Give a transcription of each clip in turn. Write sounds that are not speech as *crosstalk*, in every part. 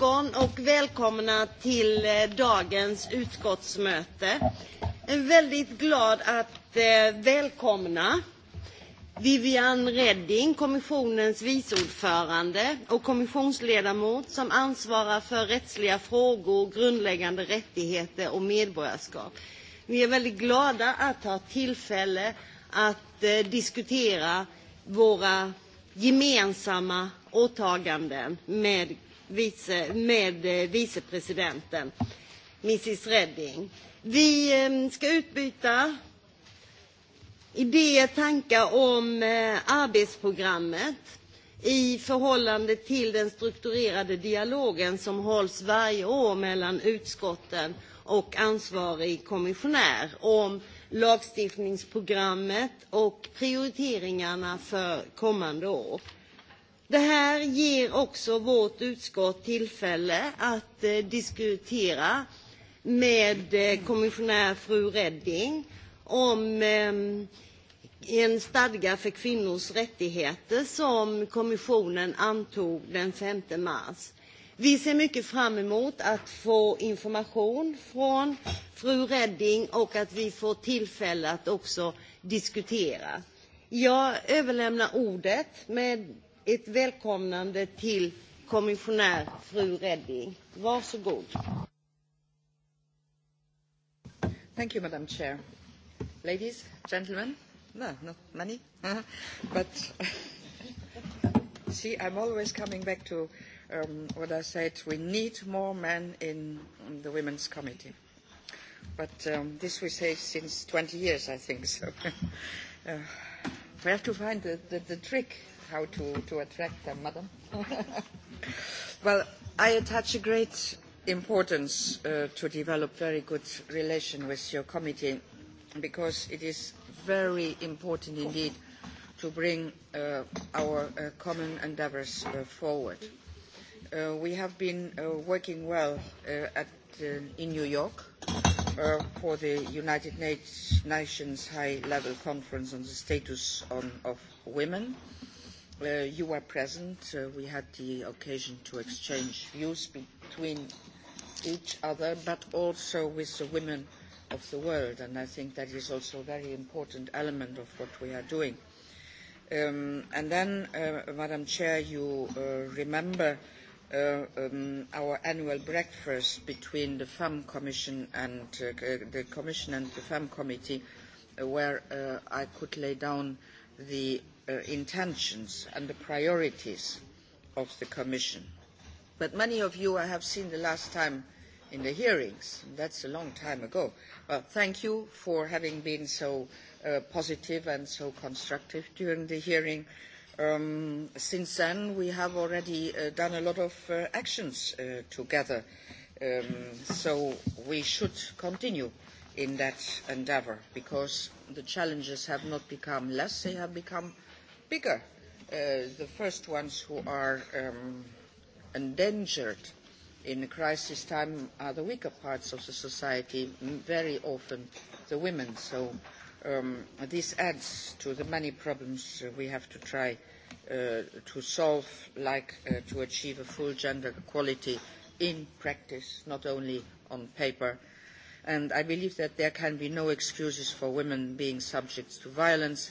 morgon och välkomna till eh, dagens utskottsmöte. Jag är väldigt glad att eh, välkomna Vivian Reding, kommissionens viceordförande och kommissionsledamot som ansvarar för rättsliga frågor, grundläggande rättigheter och medborgarskap. Vi är väldigt glada att ha tillfälle att eh, diskutera våra gemensamma åtaganden med vice, med eh, vicepresidenten, mrs Redding. Vi ehm, ska utbyta idéer, tankar om eh, arbetsprogrammet i förhållande till den strukturerade dialogen som hålls varje år mellan utskotten och ansvarig kommissionär om lagstiftningsprogrammet och prioriteringarna för kommande år. Det här ger också vårt utskott tillfälle att eh, diskutera med eh, kommissionär fru Redding om ehm, en stadga för kvinnors rättigheter som kommissionen antog den 5 mars. Vi ser mycket fram emot att få information från fru Redding och att vi får tillfälle att också diskutera. Jag överlämnar ordet med ett välkomnande till kommissionär fru Redding. Varsågod. Thank you, Madam Chair. Ladies, gentlemen, no, not many, *laughs* but *laughs* see, I'm always coming back to um, what I said, we need more men in, in the Women's Committee. But um, this we say since 20 years, I think, so *laughs* uh, we have to find the, the, the trick how to, to attract them, madam. *laughs* well, I attach a great importance uh, to develop very good relation with your committee because it is very important indeed to bring uh, our uh, common endeavours uh, forward. Uh, we have been uh, working well at, in New York for the United Nations High Level Conference on the Status on, of Women. Uh, uh, you were present. Uh, we had the occasion to exchange views between each other, but also with the women of the world, and I think that is also a very important element of what we are doing. Um, and then, uh, Madam Chair, you uh, remember uh, um, our annual breakfast between the FAM Commission and uh, uh, the Commission and the FAM Committee, uh, where uh, I could lay down the Uh, intentions and the priorities of the Commission. But many of you I have seen the last time in the hearings, and that's a long time ago. Well, uh, thank you for having been so uh, positive and so constructive during the hearing. Um, since then, we have already uh, done a lot of uh, actions uh, together, um, so we should continue in that endeavour because the challenges have not become less, they have become bigger. Uh, the first ones who are um, endangered in a crisis time are the weaker parts of the society, very often the women. So um, this adds to the many problems uh, we have to try uh, to solve, like uh, to achieve a full gender equality in practice, not only on paper. And I believe that there can be no excuses for women being subject to violence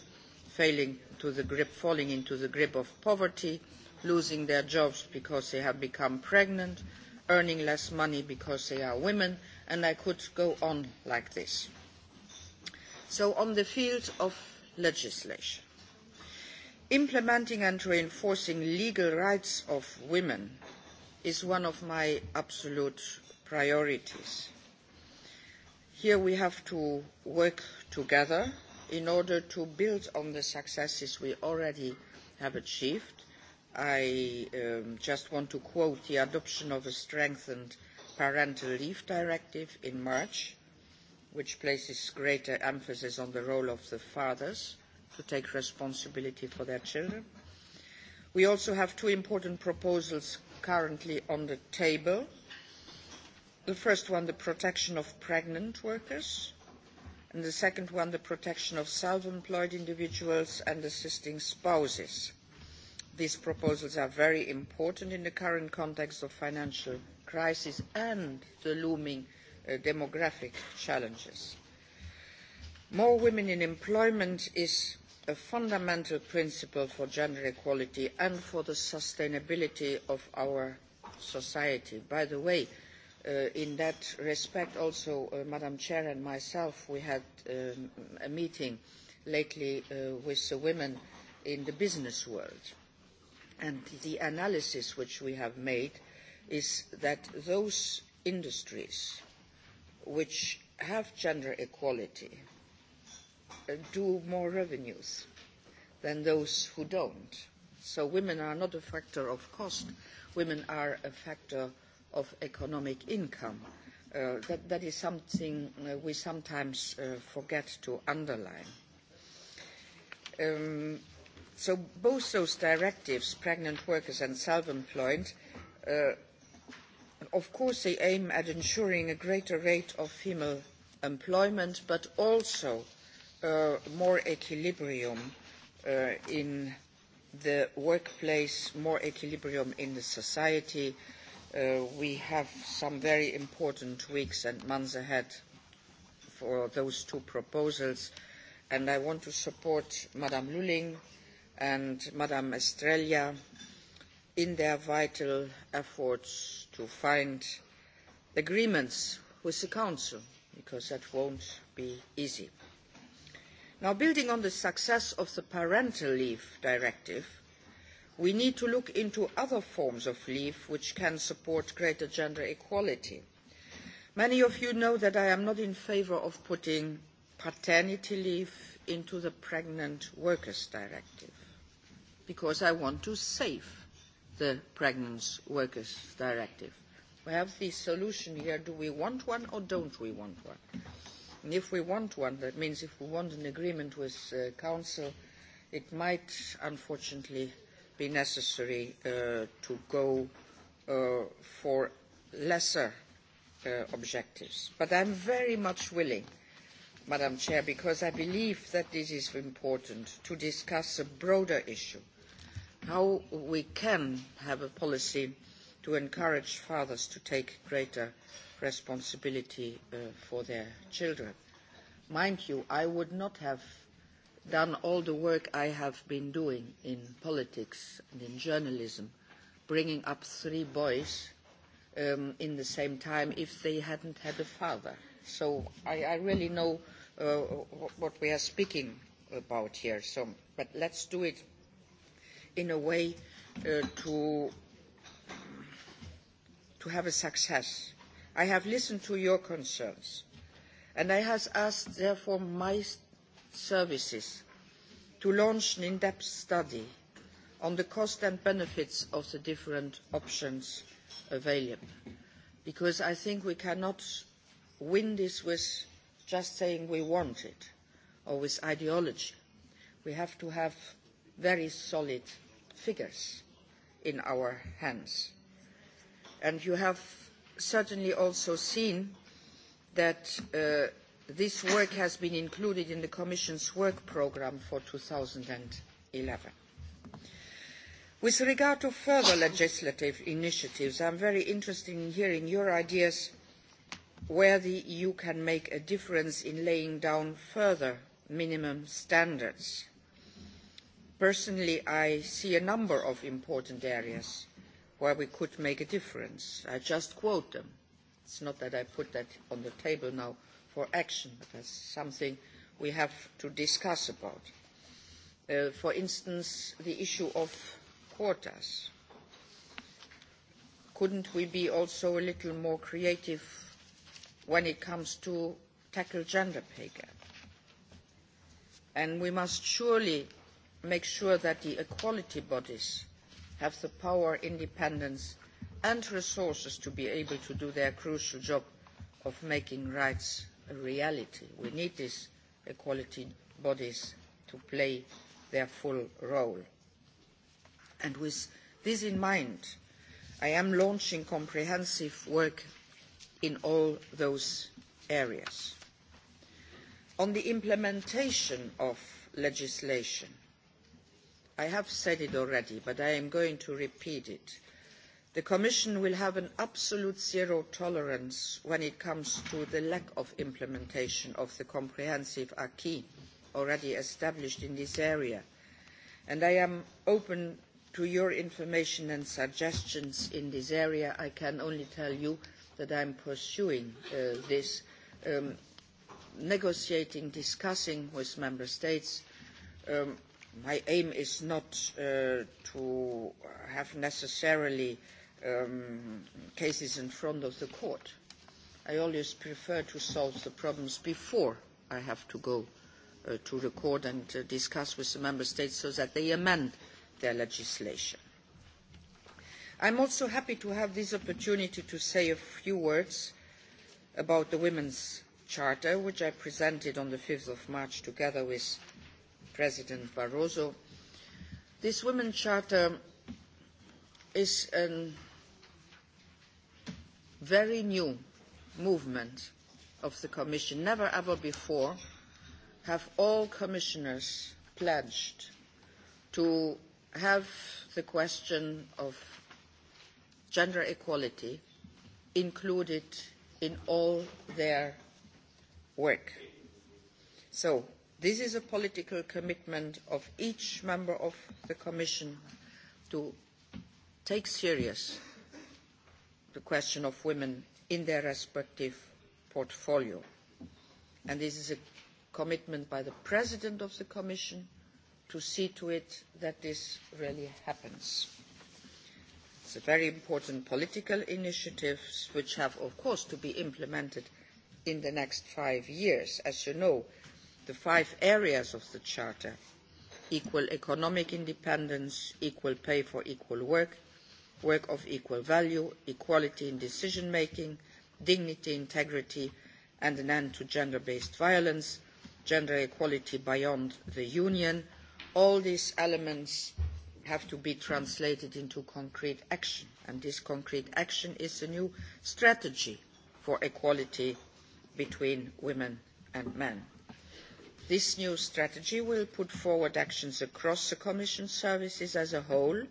failing to the grip, falling into the grip of poverty, losing their jobs because they have become pregnant, earning less money because they are women, and I could go on like this. So on the field of legislation, implementing and reinforcing legal rights of women is one of my absolute priorities. Here we have to work together in order to build on the successes we already have achieved. I um, just want to quote the adoption of a strengthened parental leave directive in March, which places greater emphasis on the role of the fathers to take responsibility for their children. We also have two important proposals currently on the table. The first one, the protection of pregnant workers, and the second one the protection of self-employed individuals and assisting spouses. These proposals are very important in the current context of financial crisis and the looming uh, demographic challenges. More women in employment is a fundamental principle for gender equality and for the sustainability of our society. By the way, Uh, in that respect also uh, madam chair and myself we had um, a meeting lately uh, with the women in the business world and the analysis which we have made is that those industries which have gender equality do more revenues than those who don't so women are not a factor of cost women are a factor of economic income. Uh, that, that is something uh, we sometimes uh, forget to underline. Um, so both those directives, pregnant workers and self-employed, uh, of course they aim at ensuring a greater rate of female employment, but also uh, more equilibrium uh, in the workplace, more equilibrium in the society, uh, Uh, we have some very important weeks and months ahead for those two proposals, and I want to support ms Lulling and ms estrela in their vital efforts to find agreements with the Council, because that will not be easy. building on the success of the Parental Leave Directive, we need to look into other forms of leave which can support greater gender equality. many of you know that i am not in favour of putting paternity leave into the pregnant workers directive because i want to save the pregnant workers directive. we have the solution here do we want one or don't we want one? And if we want one that means if we want an agreement with the uh, council it might unfortunately be necessary uh, to go uh, for lesser uh, objectives. But I'm very much willing, Madam Chair, because I believe that this is important, to discuss a broader issue, how we can have a policy to encourage fathers to take greater responsibility uh, for their children. Mind you, I would not have done all the work I have been doing in politics and in journalism, bringing up three boys um, in the same time if they hadn't had a father. So I, I really know uh, what we are speaking about here. So, but let's do it in a way uh, to, to have a success. I have listened to your concerns, and I have asked, therefore, my services to launch an in depth study on the costs and benefits of the different options available because i think we cannot win this with just saying we want it or with ideology. we have to have very solid figures in our hands. And you have certainly also seen that uh, this work has been included in the Commission's work programme for two thousand and eleven With regard to further legislative initiatives, I am very interested in hearing your ideas on where the EU can make a difference in laying down further minimum standards. Personally, I see a number of important areas where we could make a difference. I will just quote them. it is not that I put that on the table now for action. But something we have to discuss about. Uh, for instance, the issue of quotas. Couldn't we be also a little more creative when it comes to tackle gender pay gap? And we must surely make sure that the equality bodies have the power, independence and resources to be able to do their crucial job of making rights a reality. We need these equality bodies to play their full role. And with this in mind, I am launching comprehensive work in all those areas. On the implementation of legislation, I have said it already, but I am going to repeat it the commission will have absolute zero tolerance when it comes to the lack of implementation of the comprehensive acquis already established in this area and i am open to your information and suggestions in this area. i can only tell you that i am pursuing uh, this um, negotiating discussing with member states. Um, my aim is not uh, to have necessarily uh, um, cases in front of the court. I always prefer to solve the problems before I have to go uh, to the court and uh, discuss with the member states so that they amend their legislation. I'm also happy to have this opportunity to say a few words about the Women's Charter, which I presented on the 5th of March together with President Barroso. This Women's Charter is an very new movement of the Commission. Never ever before have all commissioners pledged to have the question of gender equality included in all their work. So this is a political commitment of each member of the Commission to take serious the question of women in their respective portfolio. And this is a commitment by the President of the Commission to see to it that this really happens. It's a very important political initiative which have of course to be implemented in the next five years. As you know, the five areas of the Charter equal economic independence, equal pay for equal work, work of equal value equality in decision making dignity integrity and an end to gender based violence gender equality beyond the union all these elements have to be translated into concrete action and this concrete action is the new strategy for equality between women and men. this new strategy will put forward actions across the commission services as a whole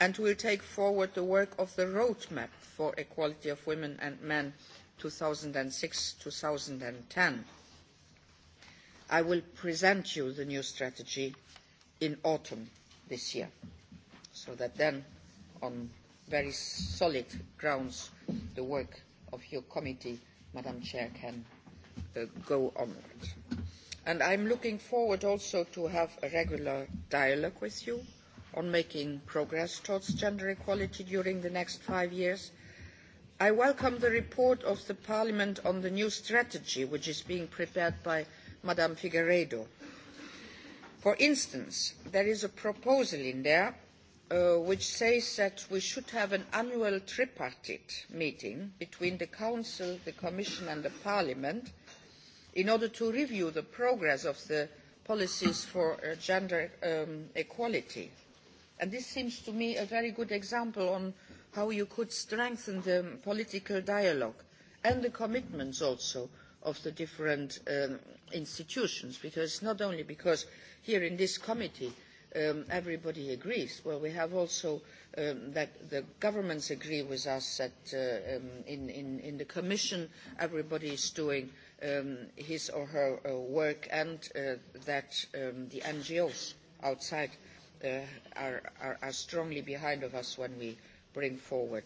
and will take forward the work of the roadmap for equality of women and men two thousand and six two thousand and ten i will present you the new strategy in autumn this year so that then on very solid grounds the work of your committee madam chair can uh, go on and i'm looking forward also to have a regular dialogue with you on making progress towards gender equality during the next five years. i welcome the report of parliament on the new strategy which is being prepared by ms figueiredo. for instance there is a proposal in there uh, which says that we should have an annual tripartite meeting between the council the commission and parliament in order to review the progress of the policies for uh, gender um, equality And this seems to me a very good example on how you could strengthen the political dialogue and the commitments also of the different um, institutions, because not only because here in this committee um, everybody agrees, well, we have also um, that the governments agree with us that uh, um, in, in, in the Commission everybody is doing um, his or her uh, work and uh, that um, the NGOs outside uh, Uh, are, are, are strongly behind of us when we bring forward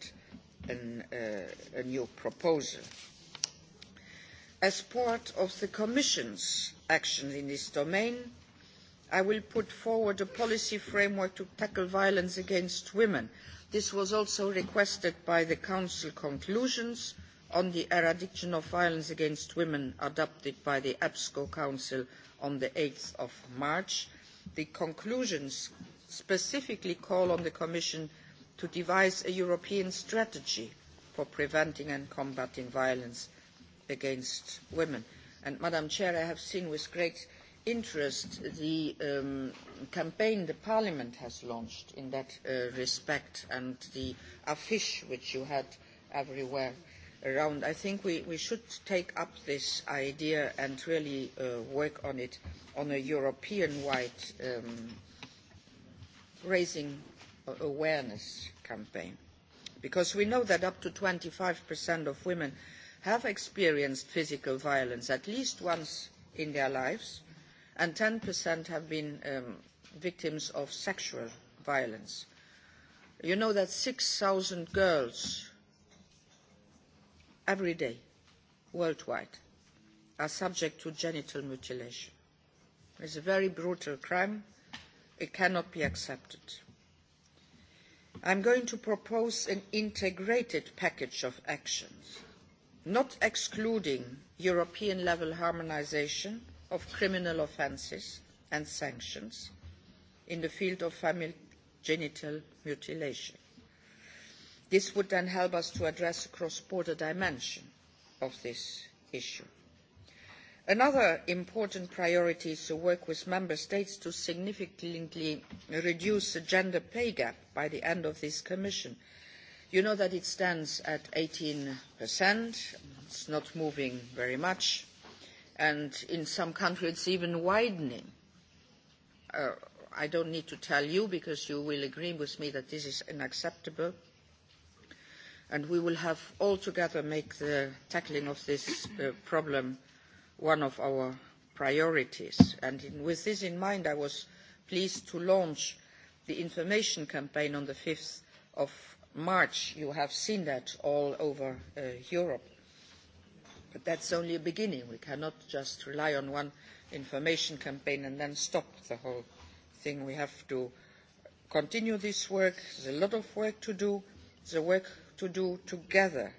an, uh, a new proposal. As part of the Commission's action in this domain, I will put forward a policy framework to tackle violence against women. This was also requested by the Council conclusions on the eradication of violence against women adopted by the EBSCO Council on the 8th of March the conclusions specifically call on the commission to devise a european strategy for preventing and combating violence against women. And, madam president i have seen with great interest the um, campaign the parliament has launched in that uh, respect and the affiche which you had everywhere round. I think we, we should take up this idea and really uh, work on it on a European-wide um, raising awareness campaign. Because we know that up to 25% of women have experienced physical violence at least once in their lives, and 10% have been um, victims of sexual violence. You know that 6,000 girls every day worldwide are subject to genital mutilation. it is a very brutal crime. it cannot be accepted. i am going to propose an integrated package of actions not excluding european level harmonisation of criminal offences and sanctions in the field of female genital mutilation This would then help us to address the cross-border dimension of this issue. Another important priority is to work with member states to significantly reduce the gender pay gap by the end of this commission. You know that it stands at eighteen it is not moving very much. And in some countries, it is even widening. Uh, I not need to tell you because you will agree with me that this is unacceptable and we will have all together make the tackling of this uh, problem one of our priorities. with this in mind, I was pleased to launch the information campaign on five March. You have seen that all over uh, Europe. But that is only a beginning. We cannot just rely on one information campaign and then stop the whole thing. We have to continue this work. there is a lot of work to do. The work to do together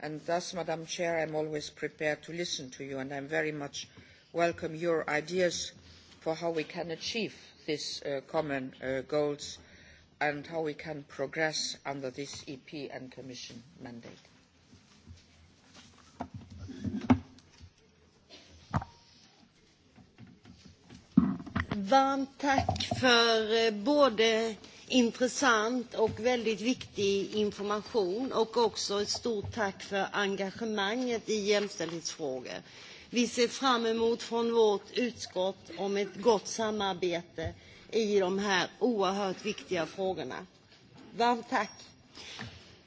and thus madam president i am always prepared to listen to you and i very much welcome your ideas for how we can achieve these uh, common uh, goals and how we can progress under this ep and commission mandate intressant och väldigt viktig information och också ett stort tack för engagemanget i jämställdhetsfrågor. Vi ser fram emot från vårt utskott om ett gott samarbete i de här oerhört viktiga frågorna. Varmt tack!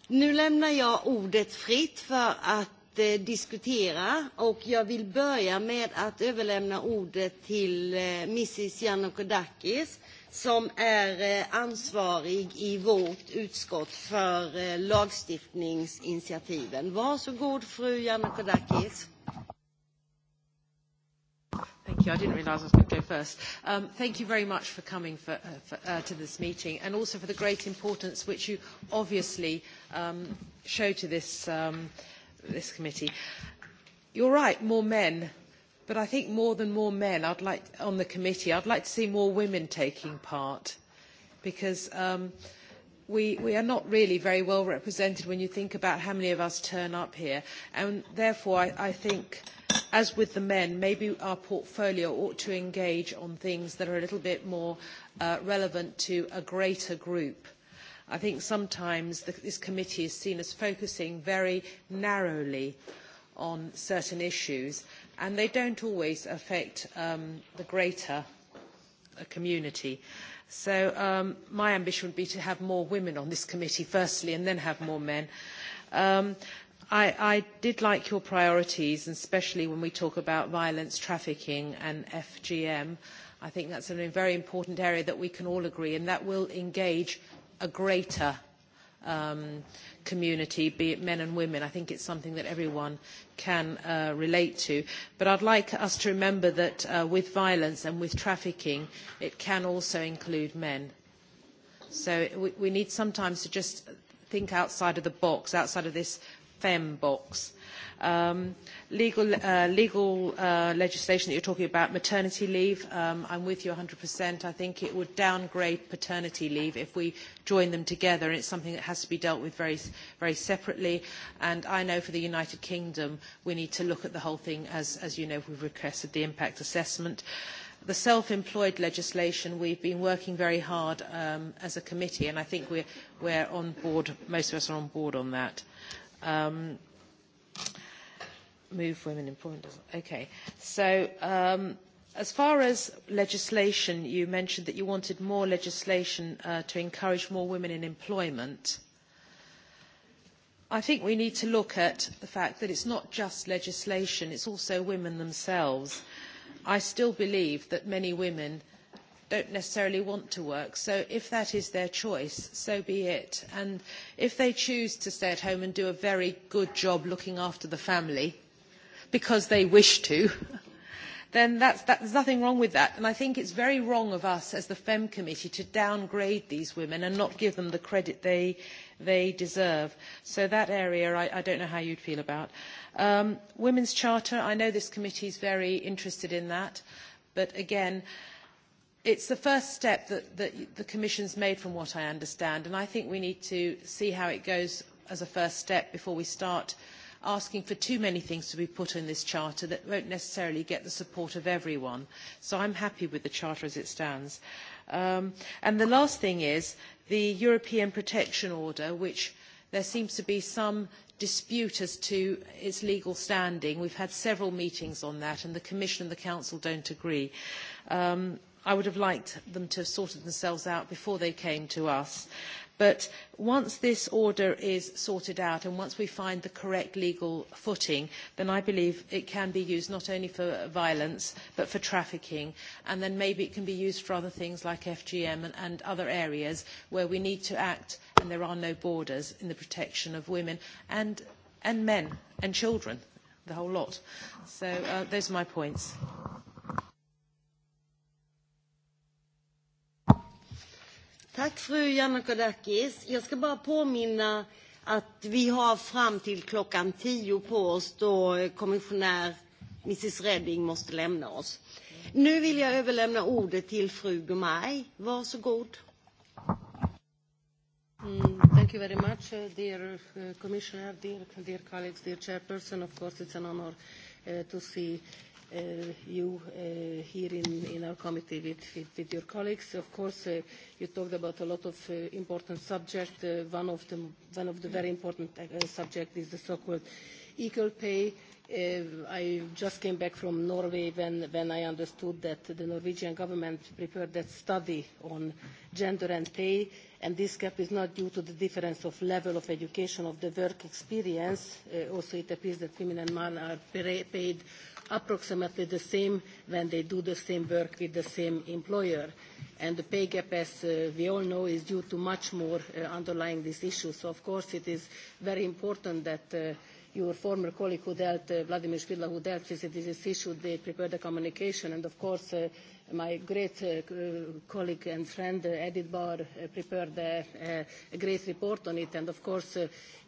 Nu lämnar jag ordet fritt för att eh, diskutera och jag vill börja med att överlämna ordet till eh, Mrs Giannokodakis som är eh, ansvarig i vårt utskott för eh, lagstiftningsinitiativen. Varsågod, fru Yanakodakis. Thank you. I didn't realise I was going to go first. Um, thank you very much for coming for, uh, for, uh, to this meeting and also for the great importance which you obviously um, show to this, um, this committee. You're right, more men but i think more than more men I'd like, on the committee i'd like to see more women taking part because um, we, we are not really very well represented when you think about how many of us turn up here and therefore i, I think as with the men maybe our portfolio ought to engage on things that are a little bit more uh, relevant to a greater group i think sometimes the, this committee is seen as focusing very narrowly on on certain issues, and they don't always affect um, the greater uh, community. So um, my ambition would be to have more women on this committee firstly, and then have more men. Um, I, I did like your priorities, and especially when we talk about violence, trafficking, and FGM. I think that's a very important area that we can all agree, and that will engage a greater um, community, be it men and women. I think it's something that everyone can uh, relate to. But I'd like us to remember that uh, with violence and with trafficking, it can also include men. So we, we need sometimes to just think outside of the box, outside of this fem box Um, legal uh, legal uh, legislation that you're talking about, maternity leave, um, I'm with you 100%. I think it would downgrade paternity leave if we join them together, and it's something that has to be dealt with very, very separately. And I know for the United Kingdom, we need to look at the whole thing, as, as you know, we've requested the impact assessment the self-employed legislation, we've been working very hard um, as a committee, and I think we're, we're on board, most of us are on board on that. Um, move women in employment doesn't. Okay. So um, as far as legislation, you mentioned that you wanted more legislation uh, to encourage more women in employment. I think we need to look at the fact that it's not just legislation, it's also women themselves. I still believe that many women don't necessarily want to work. So if that is their choice, so be it. And if they choose to stay at home and do a very good job looking after the family, because they wish to, *laughs* then that's, that, there's nothing wrong with that. And I think it's very wrong of us as the FEM committee to downgrade these women and not give them the credit they, they deserve. So that area, I, I don't know how you'd feel about. Um, women's Charter, I know this committee is very interested in that. But again, it's the first step that, that the Commission's made from what I understand. And I think we need to see how it goes as a first step before we start uh, asking for too many things to be put in this charter that won't necessarily get the support of everyone. So I'm happy with the charter as it stands. Um, and the last thing is the European Protection Order, which there seems to be some dispute as to its legal standing. We've had several meetings on that, and the Commission and the Council don't agree. Um, I would have liked them to have sorted themselves out before they came to us. But once this order is sorted out and once we find the correct legal footing, then I believe it can be used not only for violence but for trafficking. And then maybe it can be used for other things like FGM and, and other areas where we need to act and there are no borders in the protection of women and, and men and children, the whole lot. So uh, those are my points. Tack fru Yanakodakis. Jag ska bara påminna att vi har fram till klockan 10 på oss då kommissionär Mrs Redding måste lämna oss. Nu vill jag överlämna ordet till fru Gumay. Varsågod. Mm, thank you very much, eh, dear eh, Commissioner, dear, dear colleagues, dear Chairperson. Of course, it's an honor uh, to see uh, you uh, here in, in our committee with, with, with your colleagues. Of course, uh, you talked about a lot of uh, important subjects. Uh, one, of the, one of the very important uh, subjects is the so-called equal pay. Uh, I just came back from Norway when, when I understood that the Norwegian government prepared that study on gender and pay, and this gap is not due to the difference of level of education of the work experience. Uh, also, it appears that women and men are paid approximately the same when they do the same work with the same employer. And the pay gap, as uh, we all know, is due to much more uh, underlying this issue. So, of course, it is very important that uh, your former colleague who dealt, uh, Vladimir Spidla, who dealt with this issue, they prepared a communication. And, of course, uh, my great uh, uh, colleague and friend, uh, Edith Bauer, uh, prepared a, uh, uh, a great report on it. And, of course,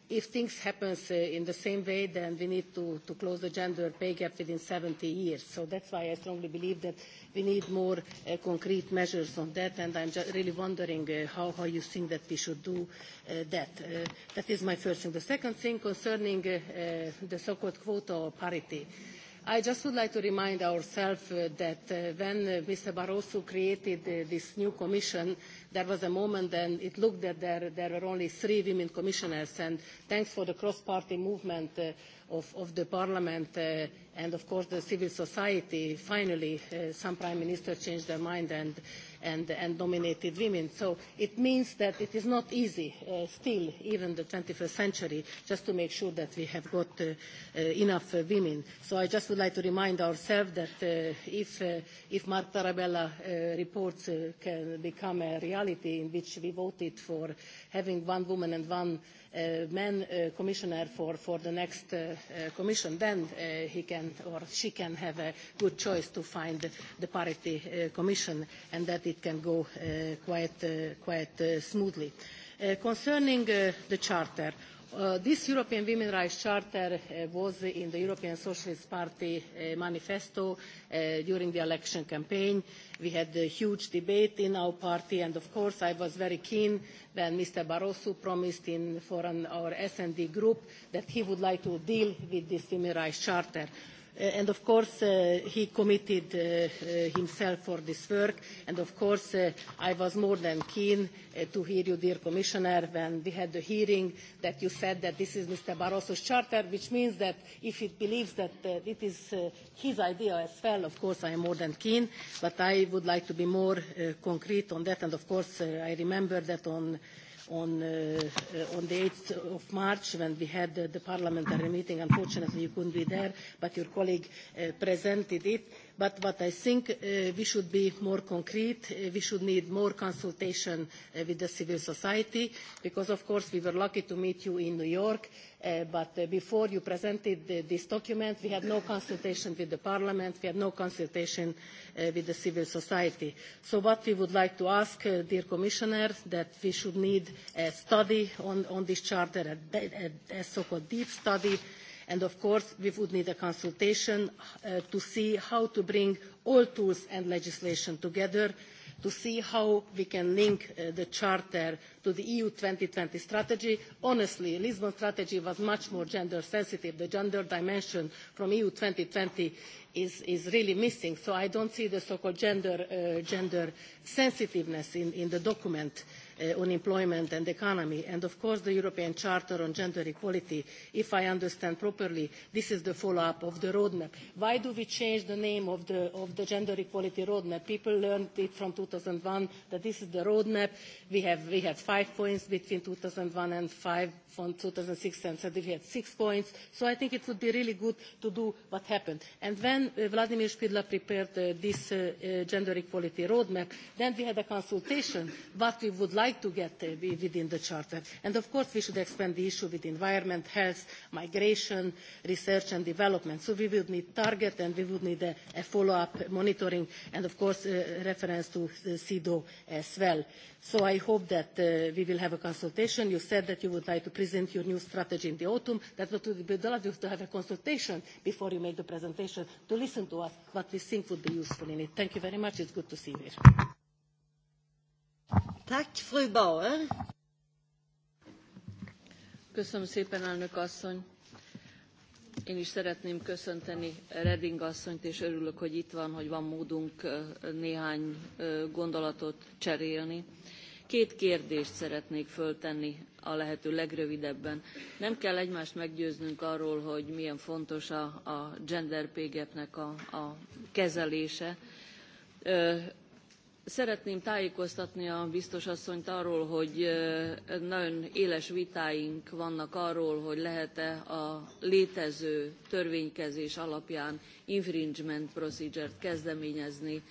if things happen uh, in the same way, then we need to, to close the gender pay gap within 70 years. So that's why I strongly believe that we need more uh, concrete measures on that, and I'm just really wondering uh, how, how you think that we should do uh, that. Uh, that is my first thing. The second thing concerning uh, uh, the so-called quota or parity. I just would like to remind ourselves uh, that uh, when uh, Mr. Barroso created uh, this new commission, there was a moment then it looked that there, there were only three women commissioners, and thanks for the cross-party movement uh, of, of the parliament, uh, and of course the civil society finally uh, some prime ministers changed their mind and and and nominated women so it means that it is not easy uh, still even the 21st century just to make sure that we have got uh, uh, enough uh, women so i just would like to remind ourselves that uh, if uh, if mark tarabella uh, reports uh, can become a reality in which we voted for having one woman and one uh, man uh, commissioner for for the next uh, uh, commission then uh, he can can or she can have a good choice to find the parity uh, commission and that it can go uh, quite, uh, quite smoothly. concerning the charter, Uh, this European Women's Rights Charter uh, was in the European Socialist Party uh, manifesto during the election campaign. We had a huge debate in our party, and of course I was very keen when Mr. Barroso promised in, for an, our S&D group that he would like to deal with this Women's Rights Charter Uh, and of course, uh, he committed uh, uh himself for this work. And of course, uh, I was more than keen uh, to hear you, dear Commissioner, when we had the hearing that you said that this is Mr. Barroso's charter, which means that if he believes that it is his idea as well, of course, I am more than keen. But I would like to be more concrete on that. And of course, I remember that on on, uh, on the 8th of March when we had the, the parliamentary meeting. Unfortunately, you couldn't be there, but your colleague uh, presented it but, what I think uh, we should be more concrete. Uh, we should need more consultation uh, with the civil society because, of course, we were lucky to meet you in New York. Uh, but uh, before you presented the, this document, we had no consultation with the Parliament, we had no consultation uh, with the civil society. So what we would like to ask, uh, dear Commissioner, that we should need a study on, on this charter, a, a, a so-called deep study, uh, And of course, we would need a consultation uh, to see how to bring all tools and legislation together to see how we can link uh, the Charter to the EU 2020 strategy. Honestly, Lisbon strategy was much more gender sensitive. The gender dimension from EU 2020 is, is really missing. So I don't see the so-called gender, uh, gender sensitiveness in, in the document uh, uh, on employment and economy. And of course, the European Charter on Gender Equality, if I understand properly, this is the follow-up of the roadmap. Why do we change the name of the, of the Gender Equality Roadmap? People learned it from 2001 that this is the roadmap. We have, we have five points between 2001 and five from 2006 and said we had six points. So I think it would be really good to do what happened. And when uh, Vladimir Spidla prepared uh, this uh, uh, gender equality roadmap, then we had a consultation what we would like like to get uh, within the charter. And of course we should expand the issue with environment, health, migration, research and development. So we would need target and we would need a, a follow-up monitoring and of course a uh, reference to uh, CEDAW as well. So I hope that uh, we will have a consultation. You said that you would like to present your new strategy in the autumn. That would be lovely to have a consultation before you make the presentation to listen to us what we think would be useful in it. Thank you very much. It's good to see you here fru Bauer. Köszönöm szépen, elnök asszony. Én is szeretném köszönteni Reding asszonyt, és örülök, hogy itt van, hogy van módunk néhány gondolatot cserélni. Két kérdést szeretnék föltenni a lehető legrövidebben. Nem kell egymást meggyőznünk arról, hogy milyen fontos a, gender pay gap-nek a kezelése Szeretném tájékoztatni a biztos asszonyt arról, hogy nagyon éles vitáink vannak arról, hogy lehet-e a létező törvénykezés alapján infringement procedure-t kezdeményezni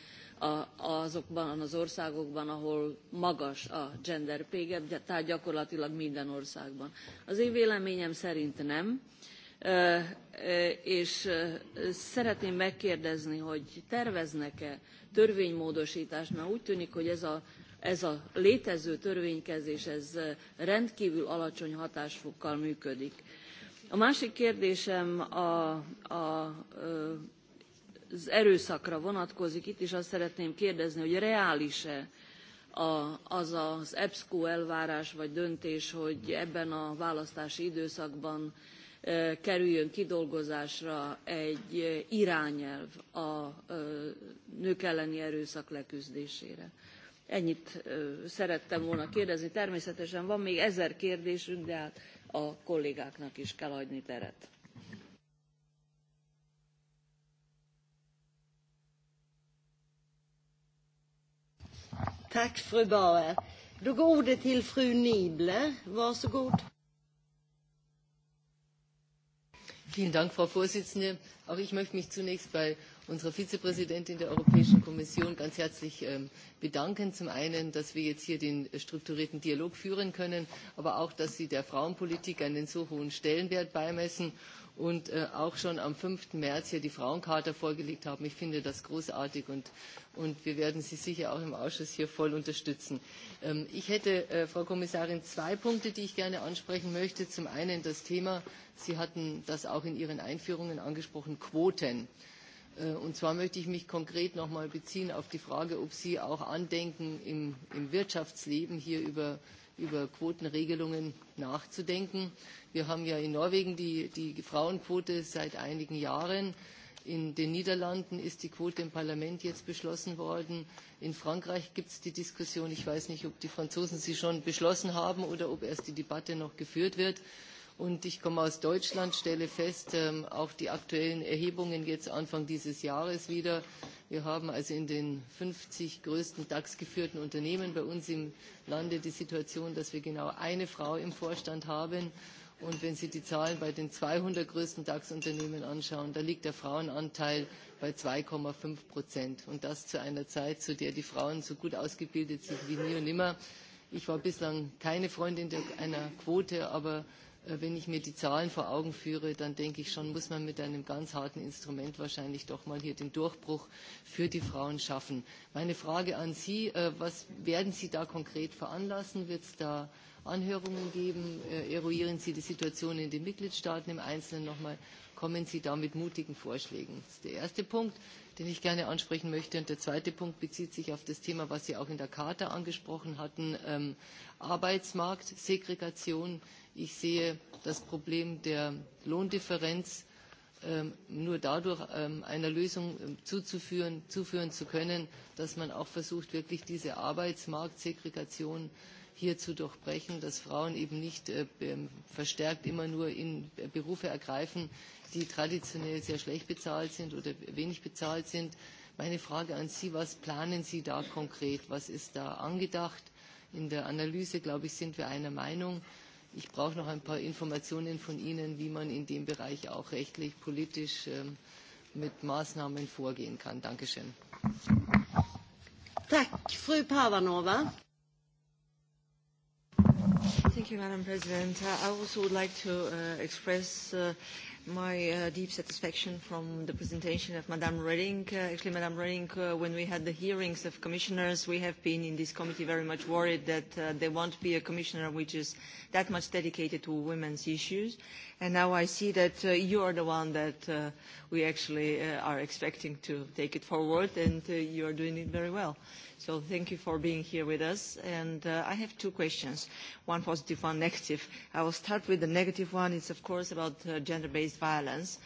azokban az országokban, ahol magas a gender pay gap, tehát gyakorlatilag minden országban. Az én véleményem szerint nem és szeretném megkérdezni, hogy terveznek-e törvénymódosítást, mert úgy tűnik, hogy ez a, ez a létező törvénykezés ez rendkívül alacsony hatásfokkal működik. A másik kérdésem a, a az erőszakra vonatkozik. Itt is azt szeretném kérdezni, hogy reális-e az az EBSCO elvárás vagy döntés, hogy ebben a választási időszakban kerüljön kidolgozásra egy irányelv a nők elleni erőszak leküzdésére. ennyit szerettem volna kérdezni természetesen van még ezer kérdésünk de hát a kollégáknak is kell hagyni teret. Tack, fru Bauer. Då går ordet till fru Varsågod. frau präsidentin! auch ich möchte mich zunächst bei unserer vizepräsidentin der europäischen kommission ganz herzlich ähm, bedanken zum einen dass wir jetzt hier den strukturierten dialog führen können aber auch dass sie der frauenpolitik einen so hohen stellenwert beimessen und äh, auch schon am 5. März hier die Frauencharta vorgelegt haben. Ich finde das großartig und, und wir werden Sie sicher auch im Ausschuss hier voll unterstützen. Ähm, ich hätte, äh, Frau Kommissarin, zwei Punkte, die ich gerne ansprechen möchte. Zum einen das Thema, Sie hatten das auch in Ihren Einführungen angesprochen, Quoten. Äh, und zwar möchte ich mich konkret noch nochmal beziehen auf die Frage, ob Sie auch Andenken im, im Wirtschaftsleben hier über über Quotenregelungen nachzudenken. Wir haben ja in Norwegen die, die Frauenquote seit einigen Jahren. In den Niederlanden ist die Quote im Parlament jetzt beschlossen worden. In Frankreich gibt es die Diskussion. Ich weiß nicht, ob die Franzosen sie schon beschlossen haben oder ob erst die Debatte noch geführt wird. Und ich komme aus Deutschland, stelle fest, ähm, auch die aktuellen Erhebungen jetzt Anfang dieses Jahres wieder, wir haben also in den 50 größten DAX-geführten Unternehmen bei uns im Lande die Situation, dass wir genau eine Frau im Vorstand haben. Und wenn Sie die Zahlen bei den 200 größten DAX-Unternehmen anschauen, da liegt der Frauenanteil bei 2,5 Prozent. Und das zu einer Zeit, zu der die Frauen so gut ausgebildet sind wie nie und nimmer. Ich war bislang keine Freundin einer Quote, aber Äh, wenn ich mir die Zahlen vor Augen führe, dann denke ich schon, muss man mit einem ganz harten Instrument wahrscheinlich doch mal hier den Durchbruch für die Frauen schaffen. Meine Frage an Sie, äh, was werden Sie da konkret veranlassen? Wird es da Anhörungen geben? Äh, eruieren Sie die Situation in den Mitgliedstaaten im Einzelnen nochmal? kommen Sie da mit mutigen Vorschlägen. Das ist der erste Punkt, den ich gerne ansprechen möchte. Und der zweite Punkt bezieht sich auf das Thema, was Sie auch in der Charta angesprochen hatten, ähm, Arbeitsmarkt, Segregation. Ich sehe das Problem der Lohndifferenz ähm, nur dadurch ähm, einer Lösung ähm, zuzuführen, zuführen zu können, dass man auch versucht, wirklich diese Arbeitsmarktsegregation hier zu durchbrechen, dass Frauen eben nicht äh, verstärkt immer nur in äh, Berufe ergreifen, die traditionell sehr schlecht bezahlt sind oder wenig bezahlt sind. Meine Frage an Sie, was planen Sie da konkret? Was ist da angedacht? In der Analyse, glaube ich, sind wir einer Meinung. Ich brauche noch ein paar Informationen von Ihnen, wie man in dem Bereich auch rechtlich, politisch ähm, mit Maßnahmen vorgehen kann. Dankeschön. Tack, fru Pavanova. Thank you, Madam President. Uh, I also would like to uh, express uh, my uh, deep satisfaction from the presentation of Madame Reding. Uh, actually, Madame Reding, uh, when we had the hearings of commissioners, we have been in this committee very much worried that uh, there won't be a commissioner which is that much dedicated to women's issues. And now I see that uh, you are the one that uh, we actually uh, are expecting to take it forward, and uh, you are doing it very well. So thank you for being here with us. And uh, I have two questions, one positive, one negative. I will start with the negative one. It's, of course, about uh, gender-based violence.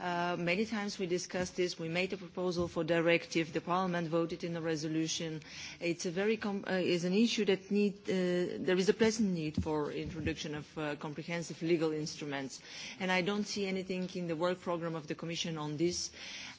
Uh, many times we discussed this. We made a proposal for directive. The Parliament voted in a resolution. It's a very com uh, is an issue that need uh, there is a present need for introduction of uh, comprehensive legal instruments, and I don't see anything in the work program of the Commission on this.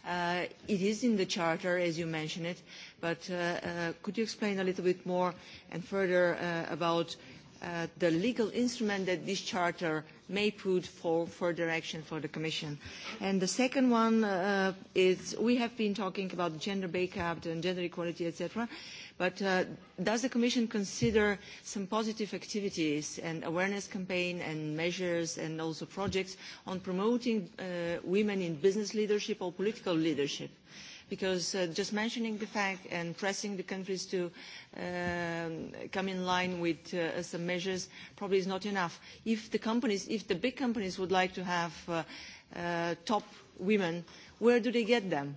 Uh, it is in the Charter, as you mentioned it, but uh, uh, could you explain a little bit more and further uh, about uh, the legal instrument that this Charter may put for further action for the Commission? And the second one uh, is we have been talking about gender pay gap and gender equality, etc. But uh, does the Commission consider some positive activities and awareness campaign and measures and also projects on promoting uh, women in business leadership or political leadership? because uh, just mentioning the fact and pressing the countries to uh, come in line with uh, some measures probably is not enough. If the companies, if the big companies would like to have uh, uh, top women, where do they get them?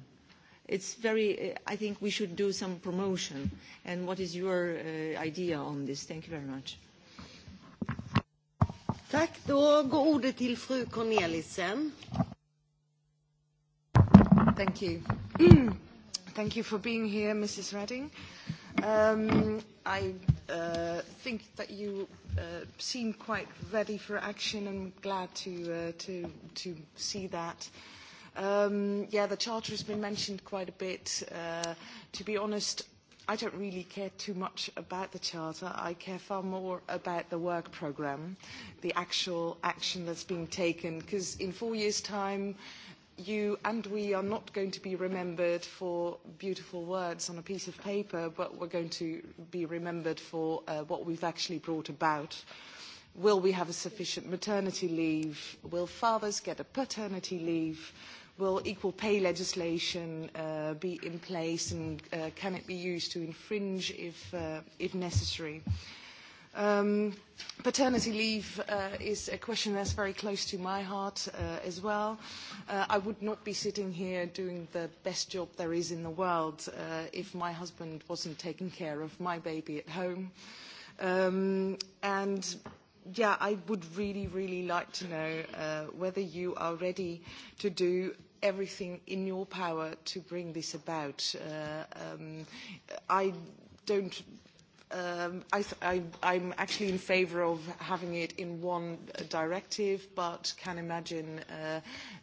it's very, I think we should do some promotion. And what is your uh, idea on this? Thank you very much. Tack. Då går ordet till fru Cornelissen. Thank you. *clears throat* Thank you for being here, Mrs. Redding. Um, I uh, think that you uh, seem quite ready for action. and glad to, uh, to, to see that. Uh, Um, yeah, the charter has been mentioned quite a bit. Uh, to be honest, I don't really care too much about the charter. I care far more about the work programme, the actual action that's being taken, because in four years' time, you and we are not going to be remembered for beautiful words on a piece of paper, but we're going to be remembered for uh, what we've actually brought about. Will we have a sufficient maternity leave? Will fathers get a paternity leave? will equal pay legislation uh, be in place and uh, can it be used to infringe if, uh, if necessary? Um, paternity leave uh, is a question that's very close to my heart uh, as well. Uh, I would not be sitting here doing the best job there is in the world uh, if my husband wasn't taking care of my baby at home. Um, and yeah, I would really, really like to know uh, whether you are ready to do everything in your power to bring this about. Uh, um, I don't Um, I, I, I'm actually in favour of having it in one uh, directive, but can imagine uh,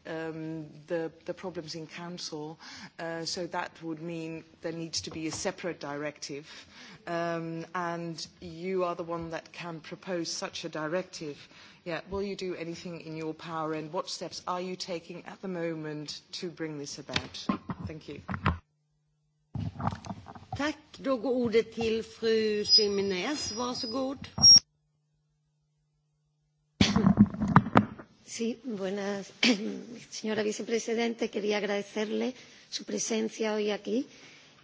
um, the, the problems in council. Uh, so that would mean there needs to be a separate directive. Um, and you are the one that can propose such a directive. Yeah, will you do anything in your power, and what steps are you taking at the moment to bring this about? Thank you. Tack. Då går ordet till fru Jiménez. Varsågod. Sí, buenas. *clears throat* Señora vicepresidente, quería agradecerle su presencia hoy aquí.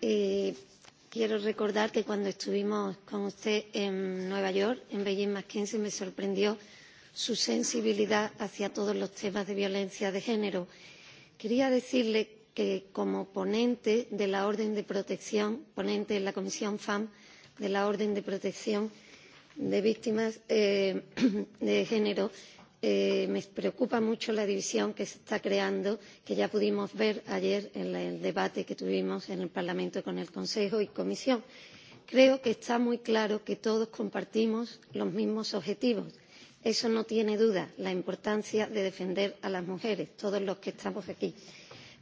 Eh, quiero recordar que cuando estuvimos con usted en Nueva York, en Beijing Mackenzie, me sorprendió su sensibilidad hacia todos los temas de violencia de género. Quería decirle que como ponente de la orden de protección, ponente en la Comisión FAM de la orden de protección de víctimas eh, *clears throat* de género, eh, me preocupa mucho la división que se está creando, que ya pudimos ver ayer en el debate que tuvimos en el Parlamento con el Consejo y la Comisión. Creo que está muy claro que todos compartimos los mismos objetivos. Eso no tiene duda, la importancia de defender a las mujeres, todos los que estamos aquí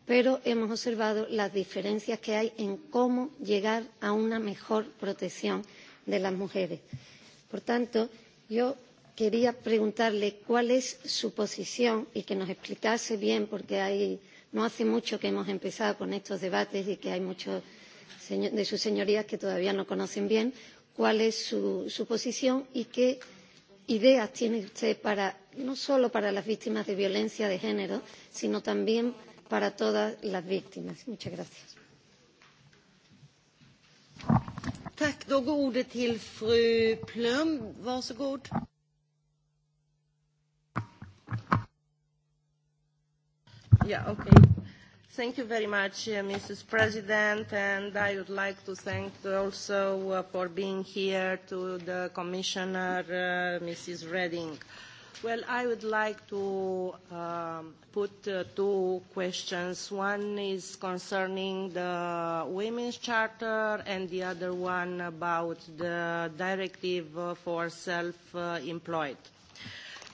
pero hemos observado las diferencias que hay en cómo llegar a una mejor protección de las mujeres. por tanto yo quería preguntarle cuál es su posición y que nos explicase bien porque hay, no hace mucho que hemos empezado con estos debates y que hay muchos de sus señorías que todavía no conocen bien cuál es su, su posición y qué ideas tiene usted para, no solo para las víctimas de violencia de género sino también para para todas las víctimas. Muchas gracias. Tack. Då går ordet till fru Plum. Varsågod. Yeah, okay. Thank you very much, uh, Mrs. President, and I would like to thank also uh, for being here to the Commissioner, uh, Mrs. Reding. Uh, Well, I would like to um, put uh, two questions. One is concerning the Women's Charter and the other one about the Directive uh, for Self-Employed.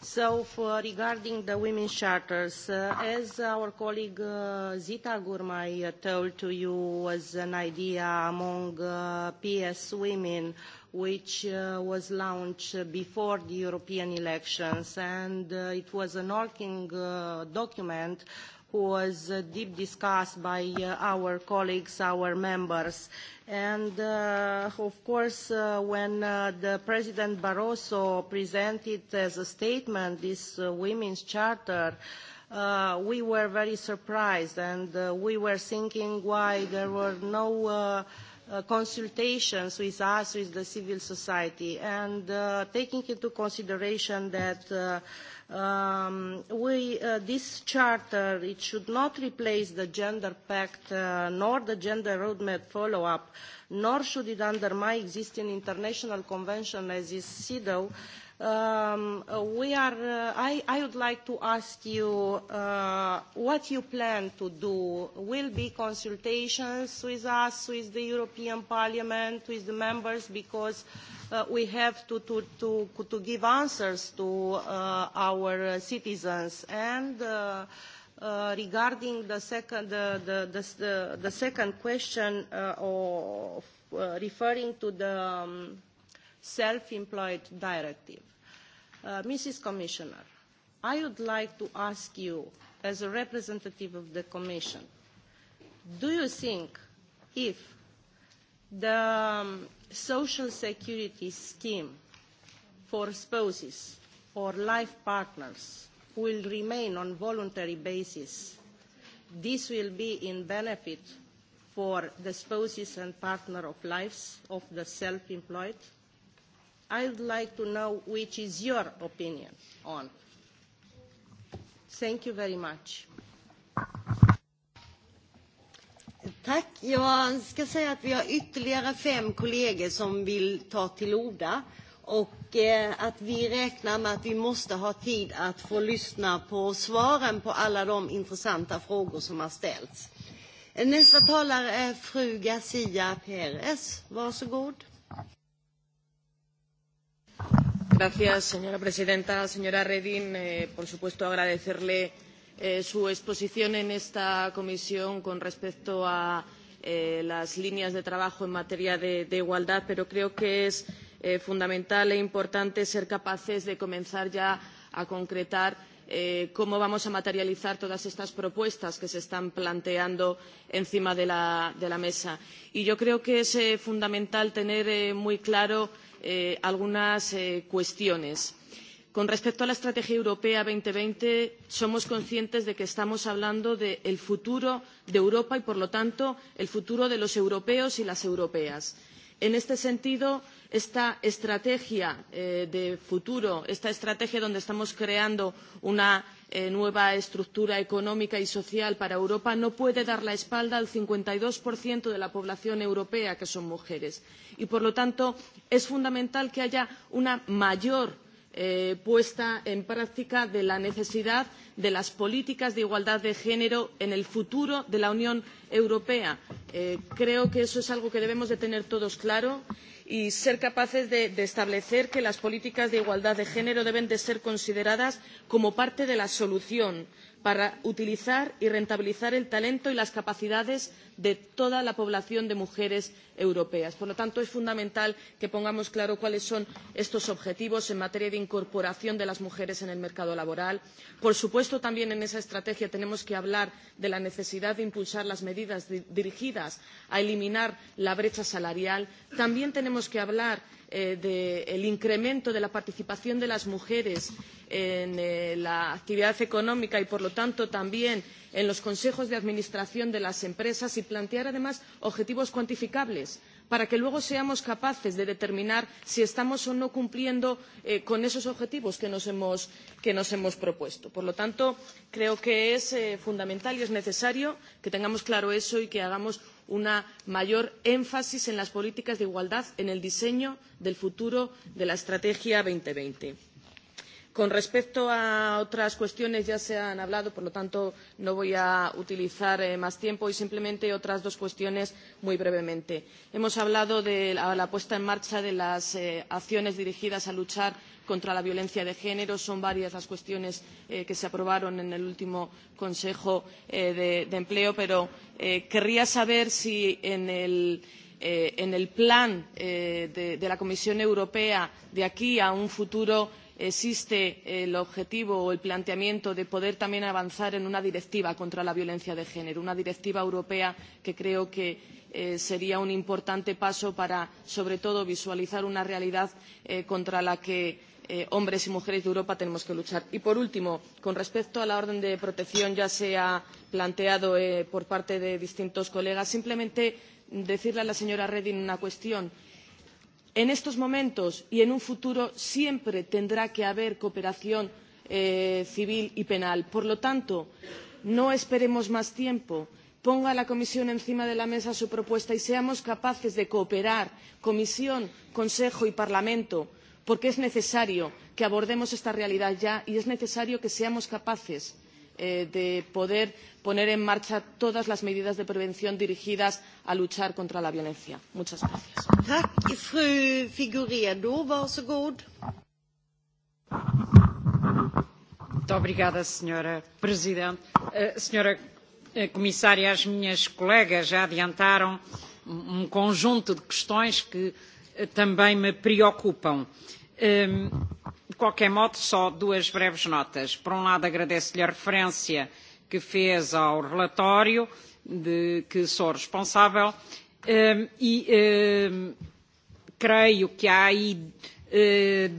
So for regarding the Women's Charters, uh, as our colleague uh, Zita Gurmai uh, told to you was an idea among uh, PS women which uh, was launched before the European elections, and uh, it was an working uh, document was uh, deep discussed by uh, our colleagues, our members. And uh, of course, uh, when uh, the President Barroso presented as a statement this uh, Women's Charter, uh, we were very surprised and uh, we were thinking why there were no uh, Uh, consultations with us, with the civil society, and uh, taking into consideration that uh, um, we, uh, this charter, it should not replace the gender pact uh, nor the gender roadmap follow-up, nor should it undermine existing international convention as is CEDAW, Um, we are, uh, I, I would like to ask you uh, what you plan to do. Will be consultations with us, with the European Parliament, with the members, because uh, we have to, to, to, to give answers to uh, our citizens. And uh, Uh, regarding the second, the, the, the, the second question uh, of, uh, referring to the um, self-employed directive. Uh, Mrs. Commissioner, I would like to ask you, as a representative of the Commission, do you think if the um, social security scheme for spouses or life partners will remain on voluntary basis, this will be in benefit for the spouses and partner of lives of the self-employed? I'd like to know which is your opinion on. Thank you very much. Tack. Jag ska säga att vi har ytterligare fem kollegor som vill ta till orda och eh, att vi räknar med att vi måste ha tid att få lyssna på svaren på alla de intressanta frågor som har ställts. Eh, nästa talare är fru Garcia Perez. Varsågod. señora presidenta. Señora Reding, eh, por supuesto, agradecerle eh, su exposición en esta comisión con respecto a eh, las líneas de trabajo en materia de, igualdad, pero creo que es fundamental e importante ser capaces de comenzar ya a concretar Eh, cómo vamos a materializar todas estas propuestas que se están planteando encima de la, de la mesa. Y yo creo que es eh, fundamental tener eh, muy claro eh, algunas eh, cuestiones. Con respecto a la Estrategia Europea 2020, somos conscientes de que estamos hablando del de futuro de Europa y, por lo tanto, el futuro de los europeos y las europeas. En este sentido, esta estrategia eh, de futuro, esta estrategia donde estamos creando una eh, nueva estructura económica y social para Europa, no puede dar la espalda al 52% de la población europea, que son mujeres. Y, por lo tanto, es fundamental que haya una mayor eh, puesta en práctica de la necesidad de las políticas de igualdad de género en el futuro de la Unión Europea. Eh, creo que eso es algo que debemos de tener todos claro y ser capaces de, establecer que las políticas de igualdad de género deben de ser consideradas como parte de la solución y para utilizar y rentabilizar el talento y las capacidades de toda la población de mujeres europeas. por lo tanto es fundamental que pongamos claro cuáles son estos objetivos en materia de incorporación de las mujeres en el mercado laboral. por supuesto también en esa estrategia tenemos que hablar de la necesidad de impulsar las medidas dirigidas a eliminar la brecha salarial. también tenemos que hablar Eh, del incremento de la participación de las mujeres en eh, la actividad económica y, por lo tanto, también en los consejos de administración de las empresas y plantear, además, objetivos cuantificables para que luego seamos capaces de determinar si estamos o no cumpliendo eh, con esos objetivos que nos, hemos, propuesto. Por lo tanto, creo que es fundamental y es necesario que tengamos claro eso y que hagamos un mayor énfasis en las políticas de igualdad en el diseño del futuro de la Estrategia 2020. Con respecto a otras cuestiones ya se han hablado, por lo tanto no voy a utilizar eh, más tiempo y simplemente otras dos cuestiones muy brevemente. Hemos hablado de la, la puesta en marcha de las eh, acciones dirigidas a luchar contra la violencia de género son varias las cuestiones eh, que se aprobaron en el último consejo eh, de, de empleo pero eh, querría saber si en el eh, en el plan eh, de, de la Comisión Europea de aquí a un futuro existe el objetivo o el planteamiento de poder también avanzar en una directiva contra la violencia de género, una directiva europea que creo que eh, sería un importante paso para, sobre todo, visualizar una realidad eh, contra la que Eh, hombres y mujeres de Europa tenemos que luchar. Y por último, con respecto a la orden de protección ya se ha planteado eh, por parte de distintos colegas, simplemente decirle a la señora Reding una cuestión. En estos momentos y en un futuro siempre tendrá que haber cooperación eh, civil y penal. Por lo tanto, no esperemos más tiempo ponga la comisión encima de la mesa su propuesta y seamos capaces de cooperar comisión consejo y parlamento porque es necesario que abordemos esta realidad ya y es necesario que seamos capaces eh, de poder poner en marcha todas las medidas de prevención dirigidas a luchar contra la violencia. Muchas gracias. Muito obrigada, Senhora Presidente. Uh, Comissária, as minhas colegas já adiantaram um, um conjunto de questões que também me preocupam. De qualquer modo, só duas breves notas. Por um lado, agradeço-lhe a referência que fez ao relatório de que sou responsável e creio que há aí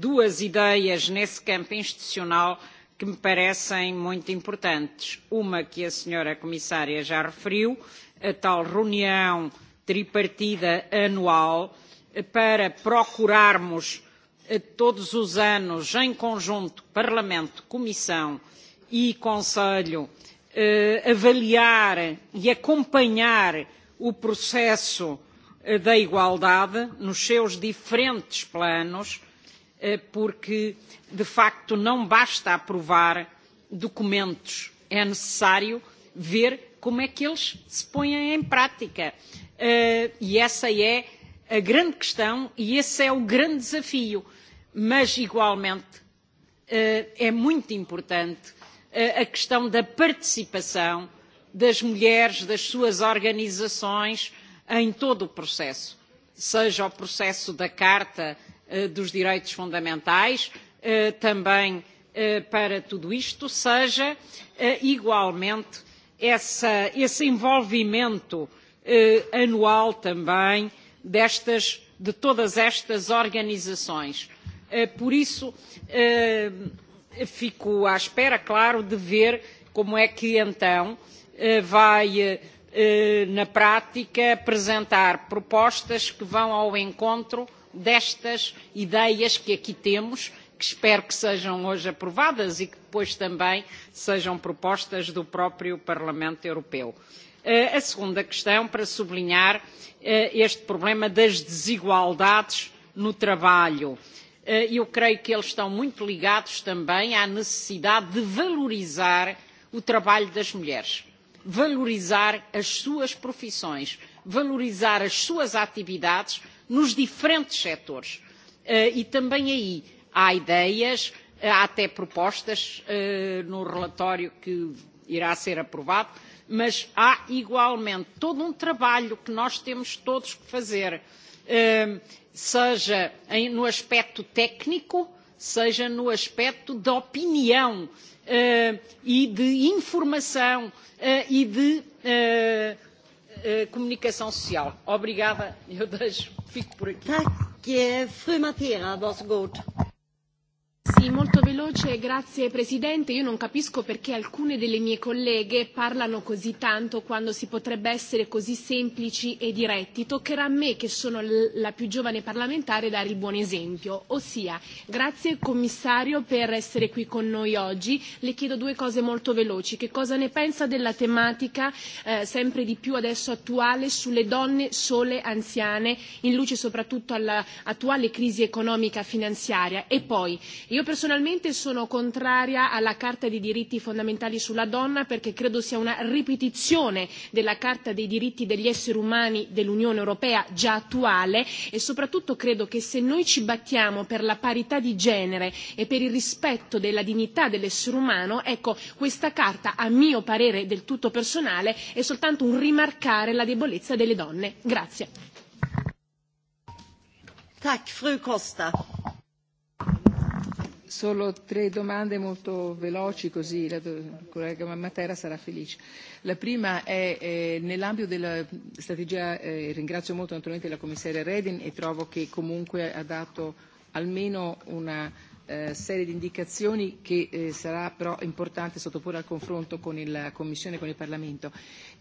duas ideias nesse campo institucional que me parecem muito importantes. Uma que a senhora comissária já referiu, a tal reunião tripartida anual uh, para procurarmos eh, todos os anos, em conjunto, Parlamento, Comissão e Conselho, eh, avaliar e acompanhar o processo eh, da igualdade nos seus diferentes planos, porque, de facto, não basta aprovar documentos, é necessário ver como é que eles se põem em prática. E essa é a grande questão, e esse é o grande desafio, mas igualmente eh, é muito importante eh, a questão da participação das mulheres, das suas organizações em todo o processo, seja o processo da Carta eh, dos Direitos Fundamentais, também para tudo isto, seja igualmente essa, esse envolvimento anual também destas, de todas estas organizações. Eh, por isso, eh, fico à espera, claro, de ver como é que então eh, vai, na prática, apresentar propostas que vão ao encontro destas ideias que aqui temos, que espero que sejam hoje aprovadas e que depois também sejam propostas do próprio Parlamento Europeu. Uh, a segunda questão para sublinhar este problema das desigualdades no trabalho. Eu creio que eles estão muito ligados também à necessidade de valorizar o trabalho das mulheres, valorizar as suas profissões, valorizar as suas atividades nos diferentes setores. E também aí há ideias, há até propostas no relatório que irá ser aprovado mas há igualmente todo um trabalho que nós temos todos que fazer, eh, seja no aspecto técnico, seja no aspecto da opinião eh, e de informação eh, e de comunicação social. Obrigada, eu deixo, fico por aqui. Tack, Sì, molto veloce, grazie Presidente. Io non capisco perché alcune delle mie colleghe parlano così tanto quando si potrebbe essere così semplici e diretti. Toccherà a me, che sono la più giovane parlamentare, dare il buon esempio. Ossia, grazie Commissario per essere qui con noi oggi. Le chiedo due cose molto veloci. Che cosa ne pensa della tematica eh, sempre di più adesso attuale sulle donne sole anziane, in luce soprattutto all'attuale crisi economica finanziaria? E poi, io Io personalmente sono contraria alla Carta dei diritti fondamentali sulla donna perché credo sia una ripetizione della Carta dei diritti degli esseri umani dell'Unione Europea già attuale e soprattutto credo che se noi ci battiamo per la parità di genere e per il rispetto della dignità dell'essere umano, ecco, questa Carta, a mio parere del tutto personale, è soltanto un rimarcare la debolezza delle donne. Grazie. Tack, fru Costa. Solo tre domande molto veloci così la collega Matera sarà felice. La prima è eh, nell'ambito della strategia, eh, ringrazio molto naturalmente la commissaria Redin e trovo che comunque ha dato almeno una Eh, serie di indicazioni che eh, sarà però importante sottoporre al confronto con la Commissione e con il Parlamento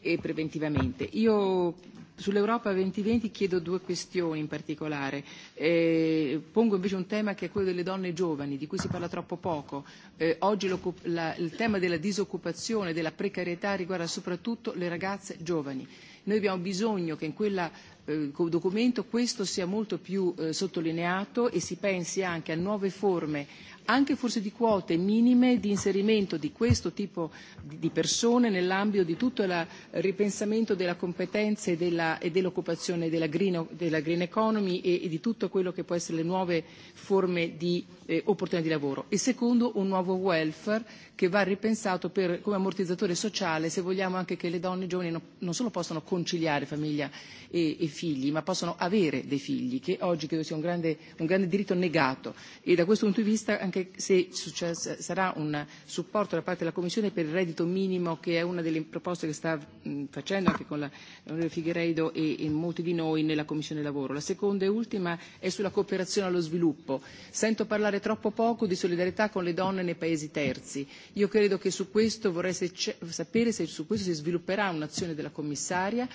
e preventivamente. Io sull'Europa 2020 chiedo due questioni in particolare. Eh, pongo invece un tema che è quello delle donne giovani, di cui si parla troppo poco. Eh, oggi la, il tema della disoccupazione, della precarietà riguarda soprattutto le ragazze giovani. Noi abbiamo bisogno che in quella Eh, documento questo sia molto più eh, sottolineato e si pensi anche a nuove forme anche forse di quote minime di inserimento di questo tipo di persone nell'ambito di tutto il eh, ripensamento della competenza e, della, e dell'occupazione della green, della green economy e, e di tutto quello che può essere le nuove forme di eh, opportunità di lavoro. E secondo, un nuovo welfare che va ripensato per, come ammortizzatore sociale se vogliamo anche che le donne giovani non, non solo possano conciliare famiglia e, e figli, ma possono avere dei figli, che oggi credo sia un grande, un grande diritto negato. E da questo punto di vista, anche se success, sarà un supporto da parte della Commissione per il reddito minimo, che è una delle proposte che sta mh, facendo anche con l'onorevole Figueiredo e, e molti di noi nella Commissione Lavoro. La seconda e ultima è sulla cooperazione allo sviluppo. Sento parlare troppo poco di solidarietà con le donne nei paesi terzi. Io credo che su questo vorrei se sapere se su questo si svilupperà un'azione della commissaria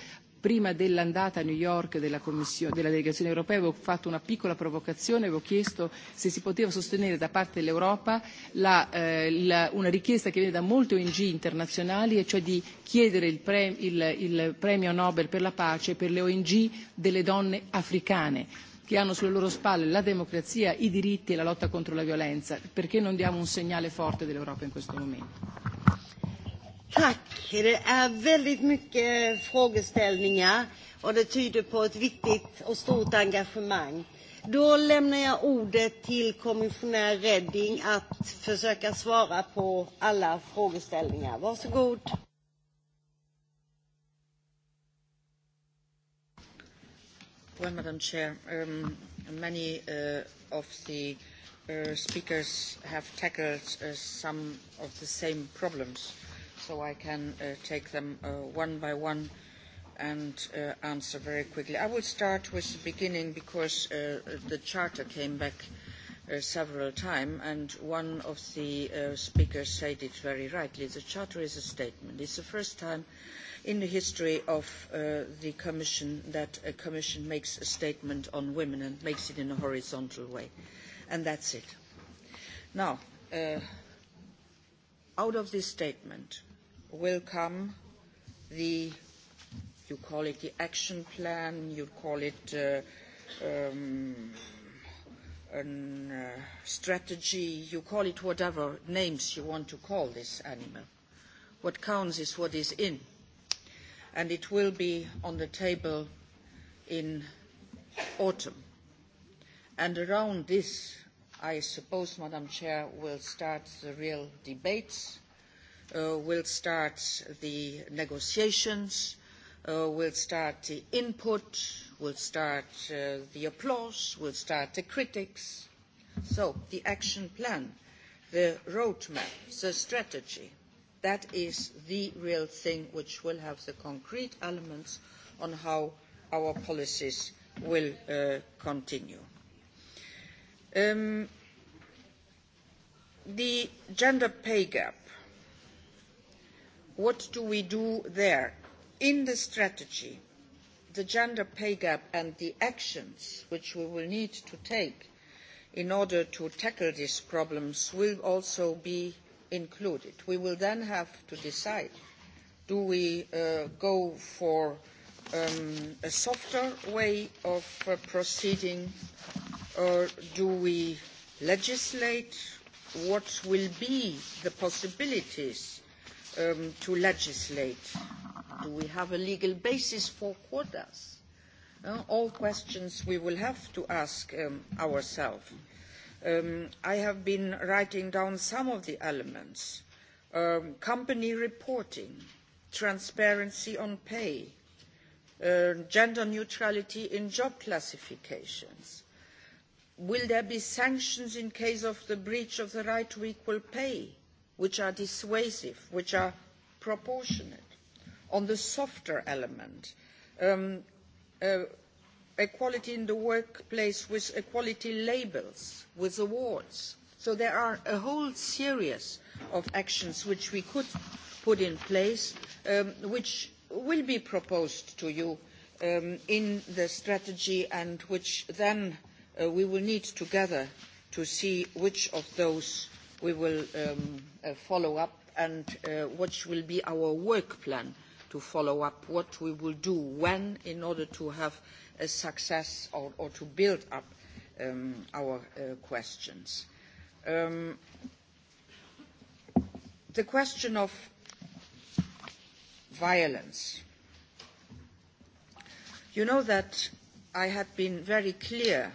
prima dell'andata a New York della, della delegazione europea avevo fatto una piccola provocazione, avevo chiesto se si poteva sostenere da parte dell'Europa la, eh, la, una richiesta che viene da molte ONG internazionali, e cioè di chiedere il, pre, il, il premio Nobel per la pace per le ONG delle donne africane che hanno sulle loro spalle la democrazia, i diritti e la lotta contro la violenza. Perché non diamo un segnale forte dell'Europa in questo momento? Tack. Det är väldigt mycket frågeställningar och det tyder på ett viktigt och stort engagemang. Då lämnar jag ordet till kommissionär Redding att försöka svara på alla frågeställningar. Varsågod. Well, Madam Chair, um, many uh, of the uh, speakers have tackled uh, some of the same problems. Uh, so I can uh, take them uh, one by one and uh, answer very quickly. I will start with the beginning because the charter came back several times and one of the speakers said it very rightly. The charter is a statement. It's the first time in the history of the Commission that a Commission makes a statement on women and makes it in a horizontal way. And that's it. Now, out of this statement, will come the, you call it the action plan, you call it uh, um, a uh, strategy, you call it whatever names you want to call this animal. What counts is what is in. And it will be on the table in autumn. And around this, I suppose, Madam Chair, will start the real debates Uh, will start the negotiations, uh, will start the input, will start uh, the applause, will start the critics. So the action plan, the roadmap, the strategy, that is the real thing which will have the concrete elements on how our policies will uh, continue. Um, the gender pay gap what do we do there? in the strategy the gender pay gap and the actions which we will need to take in order to tackle these problems will also be included. we will then have to decide do we uh, go for um, a softer way of uh, proceeding or do we legislate? what will be the possibilities um, to legislate? Do we have a legal basis for quotas? Uh, all questions we will have to ask um, ourselves. Um, I have been writing down some of the elements. Um, company reporting, transparency on pay, uh, gender neutrality in job classifications. Will there be sanctions in case of the breach of the right to equal pay? which are dissuasive, which are proportionate. On the softer element, um, uh, equality in the workplace with equality labels, with awards. So there are a whole series of actions which we could put in place, um, which will be proposed to you um, in the strategy and which then uh, we will need together to see which of those we will um, uh, follow up and uh, what will be our work plan to follow up, what we will do, when, in order to have a success or, or to build up um, our uh, questions. Um, the question of violence. You know that I had been very clear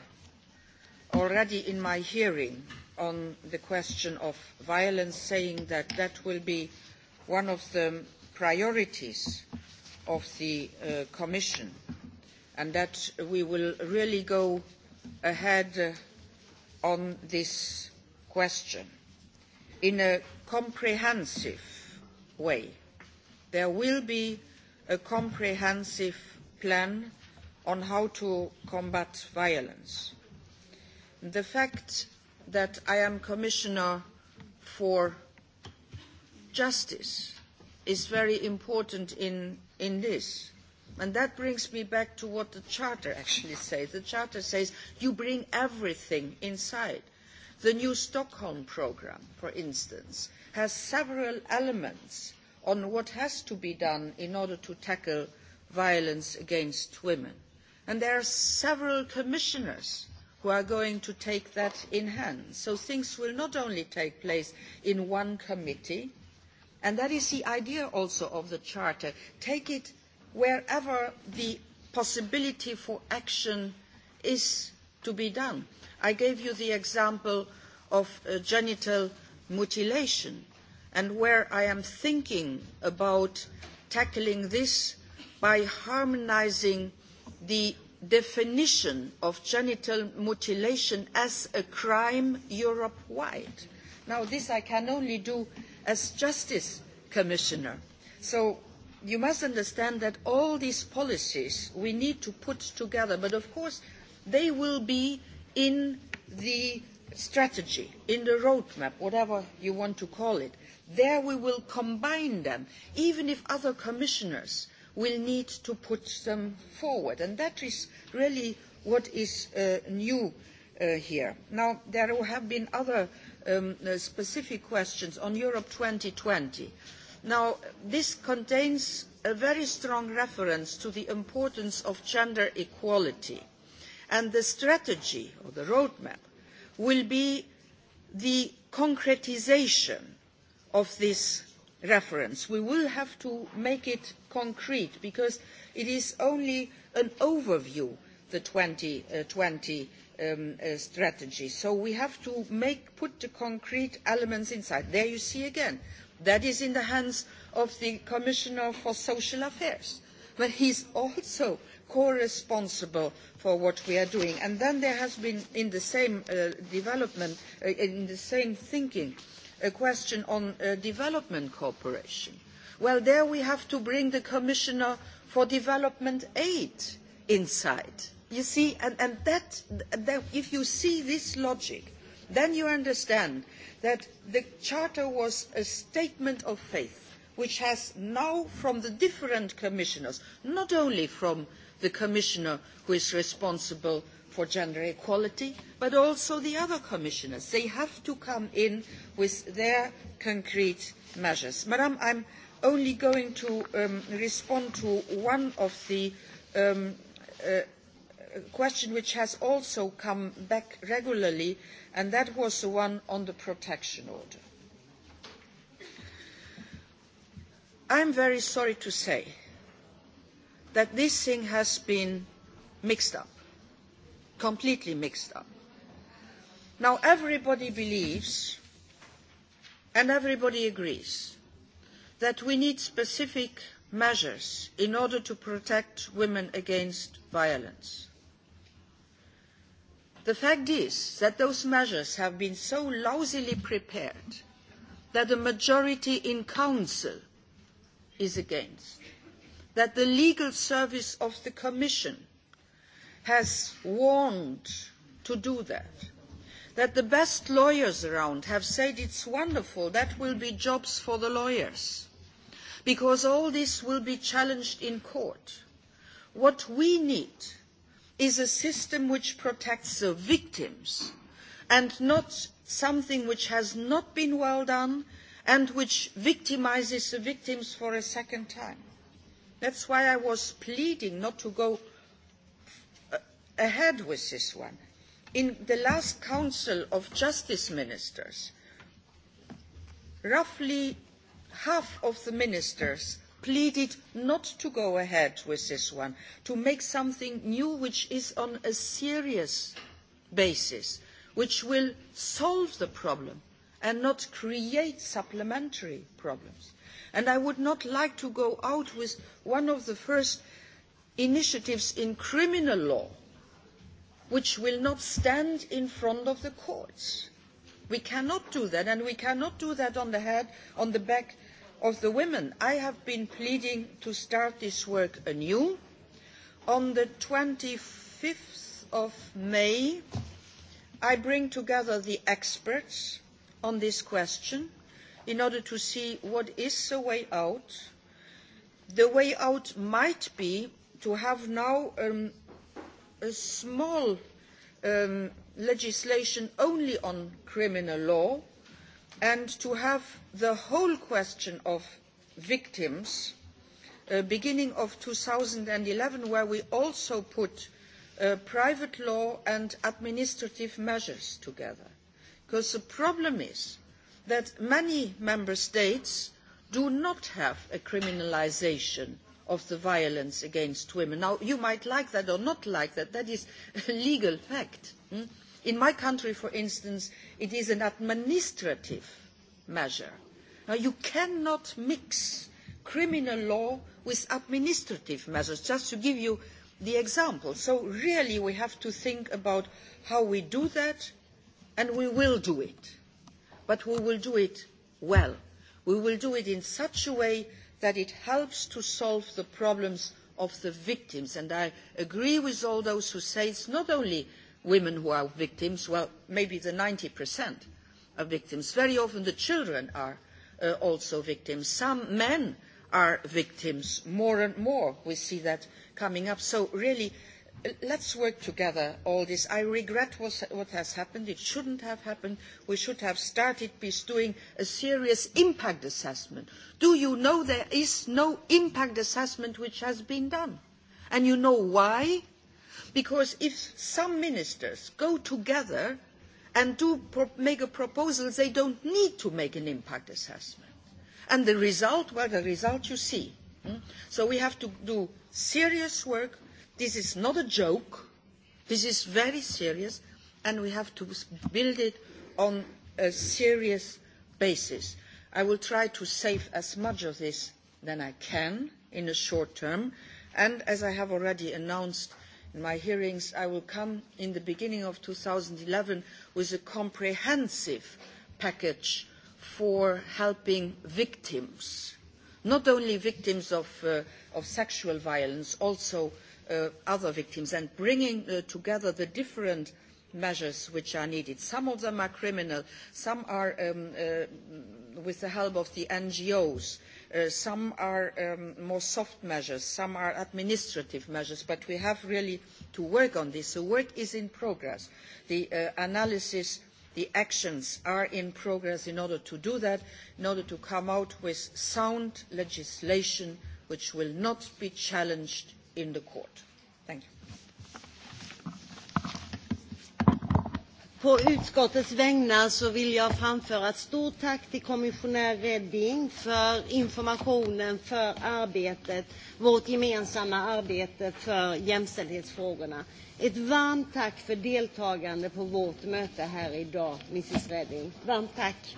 already in my hearing on the question of violence, saying that that will be one of the priorities of the uh, Commission and that we will really go ahead uh, on this question in a comprehensive way. There will be a comprehensive plan on how to combat violence. The fact that I am Commissioner for Justice is very important in, in this. And that brings me back to what the Charter actually says. The Charter says you bring everything inside. The new Stockholm programme, for instance, has several elements on what has to be done in order to tackle violence against women. And there are several commissioners who are going to take that in hand. So things will not only take place in one committee, and that is the idea also of the Charter. Take it wherever the possibility for action is to be done. I gave you the example of uh, genital mutilation and where I am thinking about tackling this by harmonising the definition of genital mutilation as a crime Europe-wide. Now, this I can only do as Justice Commissioner. So you must understand that all these policies we need to put together, but of course they will be in the strategy, in the roadmap, whatever you want to call it. There we will combine them, even if other commissioners – will need to put them forward. And that is really what is uh, new uh, here. Now, there have been other um, uh, specific questions on Europe 2020. Now, this contains a very strong reference to the importance of gender equality. And the strategy, or the roadmap, will be the concretisation of this reference. We will have to make it concrete because it is only an overview, the 2020 uh, um, uh, strategy. So we have to make, put the concrete elements inside. There you see again, that is in the hands of the Commissioner for Social Affairs. But he's also co-responsible for what we are doing. And then there has been, in the same uh, development, uh, in the same thinking, a question on uh, development cooperation. Well, there we have to bring the Commissioner for Development Aid inside. You see, and, and that, that, if you see this logic, then you understand that the Charter was a statement of faith which has now from the different commissioners, not only from the commissioner who is responsible for gender equality, but also the other commissioners. They have to come in with their concrete measures. Madam, I'm only going to um, respond to one of the um, uh, question which has also come back regularly, and that was the one on the protection order. I am very sorry to say that this thing has been mixed up completely mixed up. Now, everybody believes and everybody agrees that we need specific measures in order to protect women against violence. The fact is that those measures have been so lousily prepared that the majority in Council is against, that the legal service of the Commission has warned to do that that the best lawyers around have said it's wonderful that will be jobs for the lawyers because all this will be challenged in court what we need is a system which protects the victims and not something which has not been well done and which victimises the victims for a second time. That's why I was pleading not to go ahead with this one. In the last Council of Justice Ministers, roughly half of the ministers pleaded not to go ahead with this one, to make something new which is on a serious basis, which will solve the problem and not create supplementary problems. And I would not like to go out with one of the first initiatives in criminal law which will not stand in front of the courts. We cannot do that, and we cannot do that on the, head, on the back of the women. I have been pleading to start this work anew. On the 25th of May, I bring together the experts on this question in order to see what is the way out. The way out might be to have now um, a small um, legislation only on criminal law and to have the whole question of victims uh, beginning of 2011 where we also put uh, private law and administrative measures together. Because the problem is that many member states do not have a criminalisation of the violence against women. Now, you might like that or not like that. That is a legal fact. Hmm? In my country, for instance, it is an administrative measure. Now, you cannot mix criminal law with administrative measures, just to give you the example. So really we have to think about how we do that, and we will do it. But we will do it well. We will do it in such a way that it helps to solve the problems of the victims and i agree with all those who say it is not only women who are victims well maybe ninety are victims very often the children are uh, also victims some men are victims more and more we see that coming up so really let's work together all this. I regret what has happened. It shouldn't have happened. We should have started by doing a serious impact assessment. Do you know there is no impact assessment which has been done? And you know why? Because if some ministers go together and do make a proposal, they don't need to make an impact assessment. And the result, well, the result you see. Hmm? So we have to do serious work This is not a joke. This is very serious, and we have to build it on a serious basis. I will try to save as much of this than I can in the short term, and as I have already announced in my hearings, I will come in the beginning of 2011 with a comprehensive package for helping victims, not only victims of, uh, of sexual violence, also victims Uh, other victims and bringing uh, together the different measures which are needed. Some of them are criminal, some are um, uh, with the help of the NGOs, some are um, more soft measures, some are administrative measures, but we have really to work on this. The work is in progress. The analysis, the actions are in progress in order to do that, in order to come out with sound legislation which will not be challenged in the court. Thank you. På utskottets vägnar så vill jag framföra ett stort tack till kommissionär Redding för informationen, för arbetet, vårt gemensamma arbete för jämställdhetsfrågorna. Ett varmt tack för deltagande på vårt möte här idag, Mrs Redding. Varmt tack!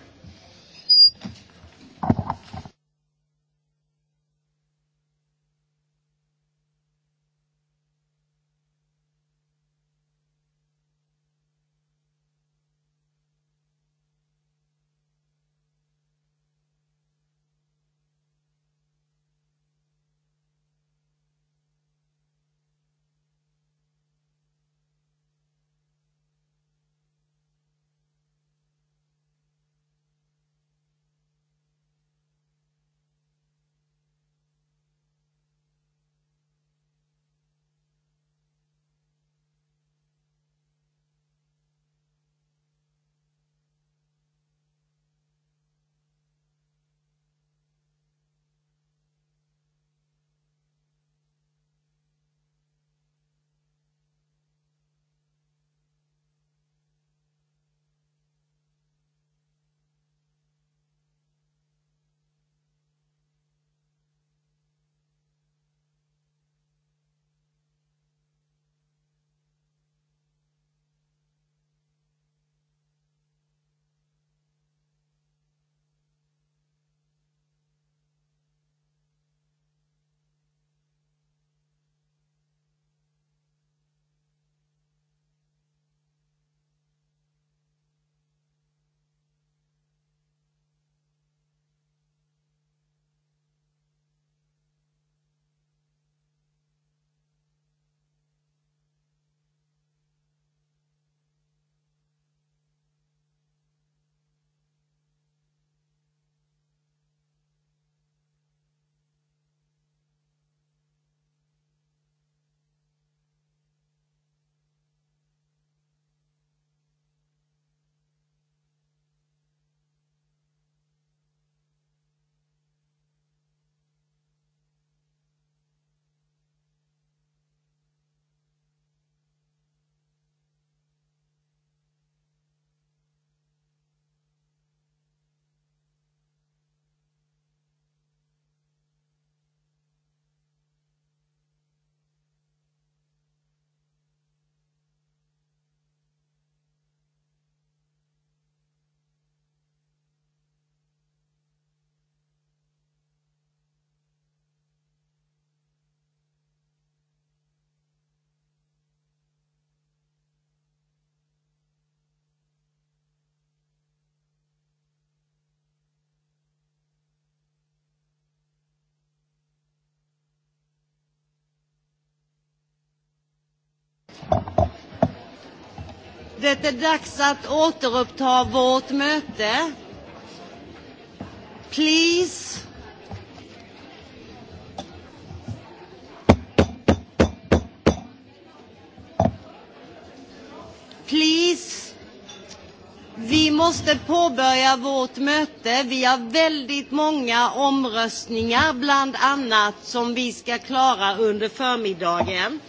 Det är dags att återuppta vårt möte. Please. Please. Vi måste påbörja vårt möte. Vi har väldigt många omröstningar, bland annat, som vi ska klara under förmiddagen.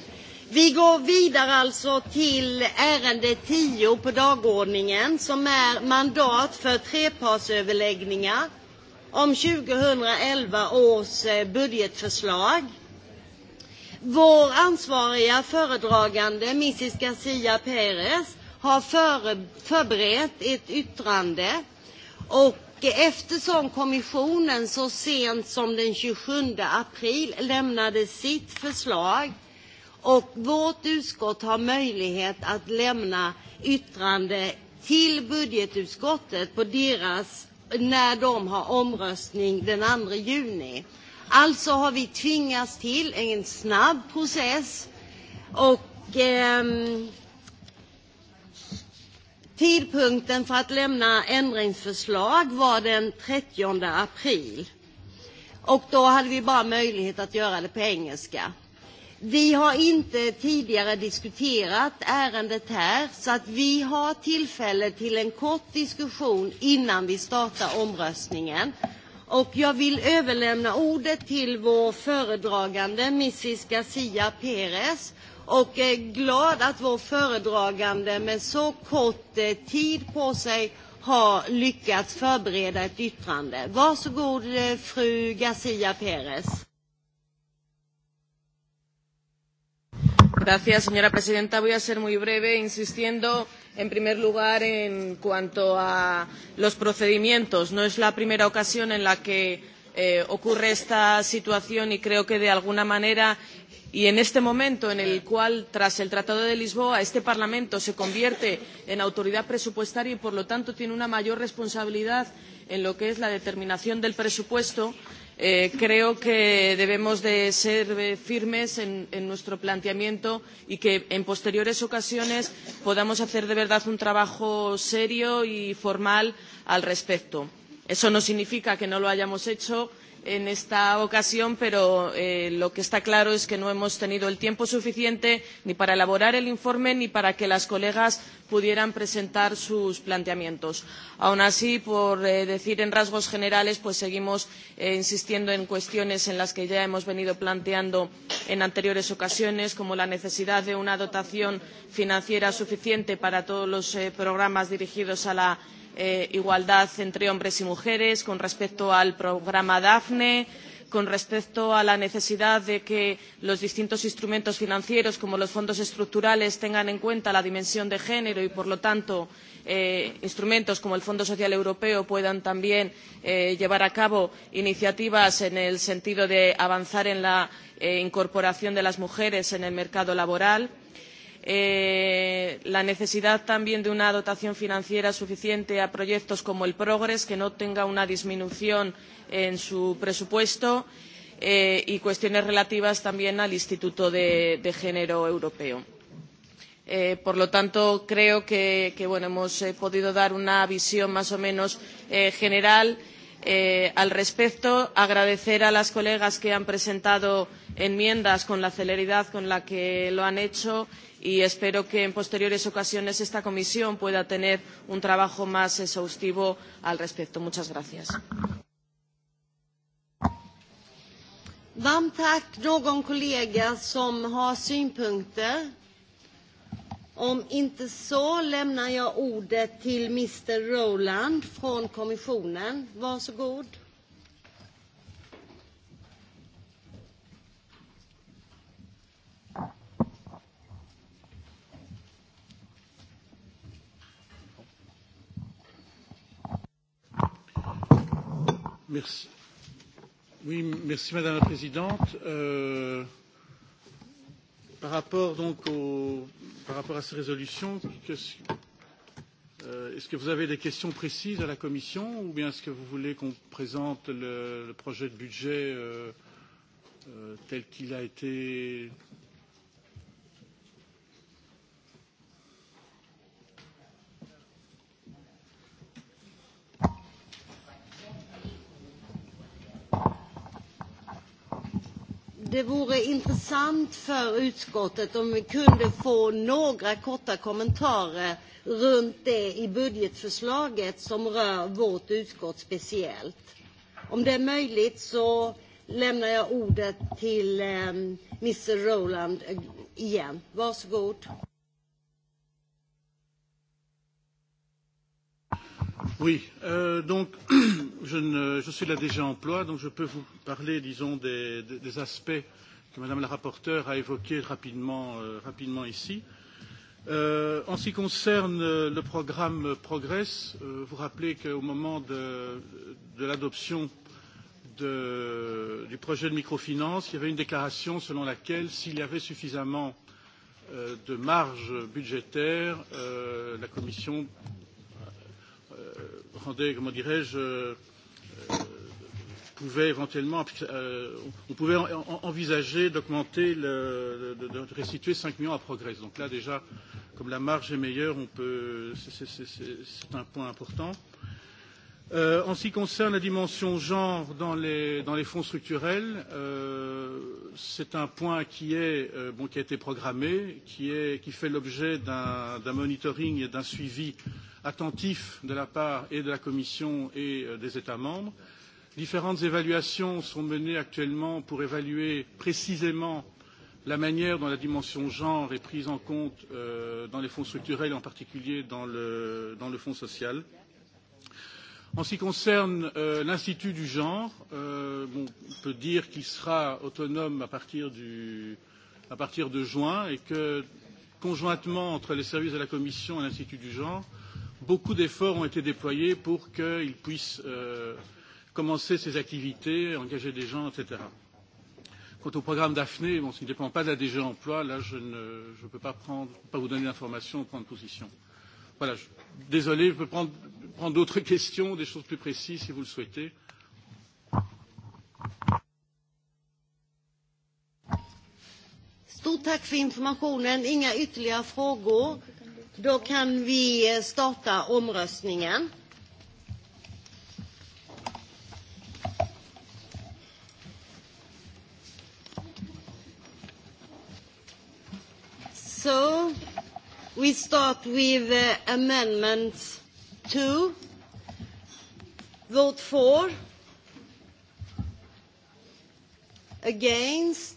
Vi går vidare alltså till ärende 10 på dagordningen som är mandat för trepartsöverläggningar om 2011 års eh, budgetförslag. Vår ansvariga föredragande, Mrs Garcia Perez, har för, förberett ett yttrande och eftersom kommissionen så sent som den 27 april lämnade sitt förslag och vårt utskott har möjlighet att lämna yttrande till budgetutskottet på deras, när de har omröstning den 2 juni. Alltså har vi tvingats till en snabb process och eh, tidpunkten för att lämna ändringsförslag var den 30 april. Och då hade vi bara möjlighet att göra det på engelska. Vi har inte tidigare diskuterat ärendet här, så att vi har tillfälle till en kort diskussion innan vi startar omröstningen. Och jag vill överlämna ordet till vår föredragande, Mrs Garcia Perez. Och är eh, glad att vår föredragande med så kort eh, tid på sig har lyckats förbereda ett yttrande. Varsågod, eh, fru Garcia Perez. señora presidenta. Voy a ser muy breve, insistiendo, en primer lugar, en cuanto a los procedimientos. No es la primera ocasión en la que eh, ocurre esta situación y creo que, de alguna manera, y en este momento en el cual tras el tratado de lisboa este parlamento se convierte en autoridad presupuestaria y por lo tanto tiene una mayor responsabilidad en lo que es la determinación del presupuesto Eh, creo que debemos de ser eh, firmes en, en nuestro planteamiento y que en posteriores ocasiones podamos hacer de verdad un trabajo serio y formal al respecto. Eso no significa que no lo hayamos hecho en esta ocasión, pero eh, lo que está claro es que no hemos tenido el tiempo suficiente ni para elaborar el informe ni para que las colegas pudieran presentar sus planteamientos. Aún así, por eh, decir en rasgos generales, pues seguimos eh, insistiendo en cuestiones en las que ya hemos venido planteando en anteriores ocasiones, como la necesidad de una dotación financiera suficiente para todos los eh, programas dirigidos a la Eh, igualdad entre hombres y mujeres, con respecto al programa daphne con respecto a la necesidad de que los distintos instrumentos financieros, como los fondos estructurales, tengan en cuenta la dimensión de género y, por lo tanto, eh, instrumentos como el Fondo Social Europeo puedan también eh, llevar a cabo iniciativas en el sentido de avanzar en la incorporación de las mujeres en el mercado laboral. Eh, Eh, la necesidad también de una dotación financiera suficiente a proyectos como el Progress, que no tenga una disminución en su presupuesto, eh, y cuestiones relativas también al Instituto de, de Género Europeo. Eh, por lo tanto, creo que, que bueno, hemos eh, podido dar una visión más o menos eh, general eh, al respecto. Agradecer a las colegas que han presentado enmiendas con la celeridad con la que lo han hecho y espero que en posteriores ocasiones esta comisión pueda tener un trabajo más exhaustivo al respecto. Muchas gracias. Varmt tack någon kollega som har synpunkter. Om inte så lämnar jag ordet till Mr Roland från kommissionen. Varsågod. Oui, merci Madame la Présidente. Euh, par rapport donc au, par rapport à ces résolutions, que, euh, est-ce que vous avez des questions précises à la Commission ou bien est-ce que vous voulez qu'on présente le, le projet de budget euh, euh, tel qu'il a été det vore intressant för utskottet om vi kunde få några korta kommentarer runt det i budgetförslaget som rör vårt utskott speciellt. Om det är möjligt så lämnar jag ordet till eh, Mr Roland eh, igen. Varsågod. Oui, euh, donc *clears throat* je, ne, je suis la DG Emploi, donc je peux vous parler, disons, des, des, des aspects que Madame la rapporteure a évoqués rapidement, euh, rapidement ici. Euh, en ce qui concerne le programme Progress, euh, vous rappelez qu'au moment de, de l'adoption de, du projet de microfinance, il y avait une déclaration selon laquelle s'il y avait suffisamment euh, de marge budgétaire, euh, la Commission rendait, comment dirais-je, euh, euh, pouvait éventuellement, euh, on pouvait en, en, envisager d'augmenter, le, de, de restituer 5 millions à Progrès. Donc là déjà, comme la marge est meilleure, on peut, c'est un point important. Euh, Euh, en ce qui concerne la dimension genre dans les, dans les fonds structurels, euh, c'est un point qui, est, euh, bon, qui a été programmé, qui, est, qui fait l'objet d'un monitoring et d'un suivi attentif de la part et de la Commission et euh, des États membres. Différentes évaluations sont menées actuellement pour évaluer précisément la manière dont la dimension genre est prise en compte euh, dans les fonds structurels, en particulier dans le, dans le fonds social. Euh, En ce qui concerne euh, l'Institut du genre, euh, on peut dire qu'il sera autonome à partir, du, à partir de juin et que, conjointement entre les services de la Commission et l'Institut du genre, beaucoup d'efforts ont été déployés pour qu'il puisse euh, commencer ses activités, engager des gens, etc. Quant au programme Daphné, e, bon, ce qui ne dépend pas de la DG Emploi, là, je ne je peux pas, prendre, pas vous donner d'informations, ou prendre position. Voilà, je, désolé, je peux prendre prendre d'autres questions, des choses plus précises si vous le souhaitez. Stort tack för informationen. Inga ytterligare frågor. Då kan vi eh, starta omröstningen. So, we start with uh, eh, amendments Two, vote for against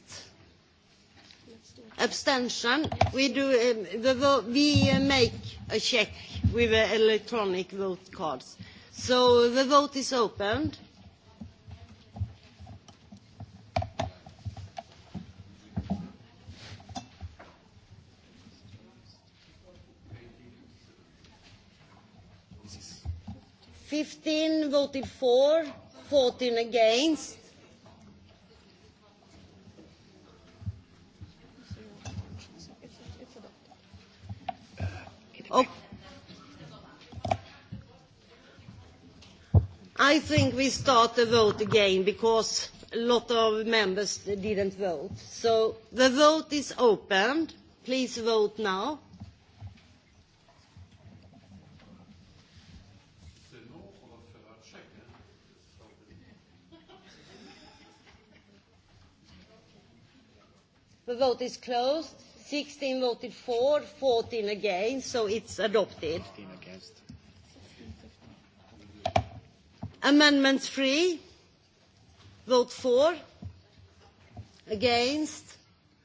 abstention we do uh, the vote, we uh, make a check with uh, electronic vote cards so the vote is opened 15 voted for, 14 against. Oh. I think we start the vote again because a lot of members didn't vote. So the vote is opened. Please vote now. The vote is closed. 16 voted for, 14 against, so it's adopted. 15 against. Amendment 3, vote for, against,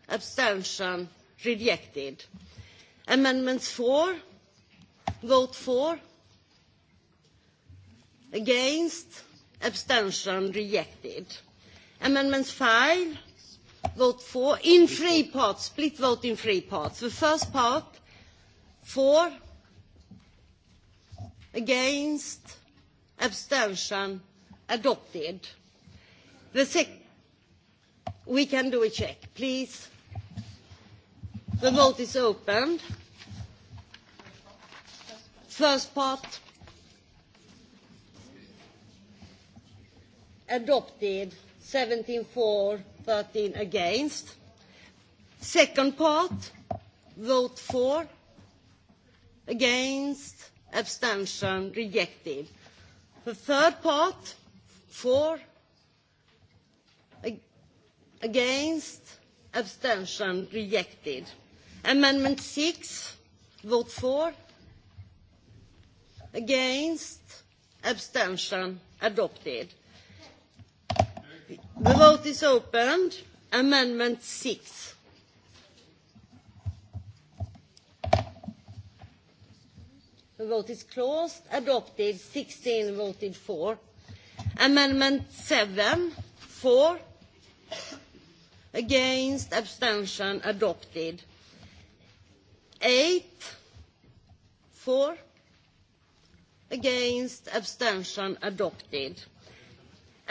abstention, rejected. Amendments 4, vote for, against, abstention, rejected. Amendments 5, vote for in three parts, split vote in three parts. The first part, for, against, abstention, adopted. The sec we can do a check, please. The vote is opened. First part, adopted. 17 for, 13 against. Second part, vote for, against, abstention, rejected. The third part, for, ag against, abstention, rejected. Amendment 6, vote for, against, abstention, adopted. The vote is opened. Amendment 6. The vote is closed. Adopted. 16 voted for. Amendment 7. For. Against. Abstention. Adopted. 8. For. Against. Abstention. Adopted.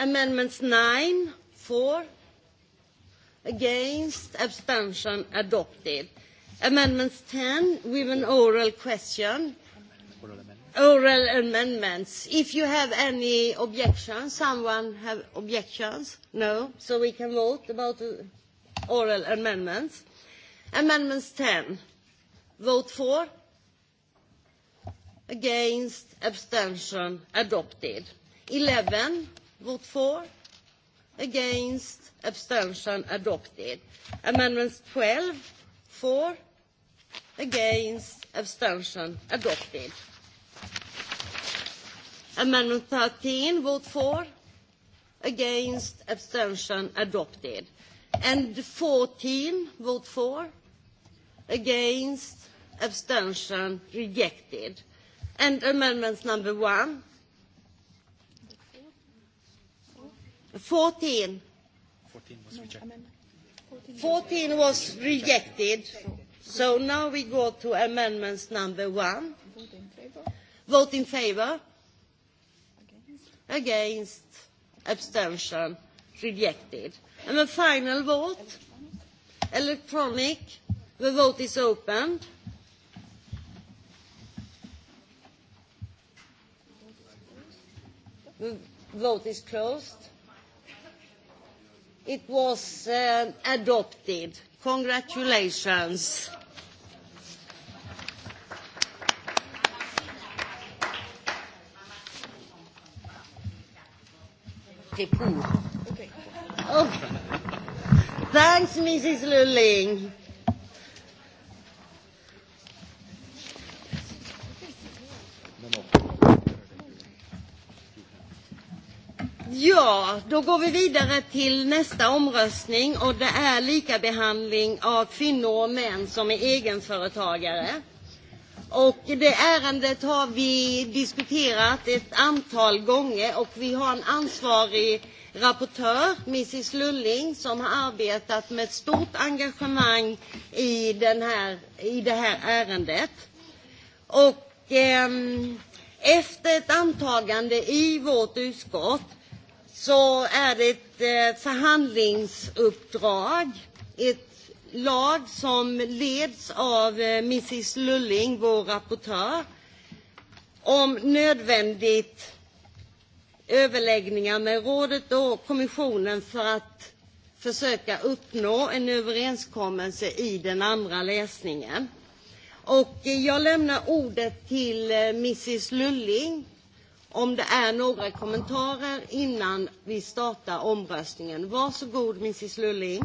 Amendments 9, 4, against, abstention, adopted. Amendments 10 with an oral question. Oral amendments. If you have any objections, someone have objections? No? So we can vote about oral amendments. Amendments 10. Vote for. Against. Abstention. Adopted. 11 vote for against abstention adopted amendments 12 for against abstention adopted amendment 13 vote for against abstention adopted and 14 vote for against abstention rejected and amendments number 1 14. 14 was rejected. 14 was rejected. So now we go to amendments number one. Vote in favor. Against. Against. Abstention. Rejected. And the final vote. Electronic. The vote is opened. The vote is closed. It was uh, adopted. Congratulations. Okay. okay. Thanks, Mrs. Lulling. Ja, då går vi vidare till nästa omröstning och det är lika behandling av kvinnor och män som är egenföretagare. Och det ärendet har vi diskuterat ett antal gånger och vi har en ansvarig rapportör, Mrs Lulling, som har arbetat med ett stort engagemang i, den här, i det här ärendet. Och, eh, efter ett antagande i vårt utskott så är det ett eh, förhandlingsuppdrag, ett lag som leds av eh, Mrs Lulling, vår rapportör, om nödvändigt överläggningar med rådet och kommissionen för att försöka uppnå en överenskommelse i den andra läsningen. Och eh, jag lämnar ordet till Mrs Lulling Om det är några kommentarer innan vi startar omröstningen. Varsågod, Mrs Lulling.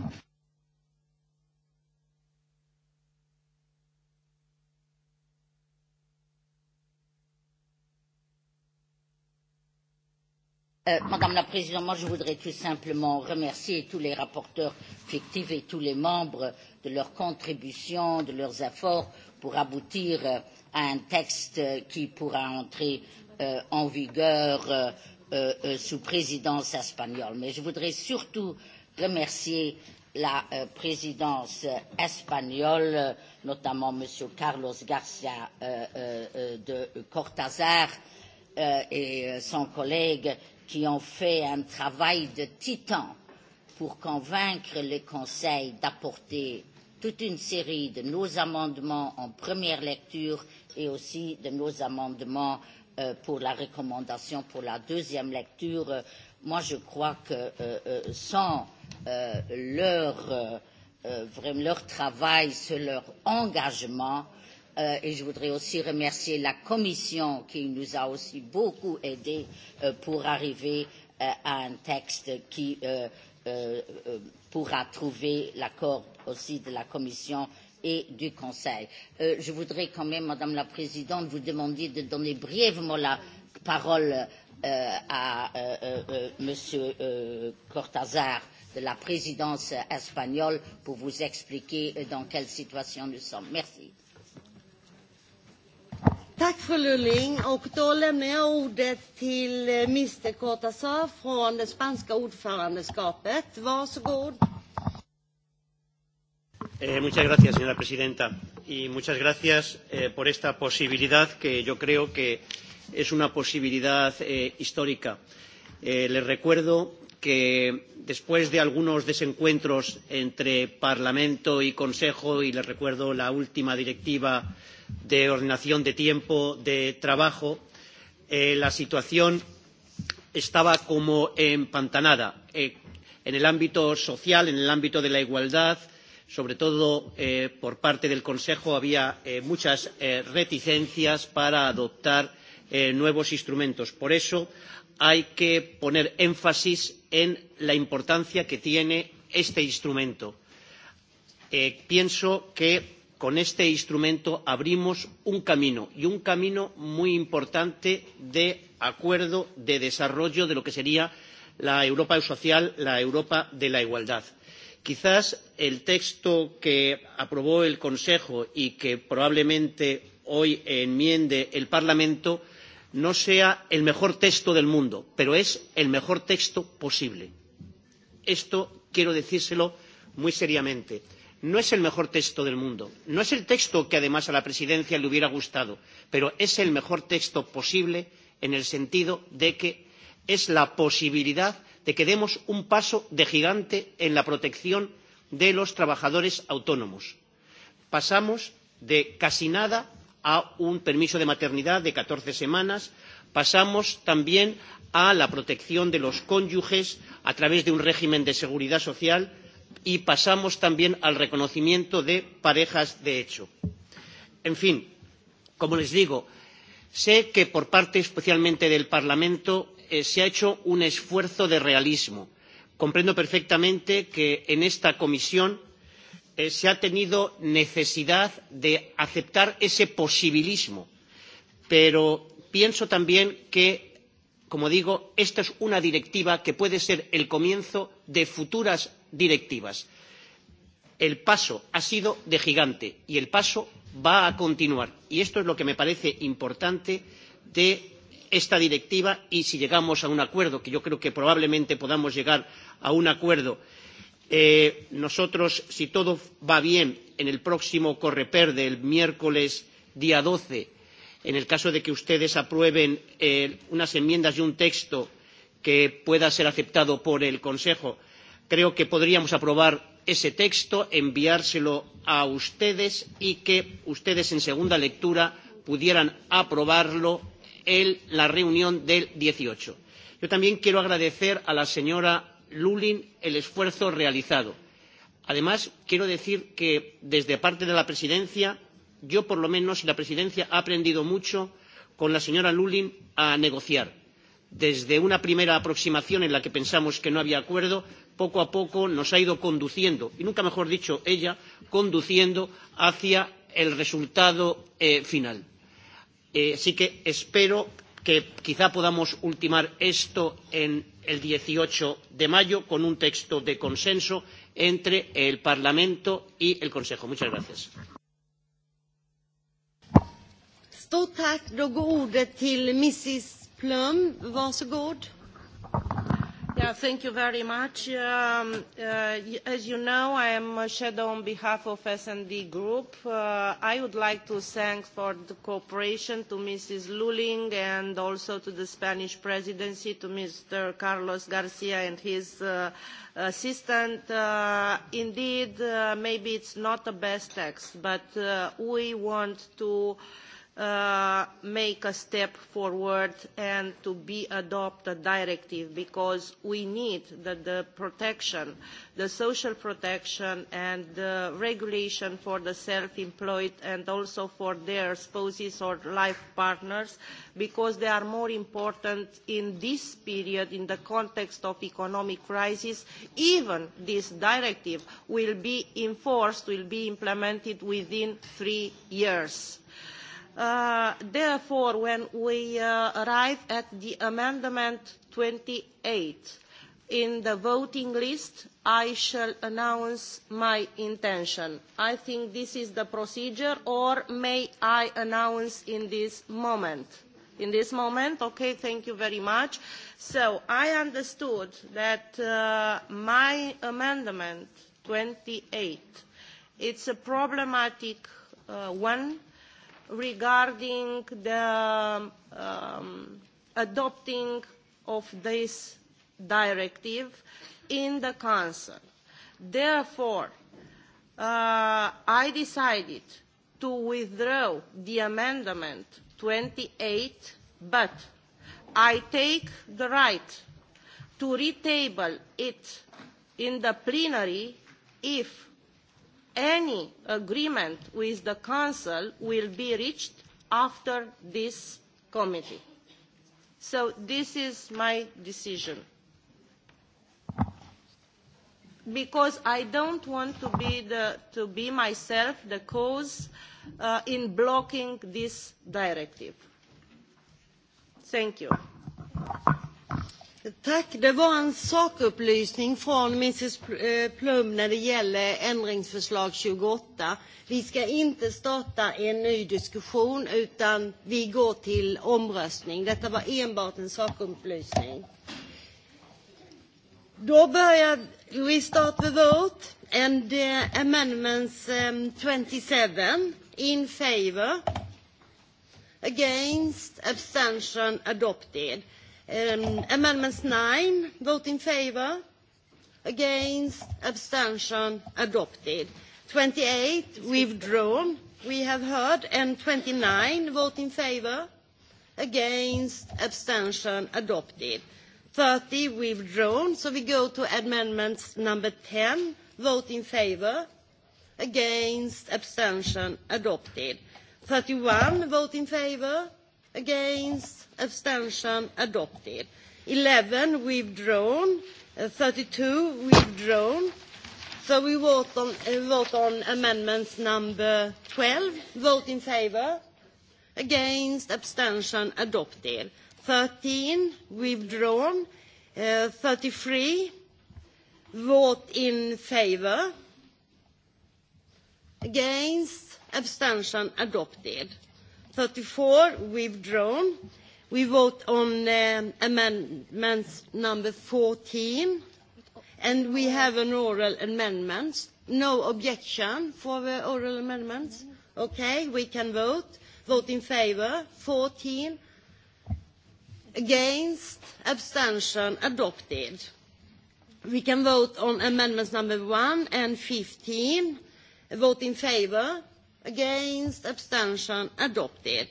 Euh, Madame la Présidente, moi je voudrais tout simplement remercier tous les rapporteurs fictifs et tous les membres de leur contribution, de leurs efforts pour aboutir à un texte qui pourra entrer euh, en vigueur euh, euh, euh, sous présidence espagnole. Mais je voudrais surtout remercier la euh, présidence espagnole, notamment M. Carlos Garcia euh, euh, euh, de Cortazar euh, et euh, son collègue qui ont fait un travail de titan pour convaincre le Conseil d'apporter toute une série de nos amendements en première lecture et aussi de nos amendements Euh, pour la recommandation pour la deuxième lecture. moi, je crois que euh, euh sans euh, leur, euh, euh leur travail, sur leur engagement, euh, et je voudrais aussi remercier la Commission qui nous a aussi beaucoup aidés euh, pour arriver euh, à un texte qui euh, euh, pourra trouver l'accord aussi de la Commission euh, et du Conseil. Euh, je voudrais quand même, Madame la Présidente, vous demander de donner brièvement la parole euh, à euh, euh, euh Monsieur euh, Cortazar de la présidence espagnole pour vous expliquer euh, dans quelle situation nous sommes. Merci. Tack för Lulling och då lämnar jag ordet till eh, Mr Cortazar från det spanska ordförandeskapet. Varsågod. Eh, señora presidenta. Y muchas gracias eh, por esta posibilidad que yo creo que es una posibilidad eh, histórica. Eh, les recuerdo que después de algunos desencuentros entre Parlamento y Consejo, y les recuerdo la última directiva de ordenación de tiempo de trabajo, la situación estaba como empantanada en el ámbito social, en el ámbito de la igualdad, sobre todo eh, por parte del Consejo había eh, muchas eh, reticencias para adoptar eh, nuevos instrumentos. Por eso hay que poner énfasis en la importancia que tiene este instrumento. Eh, pienso que con este instrumento abrimos un camino y un camino muy importante de acuerdo de desarrollo de lo que sería la Europa social, la Europa de la igualdad. Quizás el texto que aprobó el Consejo y que probablemente hoy enmiende el Parlamento no sea el mejor texto del mundo, pero es el mejor texto posible. Esto quiero decírselo muy seriamente. No es el mejor texto del mundo, no es el texto que además a la presidencia le hubiera gustado, pero es el mejor texto posible en el sentido de que es la posibilidad de que demos un paso de gigante en la protección de los trabajadores autónomos. Pasamos de casi nada a un permiso de maternidad de 14 semanas, pasamos también a la protección de los cónyuges a través de un régimen de seguridad social y pasamos también al reconocimiento de parejas de hecho. En fin, como les digo, sé que por parte especialmente del Parlamento eh, se ha hecho un esfuerzo de realismo. Comprendo perfectamente que en esta comisión eh, se ha tenido necesidad de aceptar ese posibilismo, pero pienso también que, como digo, esta es una directiva que puede ser el comienzo de futuras directivas. El paso ha sido de gigante y el paso va a continuar. Y esto es lo que me parece importante de esta directiva y si llegamos a un acuerdo, que yo creo que probablemente podamos llegar a un acuerdo, eh, nosotros, si todo va bien, en el próximo Correper del miércoles día 12, en el caso de que ustedes aprueben eh, unas enmiendas y un texto que pueda ser aceptado por el Consejo, creo que podríamos aprobar ese texto, enviárselo a ustedes y que ustedes en segunda lectura pudieran aprobarlo el, la reunión del 18. Yo también quiero agradecer a la señora Lulin el esfuerzo realizado. Además, quiero decir que desde parte de la presidencia, yo por lo menos, la presidencia ha aprendido mucho con la señora Lulin a negociar. Desde una primera aproximación en la que pensamos que no había acuerdo, poco a poco nos ha ido conduciendo, y nunca mejor dicho ella, conduciendo hacia el resultado eh, final. Eh, sí que espero que quizá podamos ultimar esto en el 18 de mayo con un texto de consenso entre el Parlamento y el Consejo. Muchas gracias. Stort tack. Då går ordet till Mrs Plum. Varsågod thank you very much. Um, uh, as you know, I am a shadow on behalf of S&D Group. Uh, I would like to thank for the cooperation to Mrs. Lulling and also to the Spanish presidency, to Mr. Carlos Garcia and his uh, assistant. indeed, uh, maybe it's not the best text, but we want to Uh, make a step forward and to be adopt a directive because we need that the protection, the social protection and the regulation for the self-employed and also for their spouses or life partners because they are more important in this period in the context of economic crisis. Even this directive will be enforced, will be implemented within three years Uh, therefore, when we uh, arrive at the amendment 28 in the voting list, I shall announce my intention. I think this is the procedure, or may I announce in this moment? in this moment. Okay, thank you very much. So I understood that uh, my amendment 28, it's a problematic uh, one regarding the um, adopting of this directive in the Council. Therefore, uh, I decided to withdraw the amendment 28, but I take the right to retable it in the plenary if any agreement with the Council will be reached after this committee. So this is my decision. Because I don't want to be, the, to be myself the cause uh, in blocking this directive. Thank you. Tack. Det var en sakupplysning från Mrs eh, Plum när det gäller ändringsförslag 28. Vi ska inte starta en ny diskussion utan vi går till omröstning. Detta var enbart en sakupplysning. Då börjar vi start the vote and uh, amendments um, 27 in favor against abstention adopted. Um, amendments 9, vote in favour, against, abstention, adopted. 28, withdrawn, we have heard, and 29, vote in favour, against, abstention, adopted. 30, withdrawn, so we go to amendments number 10, vote in favour, against, abstention, adopted. 31, vote in favour, against, abstention adopted. 11 withdrawn, uh, 32 withdrawn. So we vote on, uh, vote on amendments number 12. Vote in favour. Against, abstention adopted. 13 withdrawn, uh, 33 vote in favour. Against, abstention adopted. 34 withdrawn. We vote on um, amendments number 14, and we have an oral amendment. No objection for the oral amendment? Okay, we can vote. Vote in favour, 14. Against, abstention, adopted. We can vote on amendments number 1 and 15. Vote in favour, against, abstention, adopted.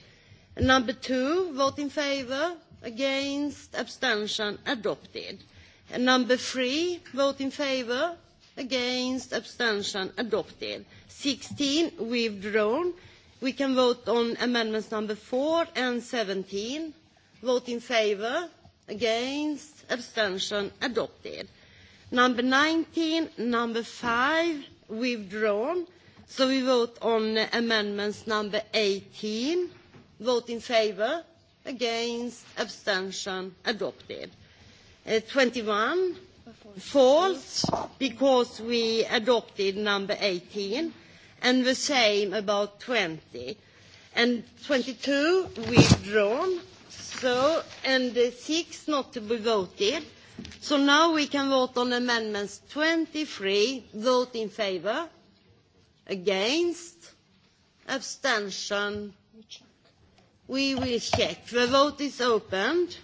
Number two, vote in favour, against, abstention, adopted. And number three, vote in favour, against, abstention, adopted. 16, withdrawn. We can vote on amendments number four and 17. Vote in favour, against, abstention, adopted. Number 19, number five, withdrawn. So we vote on amendments number 18 vote in favour against abstention adopted uh, twenty 21 false because we adopted number 18 and the same about 20 and 22 withdrawn so and uh, not to be voted so now we can vote on amendments 23 vote in favour against abstention Which We will check. The vote is opened.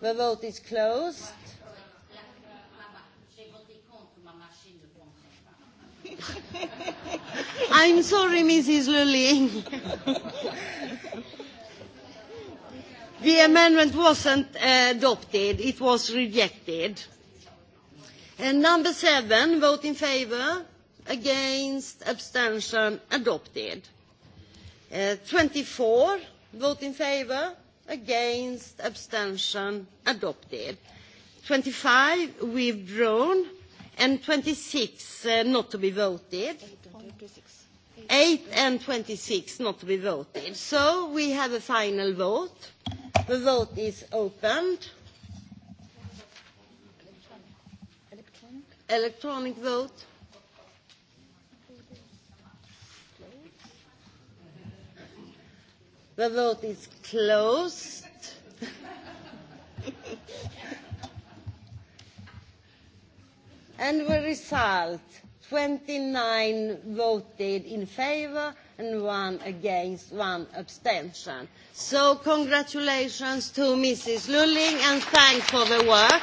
The vote is closed. *laughs* I'm sorry, Mrs. Lulling. the amendment wasn't uh, adopted. It was rejected. And number seven, vote in favour, against, abstention, adopted. Uh, 24, vote in favour, against, abstention, adopted. 25, withdrawn, and 26, uh, not to be voted. 8 and 26 not to be voted. So we have a final vote. The vote is opened. Electronic vote. The vote is closed. *laughs* and the result, 29 voted in favor and one against, one abstention. So congratulations to Mrs. Lulling and thanks for the work.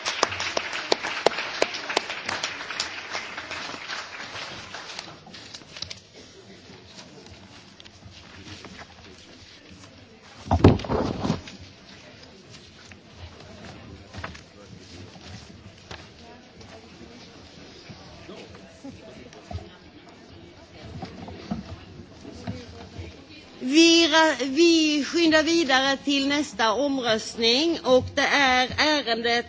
vi skyndar vidare till nästa omröstning och det är ärendet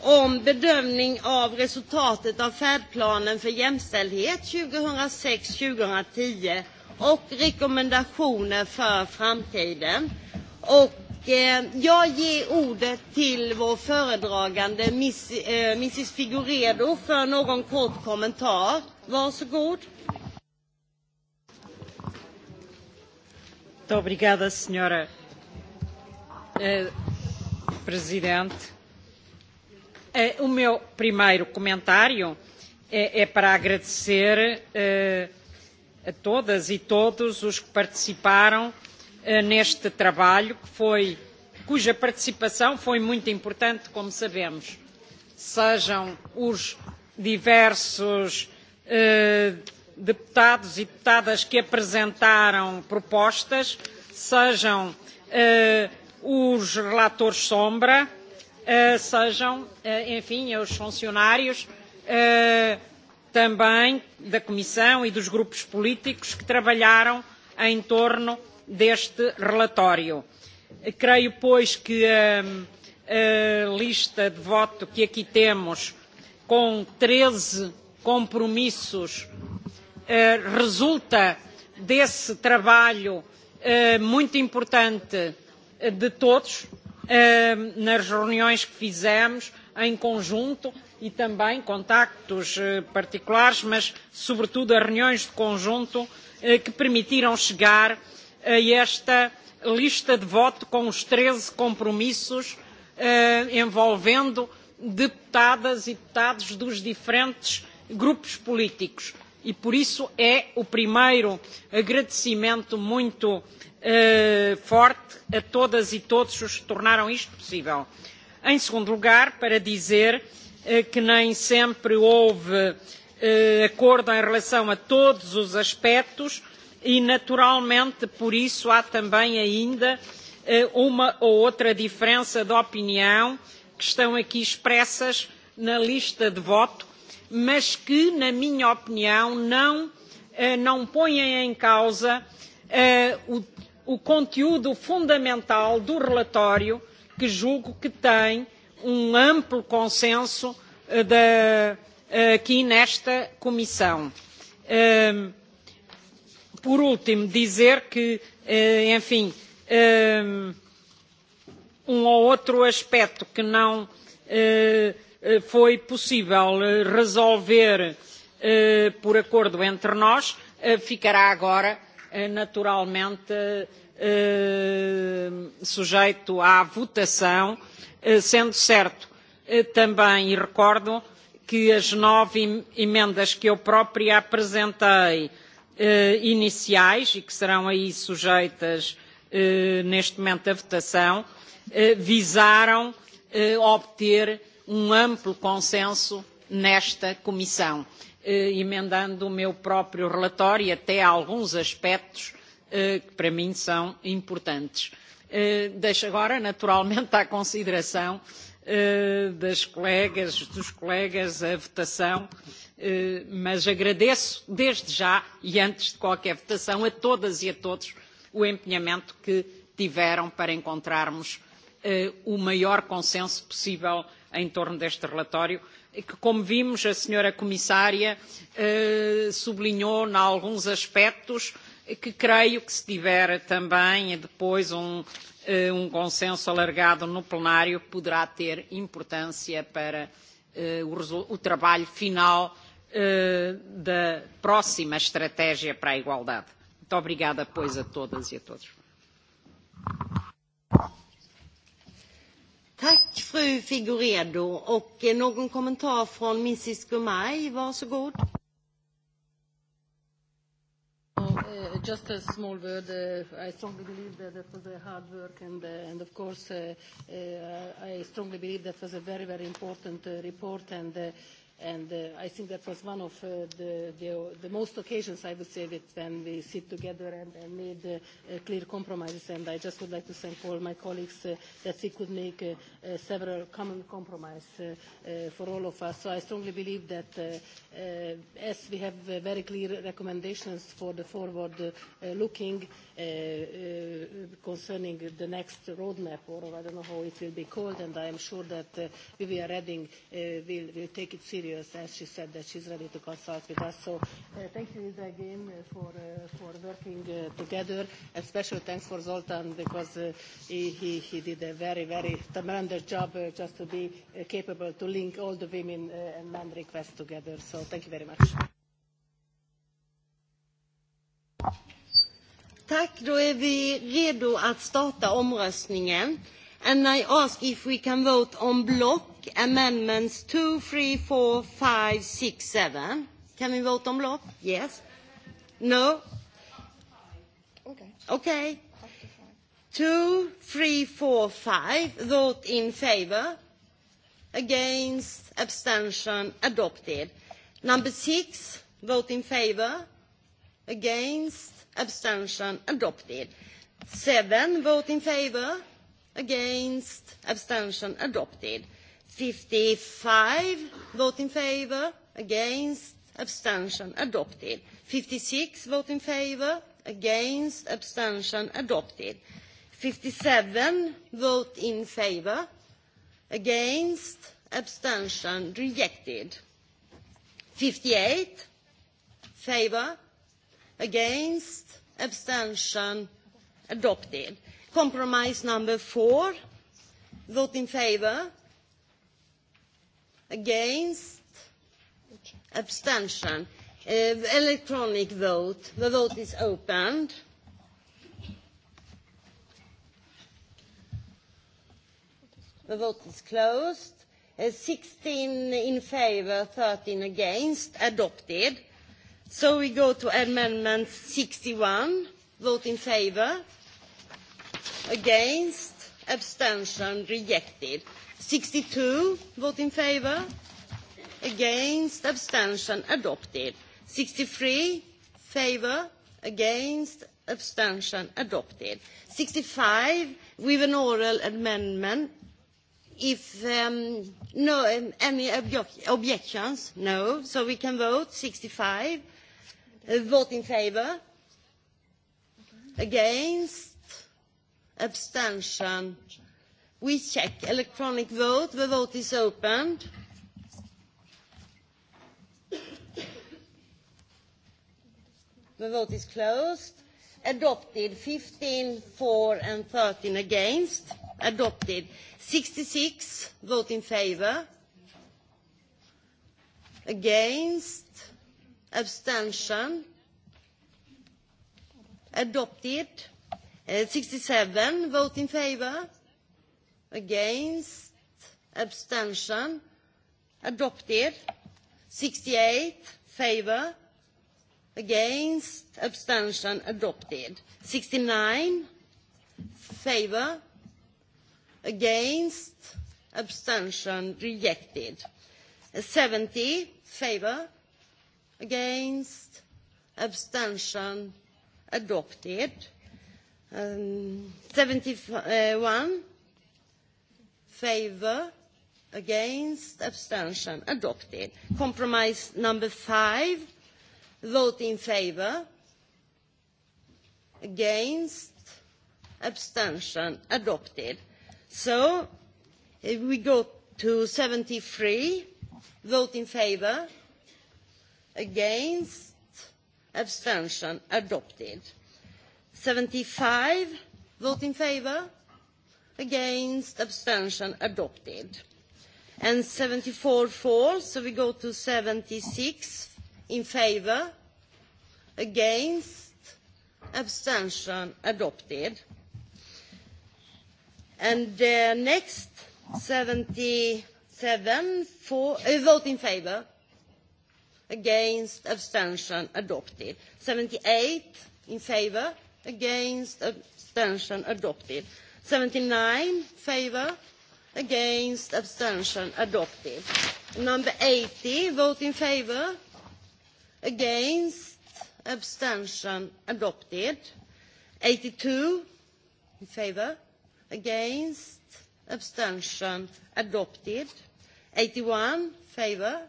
om bedömning av resultatet av färdplanen för jämställdhet 2006-2010 och rekommendationer för framtiden. Och, eh, jag ger ordet till vår föredragande miss, eh, Mrs Figuredo för någon kort kommentar. Varsågod. Obrigada, eh, Presidente. Eh, o meu primeiro comentário eh, é para agradecer a todas e todos os que participaram neste trabalho, que foi, cuja participação foi muito importante, como sabemos. Sejam os diversos deputados e deputadas que apresentaram propostas, sejam uh, os relatores sombra, uh, sejam, uh, enfim, os funcionários uh, também da Comissão e dos grupos políticos que trabalharam em torno deste relatório. Creio, pois, que a, a lista de voto que aqui temos, com 13 compromissos Eh, resulta desse trabalho eh, muito importante eh, de todos nas reuniões que fizemos em conjunto e também contactos particulares, mas sobretudo as reuniões de conjunto que permitiram chegar a esta lista de voto com os 13 compromissos envolvendo deputadas e deputados dos diferentes grupos políticos e por isso é o primeiro agradecimento muito uh, forte a todas e todos os que tornaram isto possível. Em segundo lugar, para dizer uh, que nem sempre houve uh, acordo em relação a todos os aspectos e, naturalmente, por isso há também ainda uma ou outra diferença de opinião que estão aqui expressas na lista de voto mas que, na minha opinião, não, eh, não põem em causa eh, o, o conteúdo fundamental do relatório, que julgo que tem um amplo consenso eh, da, aqui nesta comissão. Ehm, por último, dizer que, enfim, ehm, um ou outro aspecto que não Eh, foi possível eh, resolver eh, por acordo entre nós ficará agora naturalmente sujeito à votação sendo certo também e recordo que as nove emendas que eu própria apresentei iniciais e que serão aí sujeitas neste momento à votação visaram obter um amplo consenso nesta comissão, eh, emendando o meu próprio relatório e até alguns aspectos eh, que para mim são importantes. Eh, deixo agora, naturalmente, à consideração das colegas, dos colegas a votação, mas agradeço desde já e antes de qualquer votação a todas e a todos o empenhamento que tiveram para encontrarmos o maior consenso possível em torno deste relatório, e que, como vimos, a senhora comissária eh, sublinhou em alguns aspectos e que creio que se tiver também e depois um, eh, um consenso alargado no plenário poderá ter importância para eh, o, trabalho final da próxima estratégia para a igualdade. Muito obrigada, pois, a todas e a todos. Tack fru Figuredo och eh, någon kommentar från Mrs Gumay, varsågod. Uh, just a small word. Uh, I strongly believe that that was a hard work, and, uh, and of course, uh, uh, I strongly believe that was a very, very important uh, report. And uh, And uh, I think that was one of uh, the, the, the most occasions, I would say, that when we sit together and, and made uh, uh, clear compromises. And I just would like to thank all my colleagues uh, that we could make uh, uh, several common compromises uh, uh, for all of us. So I strongly believe that uh, uh, as we have uh, very clear recommendations for the forward-looking, uh, uh, looking, Uh, uh, concerning the next roadmap, or I don't know how it will be called, and I am sure that uh, Vivian Redding will, will take it serious, as she said that she's ready to consult with us. So thank you again for, for working together, and special thanks for Zoltan, because he, he, he did a very, very tremendous job just to be capable to link all the women and men requests together. So thank you very much. Tack, då är vi redo att starta omröstningen. And I ask if we can vote on block amendments 2, 3, 4, 5, 6, 7. Can we vote on block? Yes? No? Okay. Okay. 2, 3, 4, 5. Vote in favor. Against. Abstention. Adopted. Number 6. Vote in favor. Against abstention adopted. Seven vote in favour, against, abstention adopted. Fifty-five vote in favour, against, abstention adopted. Fifty-six vote in favour, against, abstention adopted. Fifty-seven vote in favour, against, abstention rejected. Fifty-eight favour, against abstention adopted compromise number four vote in favour against abstention uh, electronic vote the vote is opened the vote is closed uh, 16 in favour 13 against adopted So we go to amendment 61. Vote in favour. Against. Abstention. Rejected. 62. Vote in favour. Against. Abstention. Adopted. 63. Favour. Against. Abstention. Adopted. 65. With an oral amendment. If um, no, um, any objections? No. So we can vote 65 Uh, vote in favour. Against. Abstention. We check electronic vote. The vote is opened. The vote is closed. Adopted 15 for and 13 against. Adopted 66 vote in favour. Against abstention adopted uh, 67 vote in favor against abstention adopted 68 favor against abstention adopted 69 favor against abstention rejected 70 favor Against? Abstention? Adopted. Um, 71? Favor? Against? Abstention? Adopted. Compromise number five. Vote in favor? Against? Abstention? Adopted. So, uh, we go to 73. Vote in favor? against abstention adopted 75 vote in favor against abstention adopted and 74 for so we go to 76 in favor against abstention adopted and uh, next 77 for a uh, vote in favor against abstention adopted 78 in favor against abstention adopted 79 favor against abstention adopted number 80 vote in favor against abstention adopted 82 in favor against abstention adopted 81 favor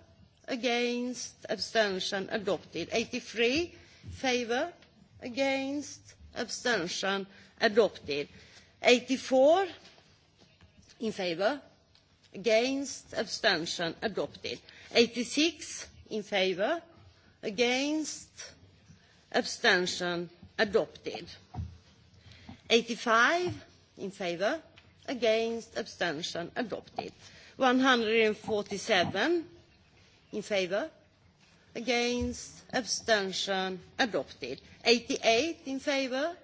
against, abstention adopted. 83, favor, against, abstention adopted. 84, in favor, against, abstention adopted. 86, in favor, against, abstention adopted. 85, in favor, against, abstention adopted. 147, in favour against abstention adopted 88 in favour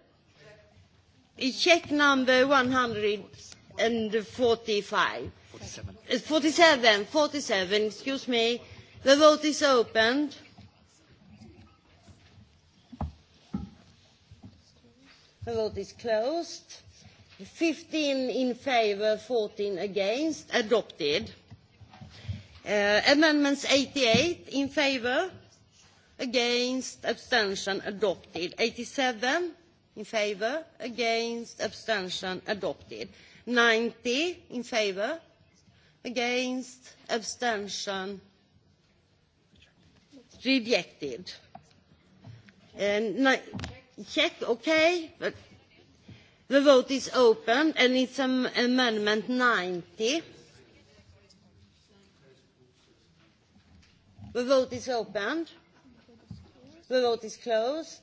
check number 145 47 47, 47 excuse me the vote is opened the vote is closed 15 in favour 14 against adopted Uh, amendments 88 in favour, against, abstention adopted. 87 in favour, against, abstention adopted. 90 in favour, against, abstention rejected. And check, okay, but the vote is open and it's um, amendment 90. The vote is opened. The vote is closed.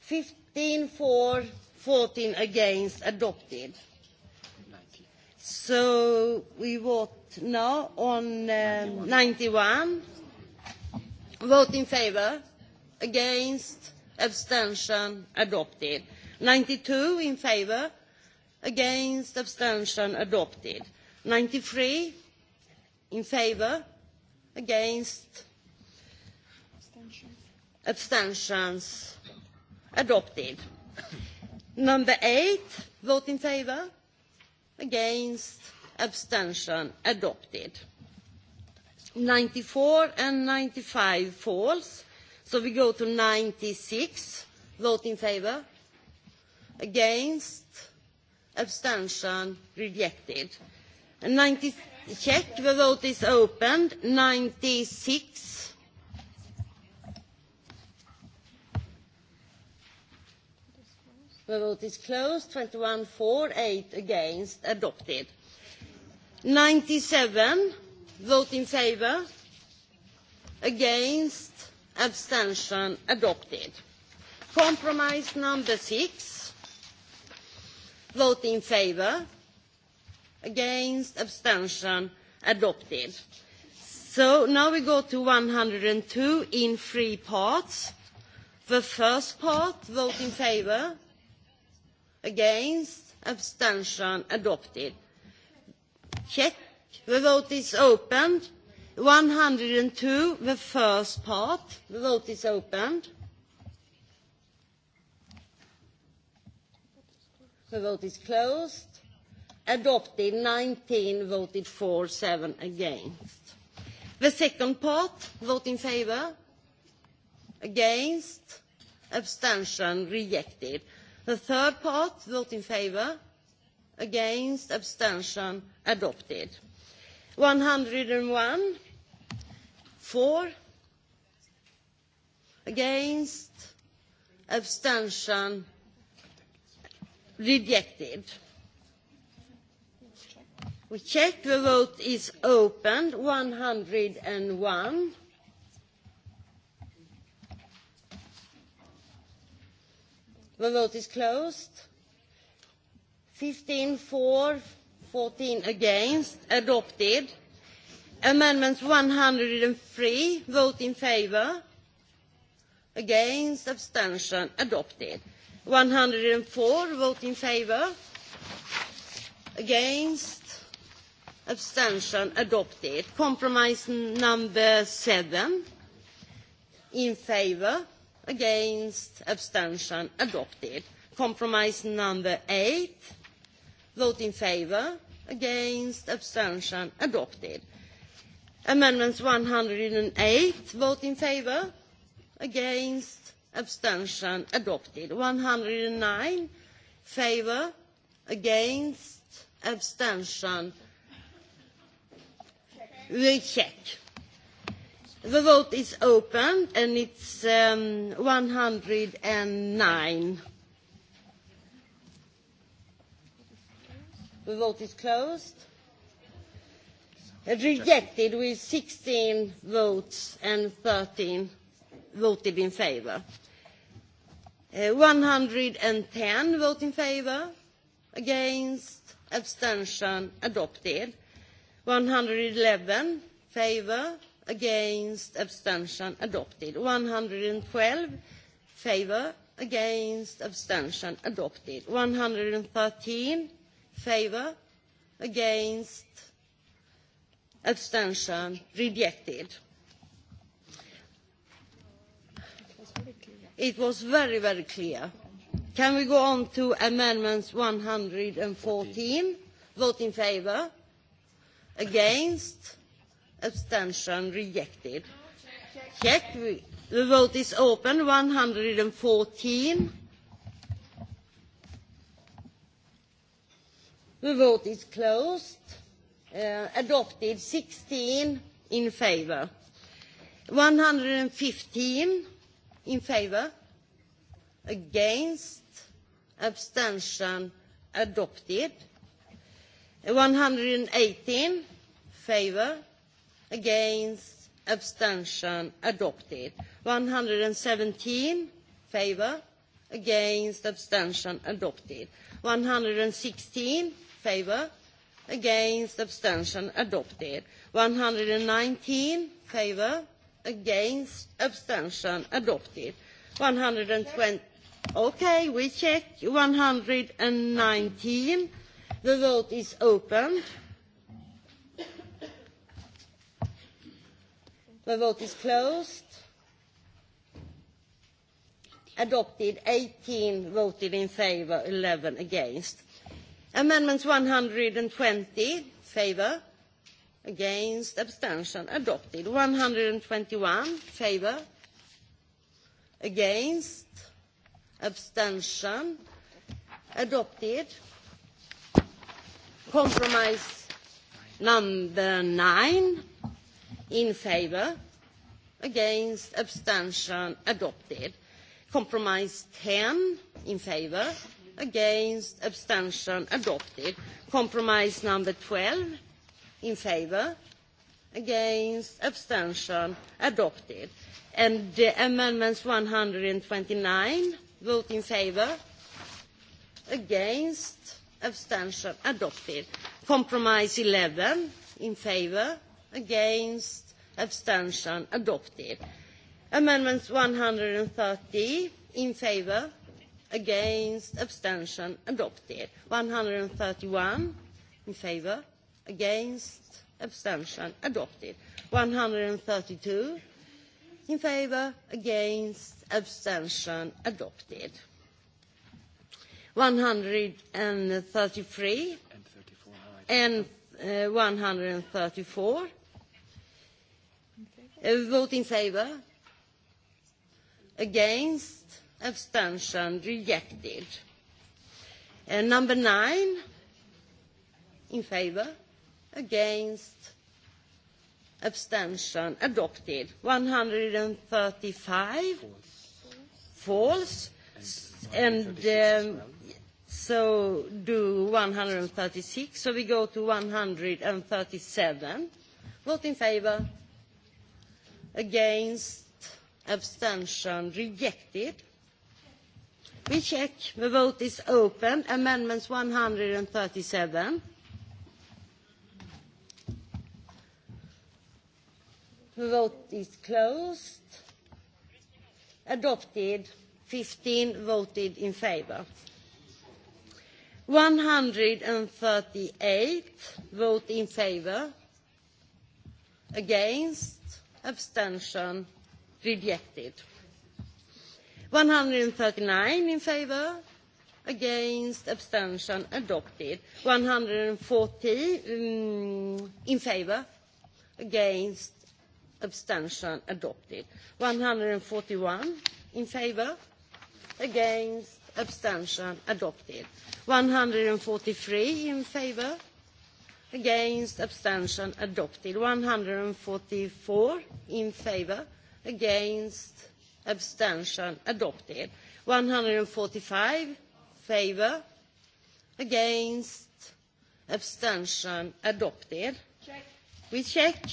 15 for, 14 against, adopted. So we vote now on uh, 91. 91. Vote in favour, against, abstention, adopted. 92 in favour, against, abstention, adopted. 93 in favour, Against? Abstentions. Abstentions. Adopted. Number eight, vote in favour. Against? Abstention. Adopted. 94 and 95 falls. So we go to 96. Vote in favour. Against? Abstention. Rejected. And 93. Check. The vote is opened. 96. The vote is closed. 21 for, 8 against. Adopted. 97. Vote in favor. Against. Abstention. Adopted. Compromise number 6. Vote in favor against, abstention, adopted. So now we go to 102 in three parts. The first part, vote in favour, against, abstention, adopted. Check. The vote is opened. 102, the first part. The vote is opened. The vote is closed adopted 19 voted for, 7 against. The second part, vote in favour, against, abstention, rejected. The third part, vote in favour, against, abstention, adopted. 101, for, against, abstention, rejected. We check the vote is opened. 101. The vote is closed. 15 for, 14 against. Adopted. Amendments 103. Vote in favour. Against. Abstention. Adopted. 104. Vote in favour. Against abstention adopted. Compromise number seven in favour, against, abstention adopted. Compromise number eight, vote in favour, against, abstention adopted. Amendments 108, vote in favour, against, abstention adopted. 109, favour, against, abstention adopted We The vote is open, and it's 109. Um, The vote is closed. Rejected with 16 votes and 13 voted in favor. 110 uh, vote in favor, against, abstention, adopted. 111 favor against abstention adopted 112 favor against abstention adopted 113 favor against abstention rejected it was very very clear can we go on to amendments 114 vote in favor Against? Abstention rejected. Check. The vote is open. 114. The vote is closed. Uh, adopted 16 in favor. 115 in favor. Against? Abstention adopted. 118 favor against abstention adopted 117 favor against abstention adopted 116 favor against abstention adopted 119 favor against abstention adopted 120 okay we check 119 The vote is opened. The vote is closed. Adopted, 18 voted in favour, 11 against. Amendments 120, favour, against, abstention, adopted. 121, favour, against, abstention, adopted. Compromise number nine in favour, against, abstention, adopted. Compromise ten in favour, against, abstention, adopted. Compromise number twelve in favour, against, abstention, adopted. And the amendments nine vote in favour, against, abstention adopted. Compromise 11 in favour, against, abstention adopted. Amendments 130 in favour, against, abstention adopted. 131 in favour, against, abstention adopted. 132 in favour, against, abstention adopted. 133 and 134. Uh, uh, vote in favor. Against. Abstention. Rejected. Uh, number nine. In favor, Against. Abstention. Adopted. 135. False. False. And. Um, So, do 136, so we go to 137. Vote in favour. Against. Abstention. Rejected. We check. The vote is open. Amendments 137. The vote is closed. Adopted. 15 voted in favour. 138 vote in favour against abstention rejected 139 in favour against abstention adopted 140 um, mm, in favour against abstention adopted 141 in favour against abstention adopted 143 in favor against abstention adopted 144 in favor against abstention adopted 145 favor against abstention adopted check. we check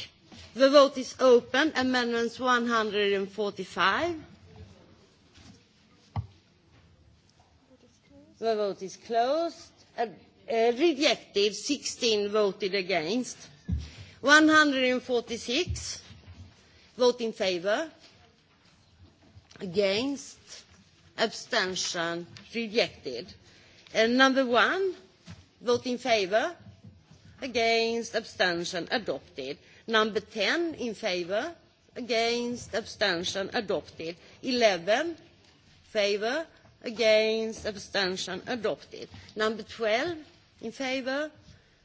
the vote is open amendments 145 The vote is closed. Uh, uh rejected, 16 voted against. 146 vote in favour. Against, abstention, rejected. And number one, vote in favour. Against, abstention, adopted. Number 10 in favour. Against, abstention, adopted. 11 favour against, abstention adopted. Number 12 in favour,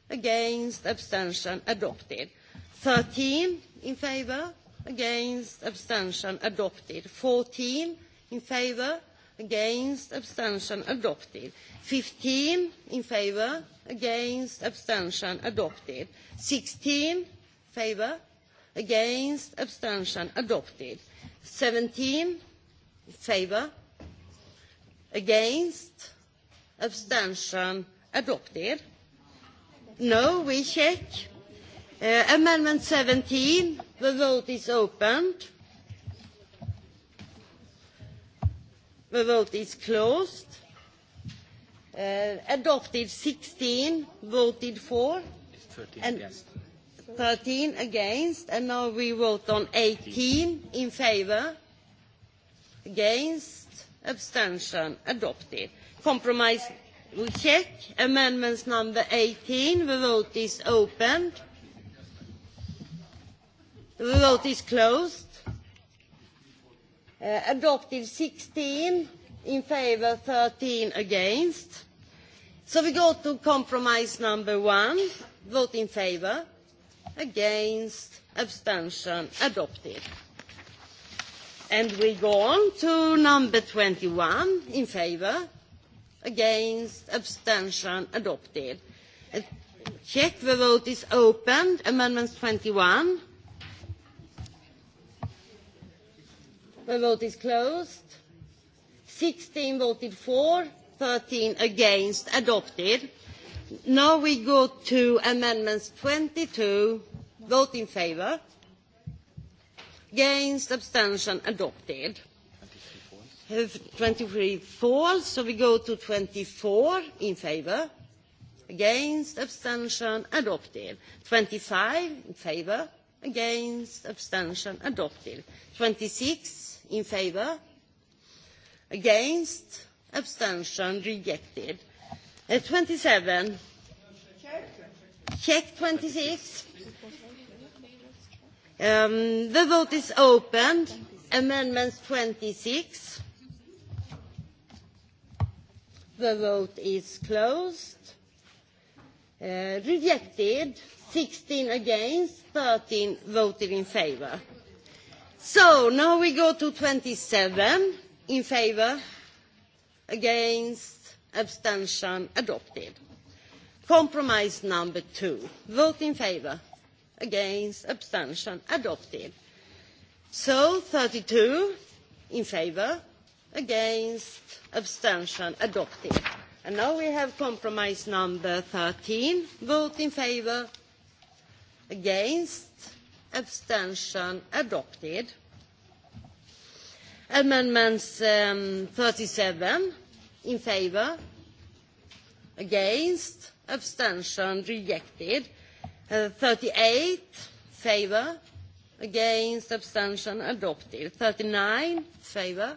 against, abstention adopted. 13 in favour, against, abstention adopted. 14 in favour, against, abstention adopted. 15 in favour, against, abstention adopted. 16 favour, against, abstention adopted. 17 favour, Against? Abstention? Adopted. No, we check. Uh, amendment 17. The vote is opened. The vote is closed. Uh, adopted 16, voted for. and 13 against. And now we vote on 18 in favor. Against abstention adopted compromise we check amendments number 18 the vote is opened the vote is closed uh, adopted 16 in favour 13 against so we go to compromise number one. vote in favour. against abstention adopted And we go on to number 21 in favour, against, abstention, adopted. Uh, check the vote is opened. Amendments 21. The vote is closed. 16 voted for, 13 against, adopted. Now we go to amendments 22. Vote in favour. Against, abstention adopted. 23 falls, so we go to 24 in favour. Against, abstention adopted. 25 in favour. Against, abstention adopted. 26 in favour. Against, abstention rejected. Uh, 27. Check 26. Um, the vote is opened. Amendments 26. The vote is closed. Uh, rejected, 16 against, 13 voted in favour. So now we go to 27 in favour, against, abstention, adopted. Compromise number two. Vote in favour against abstention adopted so thirty two in favour against abstention adopted and now we have compromise number thirteen vote in favour against abstention adopted amendments um, seven in favour against abstention rejected Uh, 38 favour against abstention adopted thirty 39 favour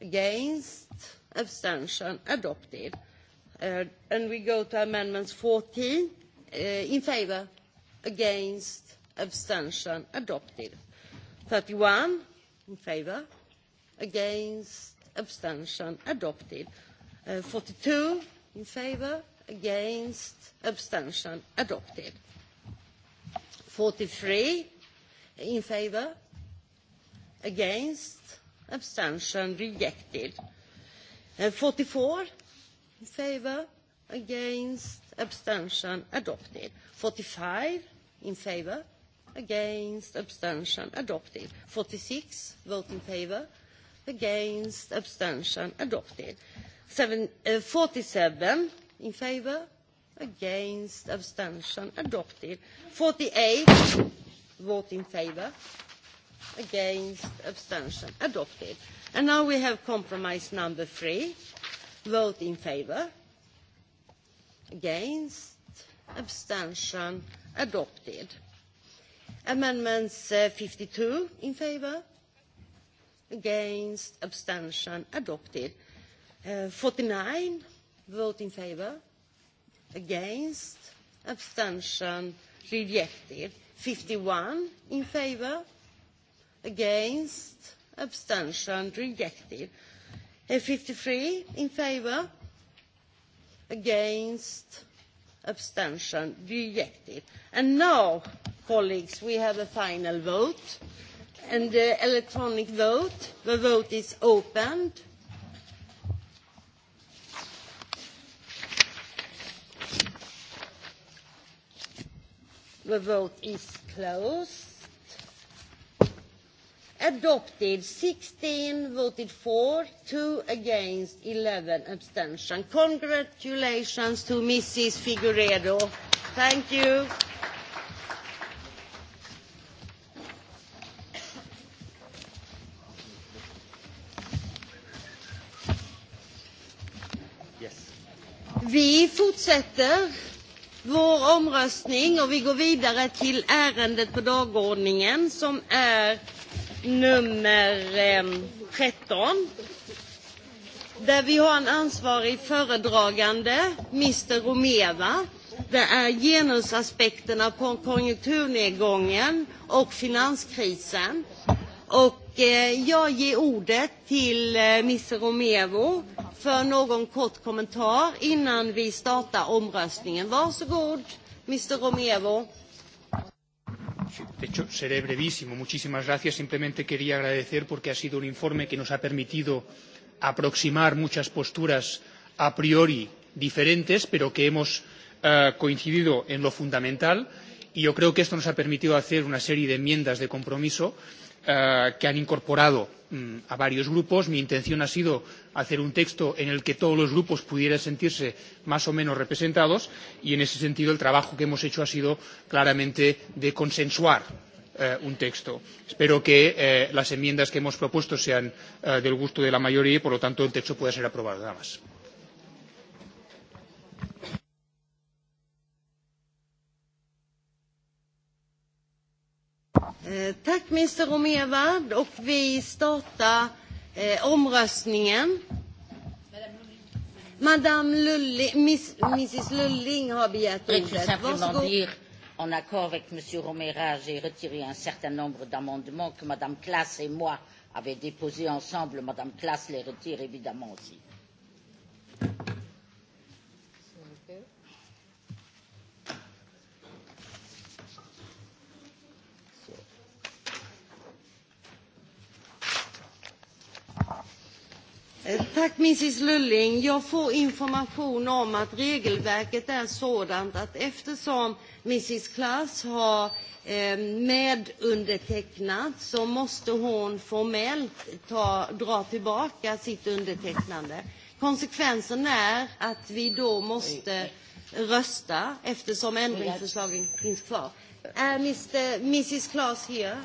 against abstention adopted uh, and we go to amendments fourteen uh, in favour against abstention adopted thirty one in favour against abstention adopted uh, two in favour against abstention adopted 43 in favour against abstention rejected uh, 44 in favour against abstention adopted 45 in favour against abstention adopted 46 vote in favour against abstention adopted Seven, uh, 47 in favour against, abstention, adopted. 48, vote in favour, against, abstention, adopted. And now we have compromise number three, vote in favour, against, abstention, adopted. Amendments uh, 52 in favour, against, abstention, adopted. Uh, 49, vote in favour, against, abstention rejected. 51 in favor, against, abstention rejected. And 53 in favor, against, abstention rejected. And now, colleagues, we have a final vote. And the electronic vote, the vote is opened. The vote is closed. Adopted, 16 voted for, 2 against, 11 abstention. Congratulations to Mrs. Figueredo. Thank you. Yes. Vi fortsätter vår omröstning och vi går vidare till ärendet på dagordningen som är nummer 13. Ehm, där vi har en ansvarig föredragande, Mr Romeva. Det är genusaspekterna på konjunkturnedgången och finanskrisen. Och eh, jag ger ordet till eh, Mr Romevo för någon kort kommentar innan vi startar omröstningen. Varsågod, Mr Romero. de hecho, seré brevísimo. Muchísimas gracias. Simplemente quería agradecer porque ha sido un informe que nos ha permitido aproximar muchas posturas a priori diferentes, pero que hemos uh, coincidido en lo fundamental. Y yo creo que esto nos ha permitido hacer una serie de enmiendas de compromiso uh, que han incorporado Mm, a varios grupos. Mi intención ha sido hacer un texto en el que todos los grupos pudieran sentirse más o menos representados y, en ese sentido, el trabajo que hemos hecho ha sido claramente de consensuar eh, un texto. Espero que eh, las enmiendas que hemos propuesto sean eh, del gusto de la mayoría y, por lo tanto, el texto pueda ser aprobado. Nada más. Eh, tack Mr Romeva och vi startar eh, omröstningen. Madame Lulling, Miss, Mrs Lulling har begärt ordet. Varsågod. En accord avec Monsieur Romera, j'ai retiré un certain nombre d'amendements que Madame Classe et moi avions déposés ensemble. Madame Classe les retire évidemment aussi. Eh, tack Mrs Lulling. Jag får information om att regelverket är sådant att eftersom Mrs Klass har eh, medundertecknat så måste hon formellt ta, dra tillbaka sitt undertecknande. Konsekvensen är att vi då måste rösta eftersom ändringsförslagen finns kvar. Är Mr, Mrs Klass här?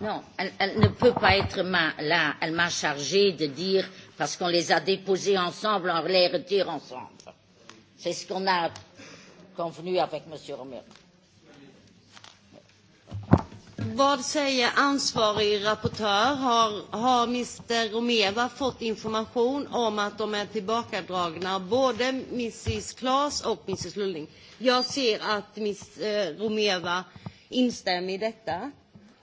Non, elle, elle ne peut pas être ma, là, elle m'a chargé de dire parce qu'on les a déposés ensemble, on les retire ensemble. C'est ce qu'on a convenu avec M. Romero. Vad säger ansvarig rapportör? Har, har Mr Romeva fått information om att de är tillbakadragna, både Mrs Claes och Mrs Lulling? Jag ser att Mr eh, Romeva instämmer i detta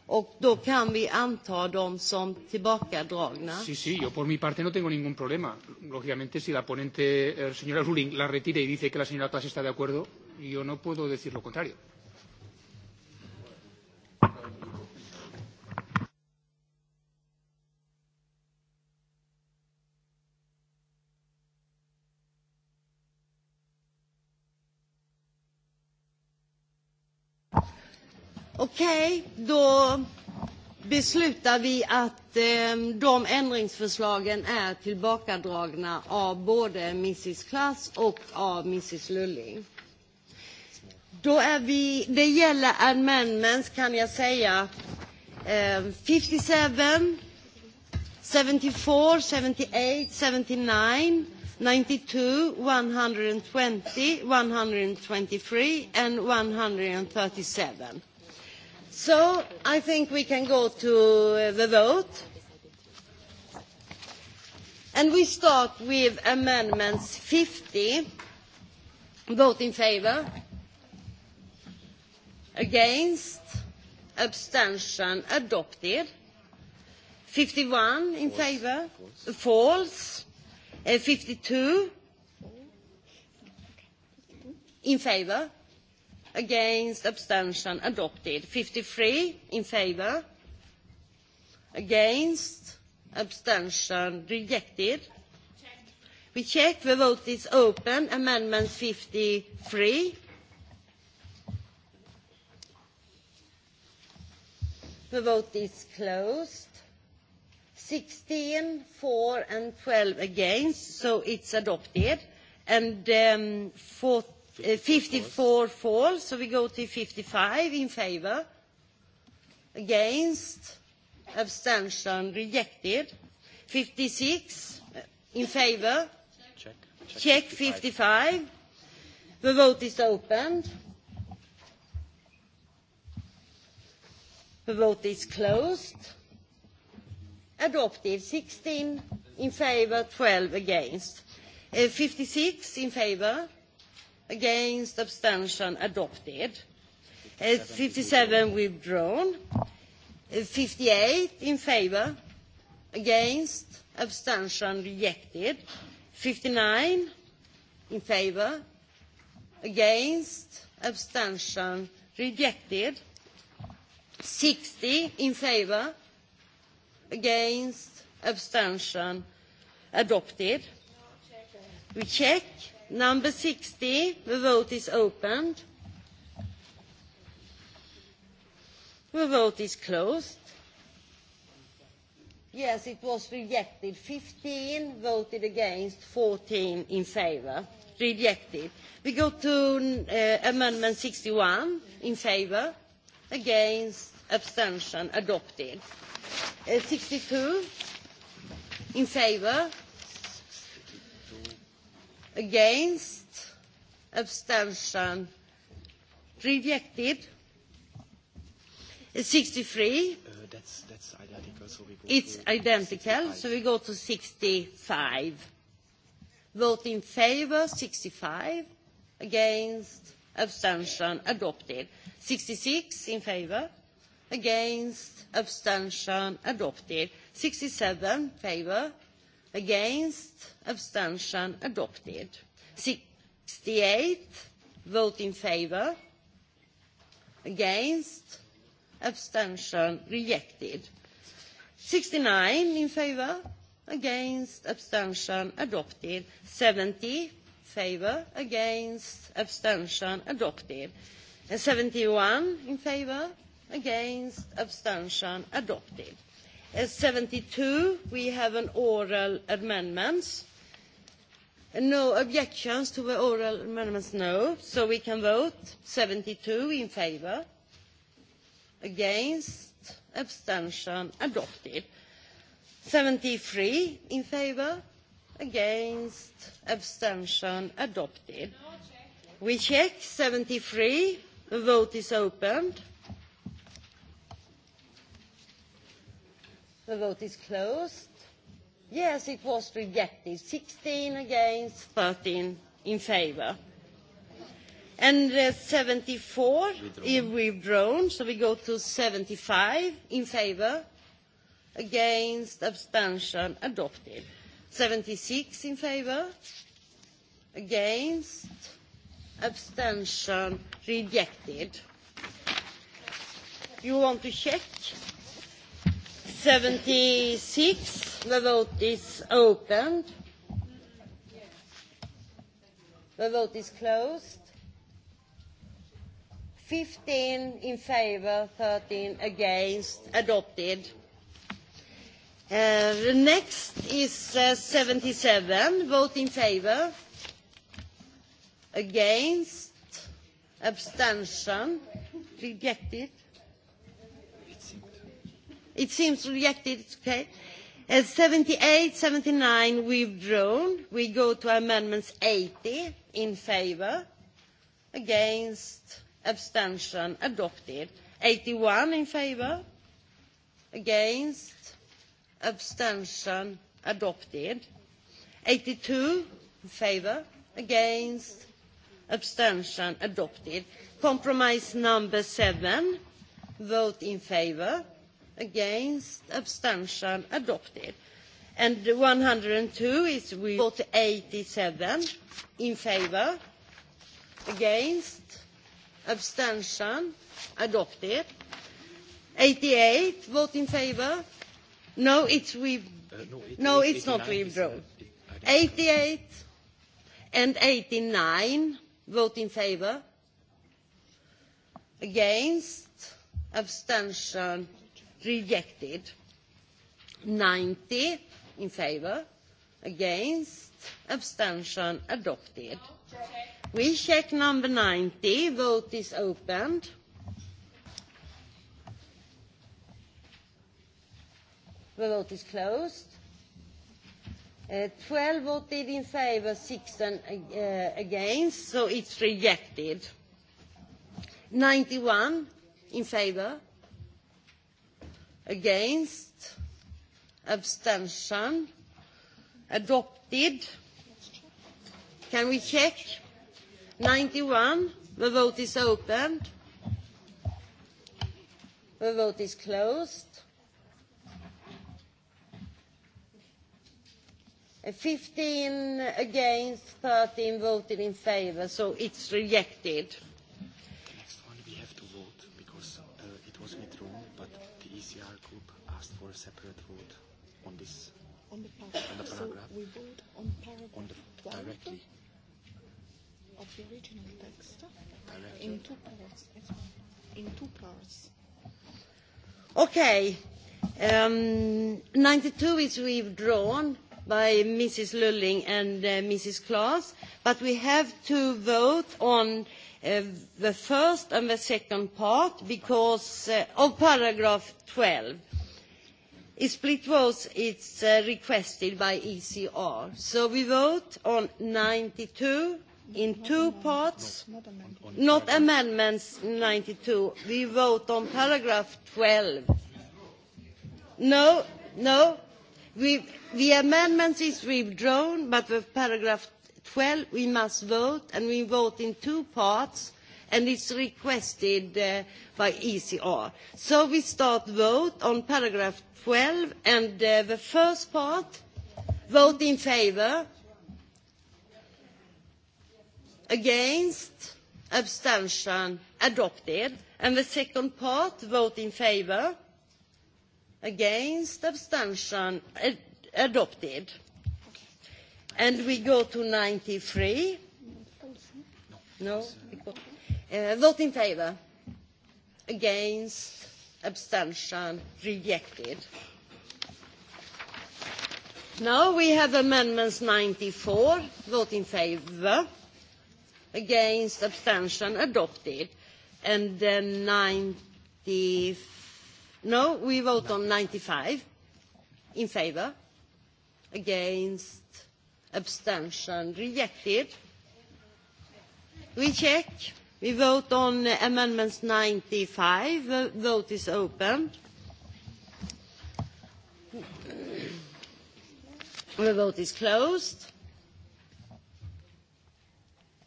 och då kan vi anta dem som tillbakadragna. Sí, sí, yo por mi parte no tengo ningún problema. Lógicamente, si la ponente, eh, señora Ruling, la retira y dice que la señora Clas está de acuerdo, yo no puedo decir lo contrario. Okej, okay, då beslutar vi att eh, de ändringsförslagen är tillbakadragna av både Mrs Klass och av Mrs Lulling. Då är vi, det gäller amendments kan jag säga eh, 57, 74, 78, 79, 92, 120, 123 and 137. So I think we can go to uh, the vote. And we start with amendments 50. Vote in favour. Against. Abstention. Adopted. 51 in favour. False. Uh, 52 in favour against abstention adopted 53 in favor against abstention rejected we check the vote is open amendment 53 the vote is closed 16 4 and 12 against so it's adopted and um, 14 54, for, so we go to 55 in favor, against, abstention rejected. 56 in favor. Check. Check, Check 55. 55. The vote is opened. The vote is closed. Adopted. 16 in favor, 12 against. Uh, 56 in favor against, abstention adopted. 57, uh, 57 withdrawn. 58 uh, in favour, against, abstention rejected. 59 in favour, against, abstention rejected. 60 in favour, against, abstention adopted. We check. Number 60, the vote is opened. The vote is closed. Yes, it was rejected. 15 voted against, 14 in favour. Rejected. We go to uh, Amendment 61, in favour, against, abstention, adopted. Uh, 62, in favour, against abstention rejected 63 uh, that's, that's identical, so we go it's to identical 65. so we go to 65 vote in favor 65 against abstention adopted 66 in favor against abstention adopted 67 favor against, abstention adopted. 68 vote in favour, against, abstention rejected. 69 in favour, against, abstention adopted. 70 favour, against, abstention adopted. And 71 in favour, against, abstention adopted. As 72, we have an oral amendments. No objections to the oral amendments, no. So we can vote 72 in favor, against, abstention, adopted. 73 in favor, against, abstention, adopted. We check 73. The vote is opened. The vote is closed. Yes, it was rejected. 16 against, 13 in favor. And uh, 74 is withdrawn, so we go to 75 in favor, against, abstention, adopted. 76 in favor, against, abstention, rejected. You want to check? 76. The vote is opened. The vote is closed. 15 in 13 against, adopted. Uh, the 77. Uh, vote in favor. Rejected. It seems rejected, okay. At 78, 79 withdrawn. We go to amendments 80 in favour, against, abstention, adopted. 81 in favour, against, abstention, adopted. 82 in favour, against, abstention, adopted. Compromise number seven, vote in favour, against, abstention, adopted. And 102 is we vote 87 in favor, against, abstention, adopted. 88 vote in favor. No, it's we. Uh, no, no, it's not withdrawn. 88 and 89 vote in favor. Against, abstention, rejected. 90 in favour, against, abstention adopted. We check number 90. Vote is opened. The vote is closed. Uh, 12 voted in favour, 16 uh, against, so it's rejected. 91 in favour, Against? Abstention? Adopted? Can we check? 91. The vote is opened. The vote is closed. 15 against, 13 voted in favor, so it's rejected. separate vote on this. On the paragraph. On the paragraph. So we vote on paragraph. On the, directly. Of the original text. Directly. In two parts. In two parts. Okay. Um, 92 is withdrawn by Mrs. Lulling and uh, Mrs. Klaas, but we have to vote on uh, the first and the second part because uh, of paragraph 12 split votes is uh, requested by ECR. So we vote on 92 in two parts, not, amendments 92. We vote on paragraph 12. No, no. We, the amendment is withdrawn, but with paragraph 12 we must vote, and we vote in two parts and it's requested uh, by ECR. So we start vote on paragraph 12 and uh, the first part, vote in favour, against, abstention, adopted. And the second part, vote in favour, against, abstention, ad adopted. And we go to 93. No? Uh, vote in favour. Against. Abstention. Rejected. Now we have amendments 94. Vote in favour. Against. Abstention. Adopted. And then 90. No, we vote on 95. In favour. Against. Abstention. Rejected. We check. We vote on amendments 95. The vote is open. The vote is closed.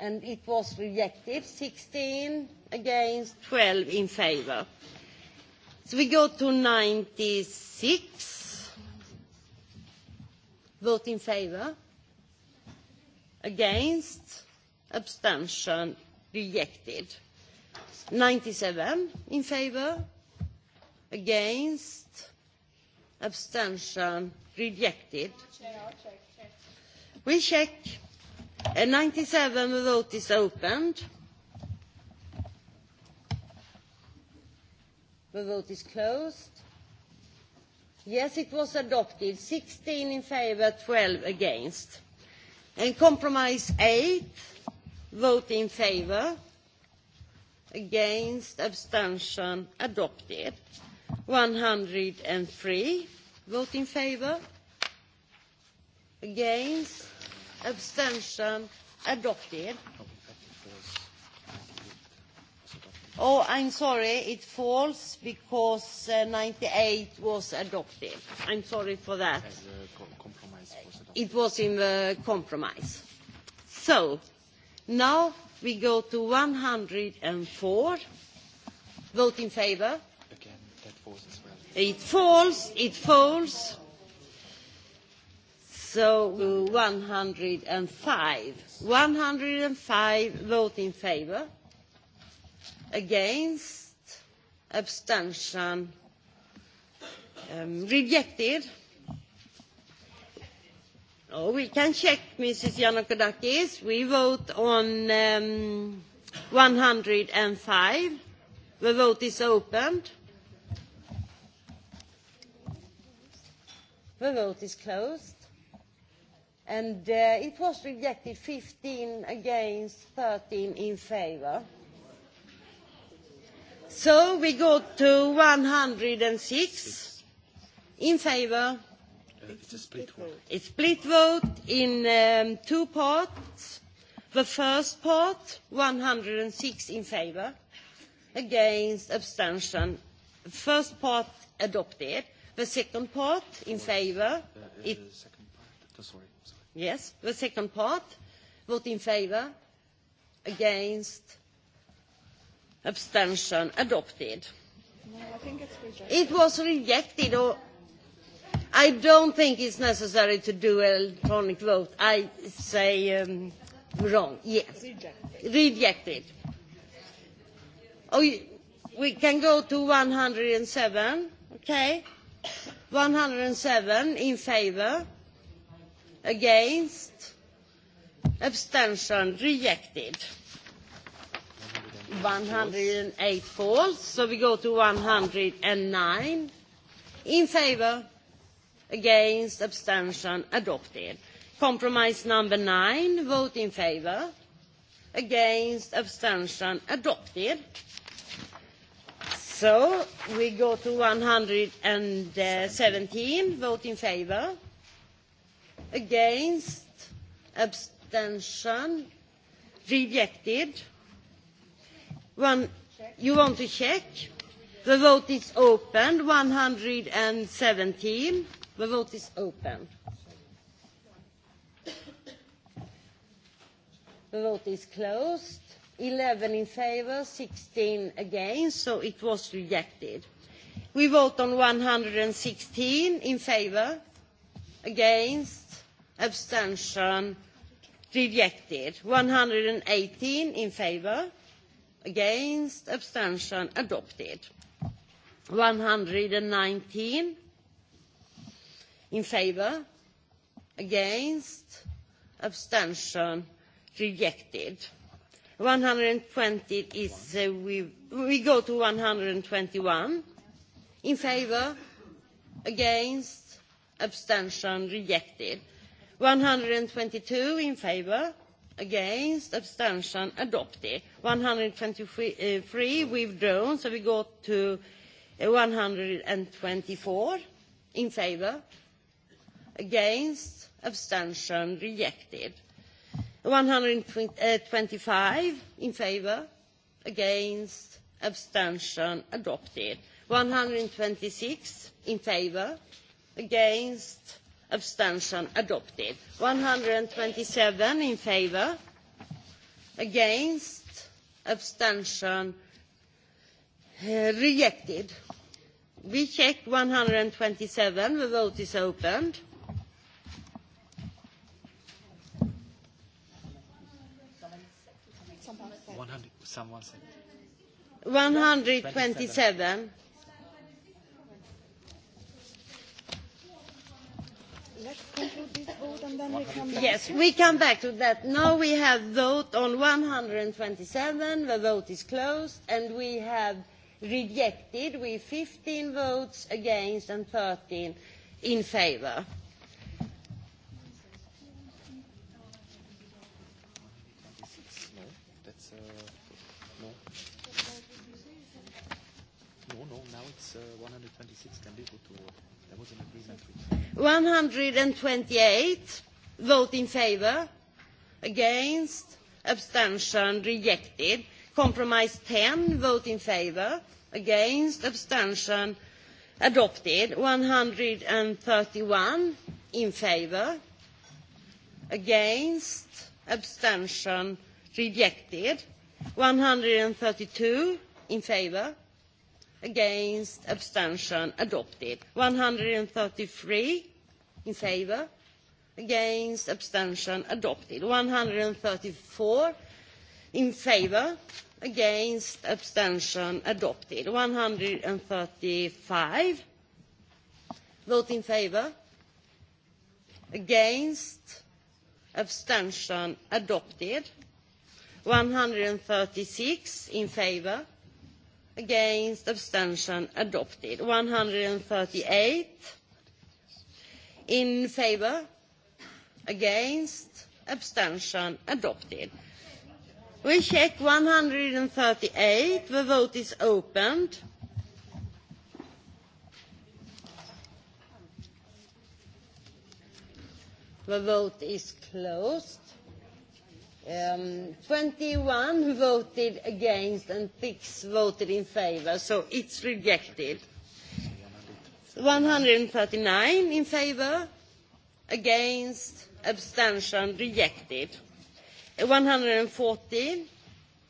And it was rejected, 16 against, 12 in favour. So we go to 96. Vote in favour. Against. Abstention rejected. 97 in favour, against, abstention, rejected. We check. Uh, 97, the vote is opened. The vote is closed. Yes, it was adopted. 16 in favour, 12 against. And compromise 8 vote in favour against abstention adopted 103 vote in favour against abstention adopted Oh, I'm sorry, it falls because uh, 98 was adopted. I'm sorry for that. It was in the compromise. So, Now we go to 104. Vote in favour. Again, that falls as well. It falls. It falls. So uh, 105. 105 vote in favour. Against. Abstention. Um, rejected. Oh, we can check, Mrs. Yanakodakis. We vote on um, 105. The vote is opened. The vote is closed. And uh, it was rejected 15 against, 13 in favour. So we go to 106 in favour It's a split vote. It's split vote in um, two parts. The first part, 106 in favour, against, abstention. First part adopted. The second part in favour. Uh, uh, it, second part. Oh, sorry, sorry. Yes, the second part. Vote in favour, against, abstention, adopted. No, I think it's rejected. It was rejected. Or, I don't think it's necessary to do electronic vote. I say um, wrong. Yes. Rejected. Rejected. Oh, we can go to 107. Okay. 107 in favour. Against. Abstention. Rejected. 108 falls. So we go to 109. In favour against abstention adopted compromise number nine vote in favour against abstention adopted so we go to 117 vote in favour against abstention rejected one you want to check the vote is opened 117 The vote is open. The vote is closed. 11 in favor, 16 against, so it was rejected. We vote on 116 in favor, against, abstention, rejected. 118 in favor, against, abstention, adopted. 119 in favour against abstention rejected 120 is uh, we we go to 121 in favour against abstention rejected 122 in favour against abstention adopted 123 uh, withdrawn so we go to 124 uh, in favour against abstention rejected 125 in favor against abstention adopted 126 in favor against abstention adopted 127 in favor against abstention uh, rejected we check 127 the vote is opened someone said. 127. Let's conclude this vote and then we come back. Yes, we come back to that. Now we have vote on 127. The vote is closed, and we have rejected with 15 votes against and 13 in favor. 126 can be put to vote. There was an agreement 128 vote in favour, against, abstention, rejected. Compromise 10 vote in favour, against, abstention, adopted. 131 in favour, against, abstention, rejected. 132 in favour, against, abstention, adopted. 133 in favour, against, abstention, adopted. 134 in favour, against, abstention, adopted. 135 vote in favour, against, abstention, adopted. 136 in favour, against, abstention adopted. 138 in favor, against, abstention adopted. We check 138. The vote is opened. The vote is closed Um, 21 voted against and 6 voted in favour, so it's rejected. 139 in favour, against, abstention, rejected. 140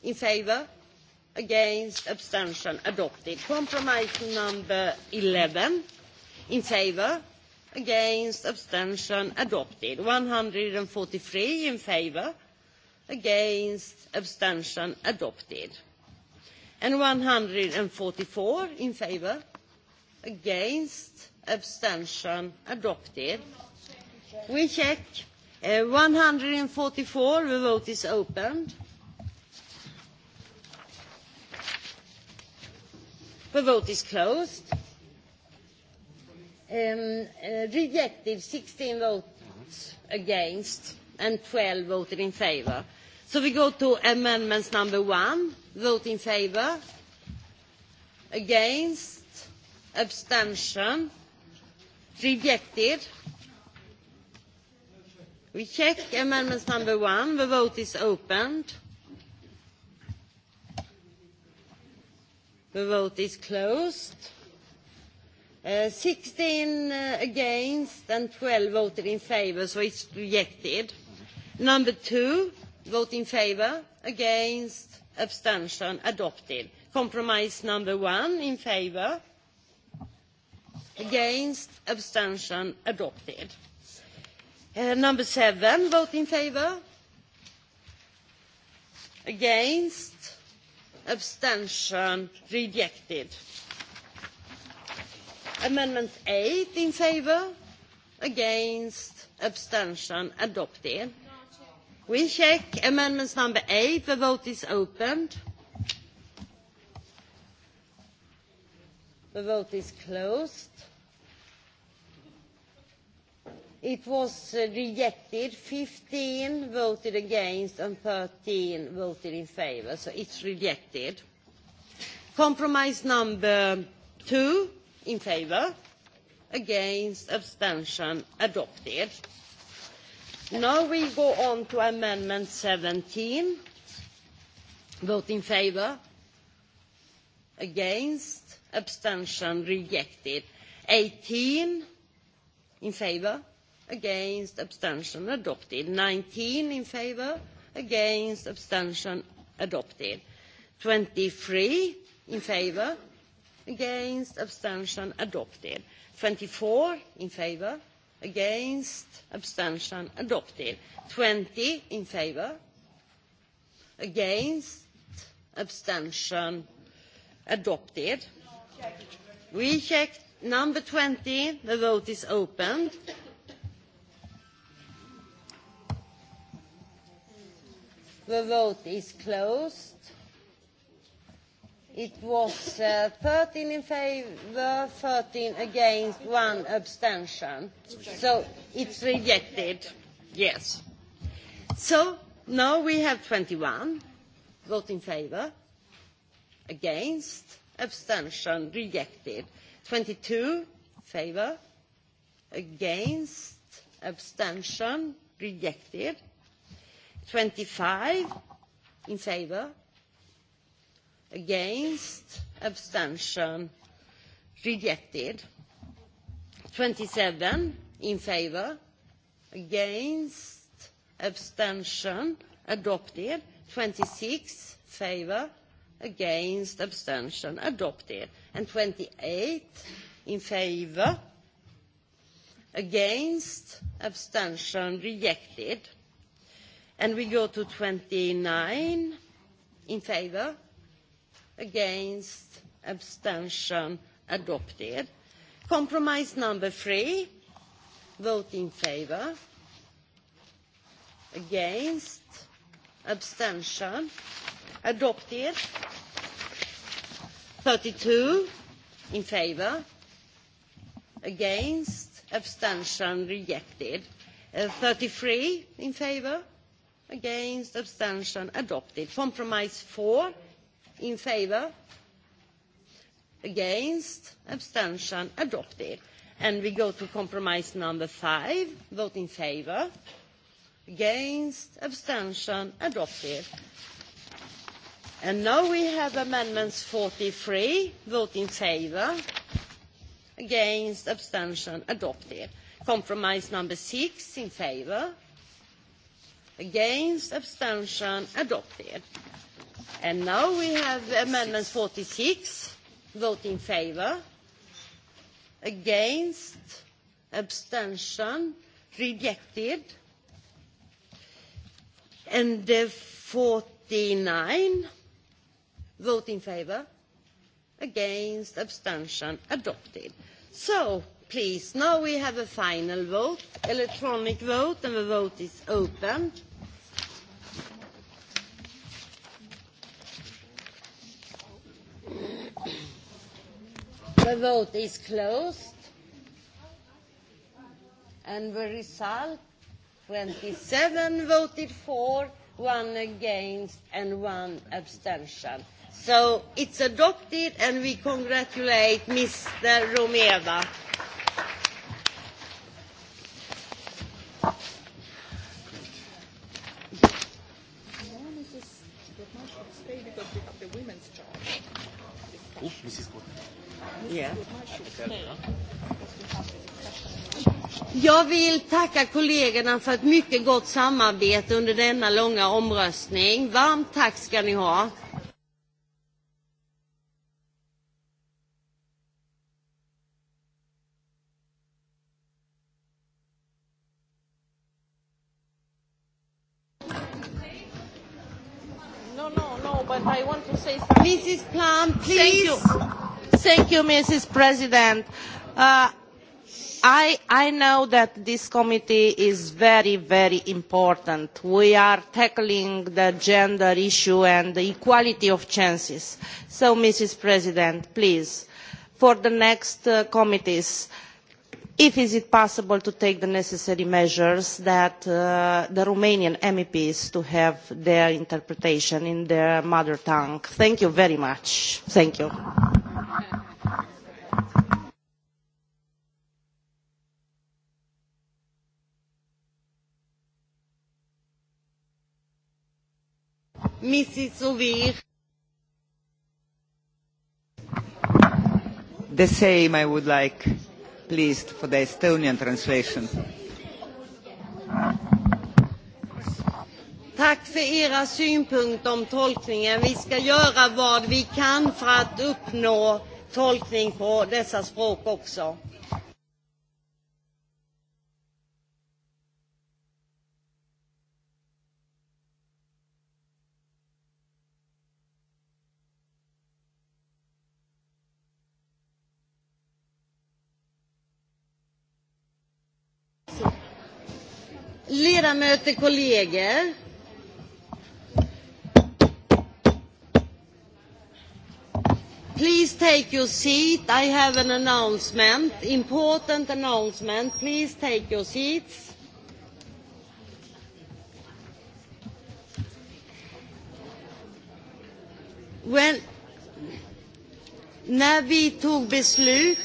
in favour, against, abstention, adopted. Compromise number 11 in favour, against, abstention, adopted. 143 in favour against abstention adopted and 144 in favour against abstention adopted we check uh, 144 the vote is opened the vote is closed um, uh, rejected 16 votes against and 12 voted in favour So we go to amendments number one. Vote in favour. Against. Abstention. Rejected. We check amendments number one. The vote is opened. The vote is closed. Uh, 16 uh, against and 12 voted in favour, so it's rejected. Number two, vote in favour against abstention adopted compromise number one in favour against abstention adopted uh, number seven vote in favour against abstention rejected amendment eight in favour against abstention adopted We check amendments number eight. The vote is opened. The vote is closed. It was rejected. 15 voted against and 13 voted in favour, so it's rejected. Compromise number two in favour, against, abstention, adopted. Now we go on to Amendment 17. Vote in favour. Against. Abstention rejected. 18 in favour. Against. Abstention adopted. 19 in favour. Against. Abstention adopted. 23 in favour. Against. Abstention adopted. 24 in favour against, abstention adopted. 20 in favour, against, abstention adopted. We check number 20. The vote is opened. The vote is closed It was uh, 13 in favour, 13 against, one abstention. So it's rejected. Yes. So now we have 21. Vote in favour, against, abstention, rejected. 22 favour, against, abstention, rejected. 25 in favour, against abstention rejected 27 in favor against abstention adopted 26 favor against abstention adopted and 28 in favor against abstention rejected and we go to 29 in favor against abstention adopted compromise number three vote in favour against abstention adopted thirty two in favour against abstention rejected uh, three in favour against abstention adopted compromise 4 in favour against abstention adopted and we go to compromise number five vote in favour against abstention adopted and now we have amendments 43 vote in favour against abstention adopted compromise number six in favour against abstention adopted And now we have Amendment 46. Vote in favour. Against. Abstention. Rejected. And uh, 49. Vote in favour. Against. Abstention. Adopted. So, please, now we have a final vote, electronic vote, and the vote is opened. The vote is closed. And the result, 27 voted for, one against, and one abstention. So it's adopted, and we congratulate Mr. Romeva. Mrs. Gordon. Jag vill tacka kollegorna för ett mycket gott samarbete under denna långa omröstning. Varmt tack ska ni ha. you, Mrs. President. Uh, I, I know that this committee is very, very important. We are tackling the gender issue and the equality of chances. So, Mrs. President, please, for the next uh, committees, if is it possible to take the necessary measures that uh, the Romanian MEPs to have their interpretation in their mother tongue. Thank you very much. Thank you. Mrs. Ovir. The same I would like, please, for the Estonian translation. Tack för era synpunkter om tolkningen. Vi ska göra vad vi kan för att uppnå tolkning på dessa språk också. Ledamöter, kolleger. Please take your seat. I have an announcement, important announcement. Please take your seats. When, när vi tog beslut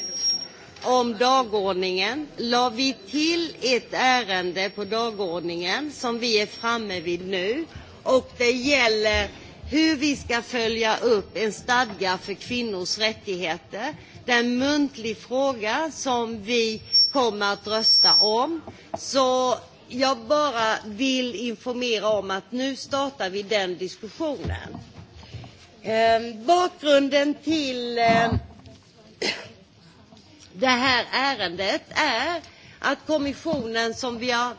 om dagordningen la vi till ett ärende på dagordningen som vi är er framme vid nu och det gäller hur vi ska följa upp en stadga för kvinnors rättigheter. Det är er en muntlig fråga som vi kommer att rösta om. Så jag bara vill informera om att nu startar vi den diskussionen. Ehm, eh, bakgrunden till eh, det här ärendet är att kommissionen som vi har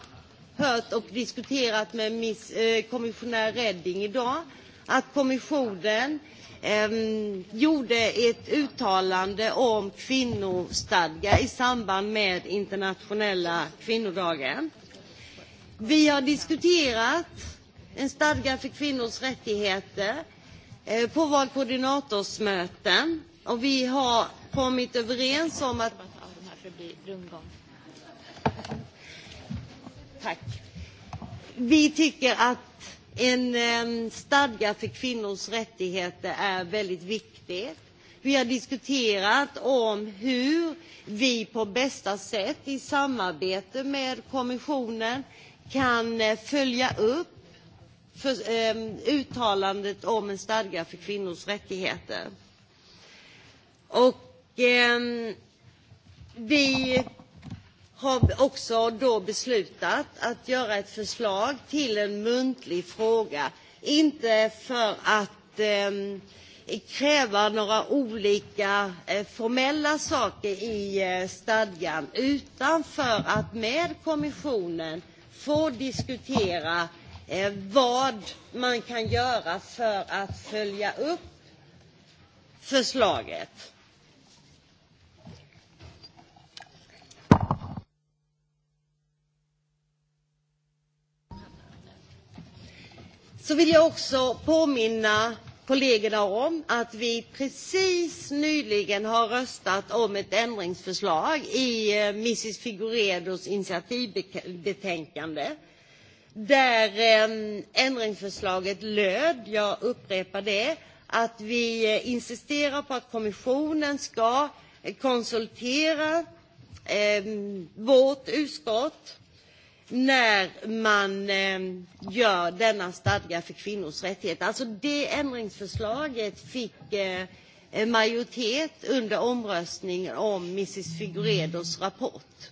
hört och diskuterat med miss, eh, kommissionär Redding idag, att kommissionen eh, gjorde ett uttalande om kvinnostadga i samband med internationella kvinnodagen. Vi har diskuterat en stadga för kvinnors rättigheter eh, på våra koordinatorsmöten och vi har kommit överens om att... Tack. Vi tycker att en stadga för kvinnors rättigheter är väldigt viktig. Vi har diskuterat om hur vi på bästa sätt i samarbete med kommissionen kan eh, följa upp för, eh, uttalandet om en stadga för kvinnors rättigheter. Och Ehm, vi har också då beslutat att göra ett förslag till en muntlig fråga. Inte för att eh, kräva några olika eh, formella saker i eh, stadgan utan för att med kommissionen få diskutera eh, vad man kan göra för att följa upp förslaget. så vill jag också påminna kollegorna om att vi precis nyligen har röstat om ett ändringsförslag i eh, Mrs Figuredos initiativbetänkande där ehm, ändringsförslaget löd, jag upprepar det, att vi eh, insisterar på att kommissionen ska eh, konsultera ehm, vårt utskott när man eh, gör denna stadga för kvinnors rättigheter. Alltså det ändringsförslaget fick eh, en majoritet under omröstningen om Mrs Figuredos rapport.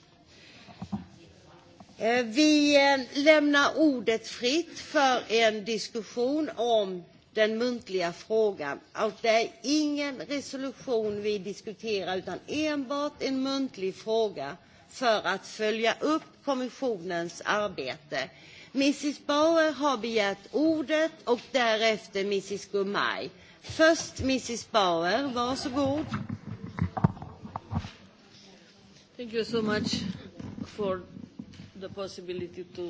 Eh, vi lämnar ordet fritt för en diskussion om den muntliga frågan. Och det är ingen resolution vi diskuterar utan enbart en muntlig fråga för att följa upp kommissionens arbete. Mrs Bauer har begärt ordet och därefter Mrs Gumay. Först Mrs Bauer, varsågod. Thank you so much for the possibility to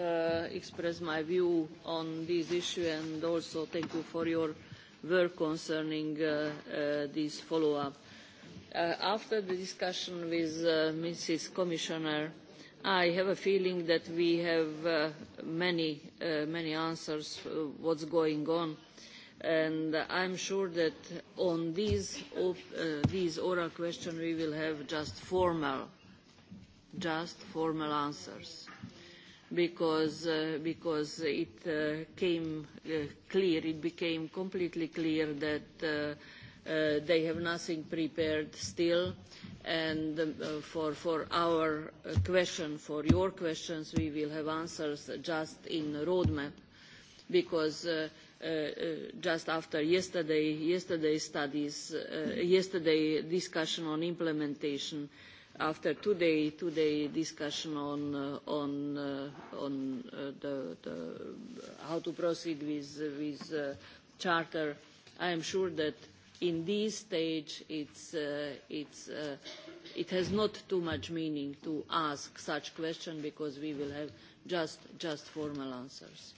uh, express my view on this issue and also thank you for your work concerning uh, uh, this follow-up Uh, after the discussion with uh, Mrs. Commissioner, I have a feeling that we have uh, many, many answers what what's going on and I'm sure that on these, these oral questions we will have just formal, just formal answers, because because it came clear, it became completely clear that. Uh, they have nothing prepared still. And uh, for, for our uh, question, for your questions, we will have answers just in roadmap because uh, uh, uh just after yesterday, yesterday's studies, yesterday discussion on implementation, after today, today discussion on, on, on the, the how to proceed with, with charter, I am sure that in this stage it's, uh, it's, uh, it has not too much meaning to ask such questions because we will have just, just formal answers.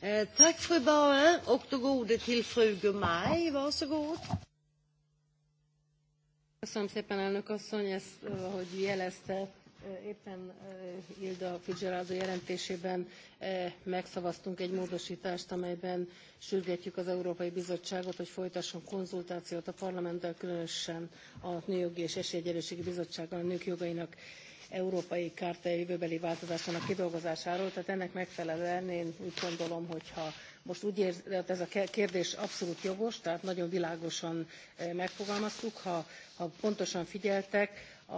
Eh, tack fru Bauer och då går ordet till fru Gumay. Varsågod. Köszönöm szépen, elnök asszony, ezt, eh, jelezte, éppen Ilda Fitzgeraldo jelentésében megszavaztunk egy módosítást, amelyben sürgetjük az Európai Bizottságot, hogy folytasson konzultációt a parlamenttel, különösen a Nőjogi és Esélyegyenlőségi Bizottsággal a nők jogainak európai kártya jövőbeli változásának kidolgozásáról. Tehát ennek megfelelően én úgy gondolom, hogyha most úgy érzem, hát ez a kérdés abszolút jogos, tehát nagyon világosan megfogalmaztuk, ha, ha pontosan figyeltek, a,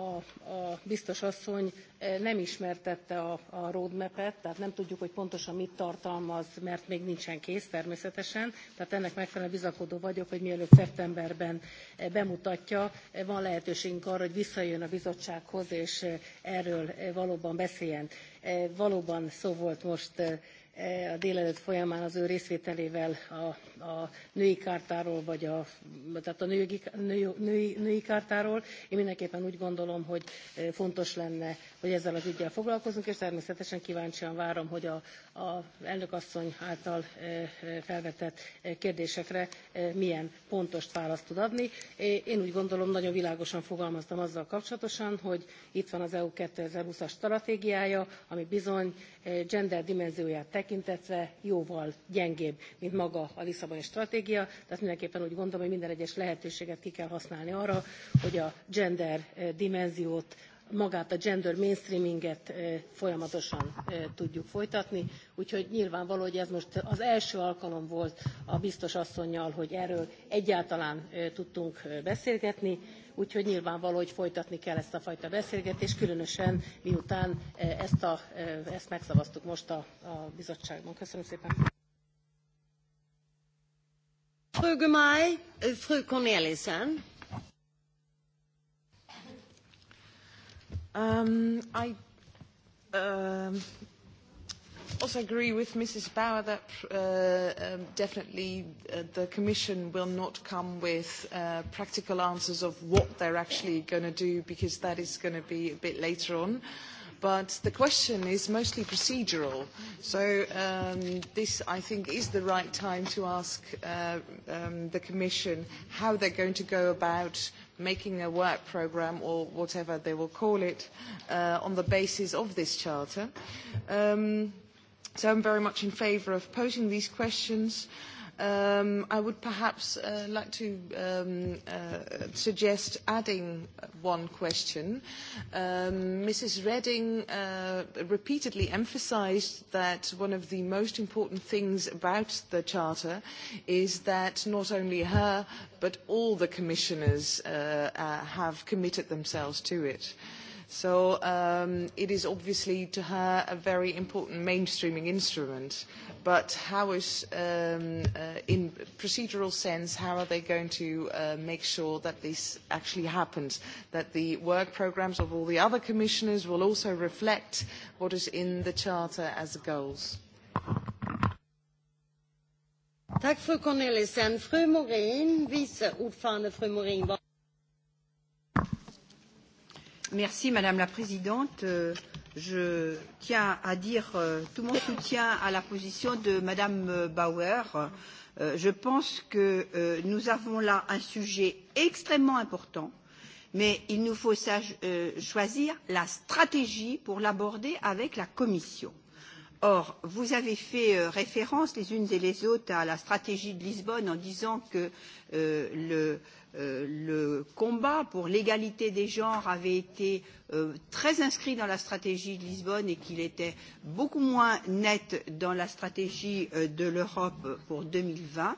a biztos asszony e, nem ismertette a, a roadmap-et, tehát nem tudjuk, hogy pontosan mit tartalmaz, mert még nincsen kész természetesen. Tehát ennek megfelelően bizakodó vagyok, hogy mielőtt szeptemberben e, bemutatja, e, van lehetőségünk arra, hogy visszajön a bizottsághoz, és erről valóban beszéljen. Valóban szó volt most E, a délelőtt folyamán az ő részvételével a, a női kártáról, vagy a, tehát a női, női, női kártáról. Én mindenképpen úgy gondolom, hogy e, fontos lenne hogy ezzel az ügyel foglalkozunk, és természetesen kíváncsian várom, hogy a, a asszony által e, e, felvetett e, kérdésekre milyen pontos választ tud adni. Én úgy gondolom, nagyon világosan fogalmaztam azzal kapcsolatosan, hogy itt van az EU 2020-as stratégiája, ami bizony gender dimenzióját tekintetve jóval gyengébb, mint maga a Lisszaboni stratégia, tehát mindenképpen úgy gondolom, hogy minden egyes lehetőséget ki kell használni arra, hogy a gender dimenziót magát a gender mainstreaminget folyamatosan tudjuk folytatni úgyhogy nyilvánvaló hogy ez most az első alkalom volt a biztos asszonnyal hogy erről egyáltalán tudtunk beszélgetni úgyhogy nyilvánvaló hogy folytatni kell ezt a fajta beszélgetést különösen miután ezt, a, ezt megszavaztuk most a, a bizottságban. köszönöm szépen! Frögumai, frö Cornelissen. Um, I um, also agree with Mrs. Bauer that uh, um, definitely uh, the Commission will not come with uh, practical answers of what they're actually going to do because that is going to be a bit later on. But the question is mostly procedural. So um, this, I think, is the right time to ask uh, um, the Commission how they're going to go about making a work programme or whatever they will call it uh, on the basis of this charter. Um, so I'm very much in favour of posing these questions. Uh, um, I would perhaps uh, like to um, uh, suggest adding one question. Um, Mrs. Redding uh, repeatedly emphasised that one of the most important things about the Charter is that not only her but all the commissioners uh, uh, have committed themselves to it. Uh, So um, it is obviously to her a very important mainstreaming instrument. But how is, um, uh, in procedural sense, how are they going to uh, make sure that this actually happens? That the work programmes of all the other commissioners will also reflect what is in the Charter as goals? Tack fru Cornelissen. Fru Morin, vice ordförande fru Morin. Madame la Présidente. Euh, je tiens à dire euh, tout mon soutien à la position de mme euh, Bauer. Je pense que nous avons là un sujet extrêmement important, mais il nous faut choisir la stratégie pour l'aborder avec la Commission. Or, vous avez fait référence les unes et les autres à la stratégie de Lisbonne en disant que Euh, le combat pour l'égalité des genres avait été euh, très inscrit dans la stratégie de Lisbonne et qu'il était beaucoup moins net dans la stratégie euh, de l'Europe pour 2020,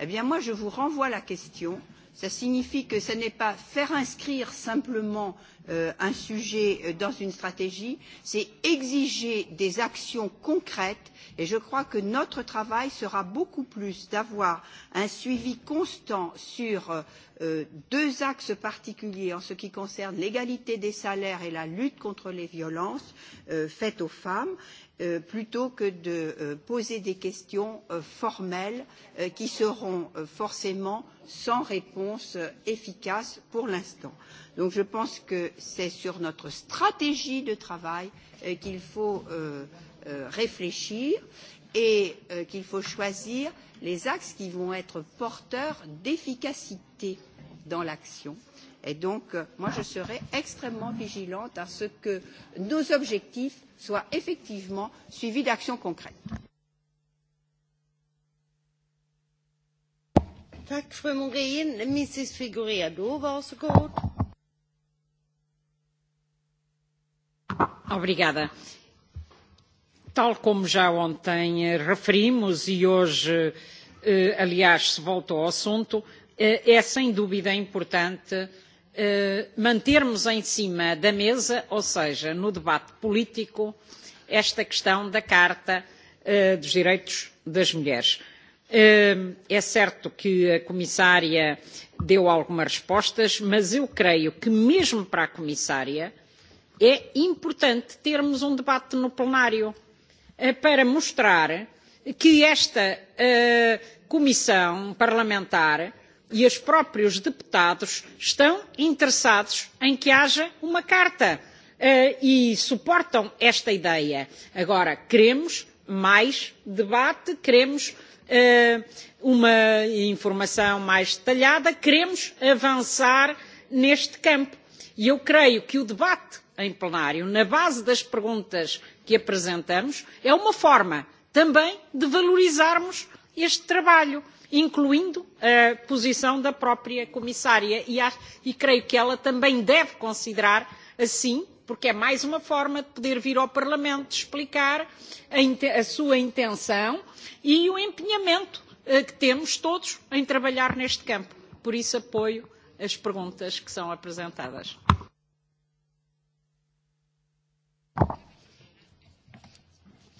eh bien moi je vous renvoie la question. Ça signifie que ce n'est pas faire inscrire simplement euh, Euh, un sujet euh, dans une stratégie, c'est exiger des actions concrètes et je crois que notre travail sera beaucoup plus d'avoir un suivi constant sur euh, deux axes particuliers en ce qui concerne l'égalité des salaires et la lutte contre les violences faites aux femmes plutôt que de poser des questions formelles qui seront forcément sans réponse efficace pour l'instant. Donc je pense que c'est sur notre stratégie de travail euh, qu'il faut euh, euh, réfléchir et euh, qu'il faut choisir les axes qui vont être porteurs d'efficacité dans l'action. Et donc, euh, moi, je serai extrêmement vigilante à ce que nos objectifs soient effectivement suivis d'actions concrètes. Tack, fru Morin. Mrs Figueredo, varsågod. Obrigada. Tal como já ontem referimos e hoje, eh, aliás, se voltou ao assunto, eh, é sem dúvida importante eh, mantermos em cima da mesa, ou seja, no debate político, esta questão da Carta dos Direitos das Mulheres. É certo que a Comissária deu algumas respostas, mas eu creio que mesmo para a Comissária é importante termos um debate no plenário eh, para mostrar que esta uh, comissão parlamentar e os próprios deputados estão interessados em que haja uma carta uh, e suportam esta ideia. Agora, queremos mais debate, queremos uh, uma informação mais detalhada, queremos avançar neste campo. E eu creio que o debate em plenário, na base das perguntas que apresentamos, é uma forma também de valorizarmos este trabalho, incluindo a posição da própria Comissária. E, acho, e creio que ela também deve considerar assim, porque é mais uma forma de poder vir ao Parlamento explicar a, a sua intenção e o empenhamento eh, que temos todos em trabalhar neste campo. Por isso, apoio as perguntas que são apresentadas.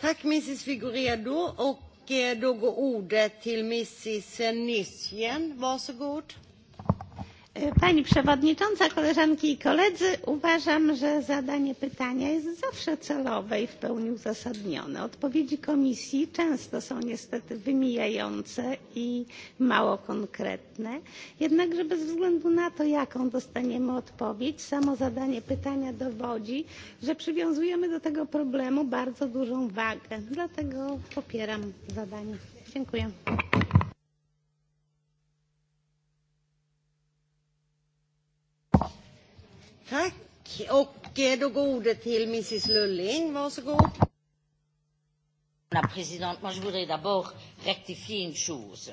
Tack Mrs Figueredo, och eh, då går ordet till Mrs Nissjen, Varsågod. E, pani przewodnicząca, koleżanki i koledzy, uważam, że zadanie pytania jest zawsze celowe i w pełni uzasadnione. Odpowiedzi komisji często są niestety wymijające i mało konkretne. Jednakże bez względu na to, jaką dostaniemy odpowiedź, samo zadanie pytania dowodzi, że przywiązujemy do tego problemu bardzo dużą wagę. Dlatego popieram zadanie. Dziękuję. Tack. Och då går ordet till Mrs Lulling. Varsågod. Madame la Présidente, moi je voudrais d'abord rectifier une chose.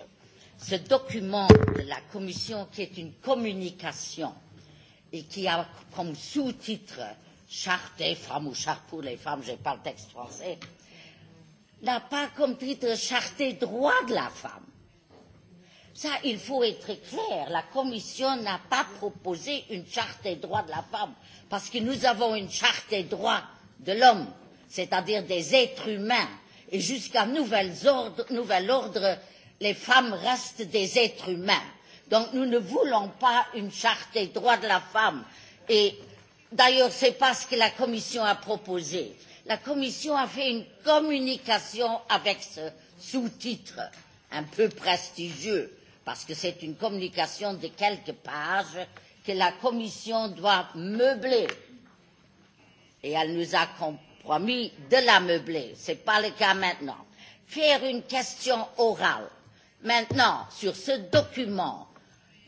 Ce document de la Commission qui est une communication et qui a comme sous-titre Charte des femmes ou Charte pour les femmes, je n'ai pas le texte français, n'a pas comme titre Charte des droits de la femme Ça, il faut être clair. La Commission n'a pas proposé une charte des droits de la femme, parce que nous avons une charte des droits de l'homme, c'est-à-dire des êtres humains. Et jusqu'à nouvel ordre, nouvel ordre, les femmes restent des êtres humains. Donc nous ne voulons pas une charte des droits de la femme. Et d'ailleurs, ce n'est pas ce que la Commission a proposé. La Commission a fait une communication avec ce sous-titre un peu prestigieux parce que c'est une communication de quelques pages que la Commission doit meubler. Et elle nous a compromis de la meubler. Ce n'est pas le cas maintenant. Faire une question orale maintenant sur ce document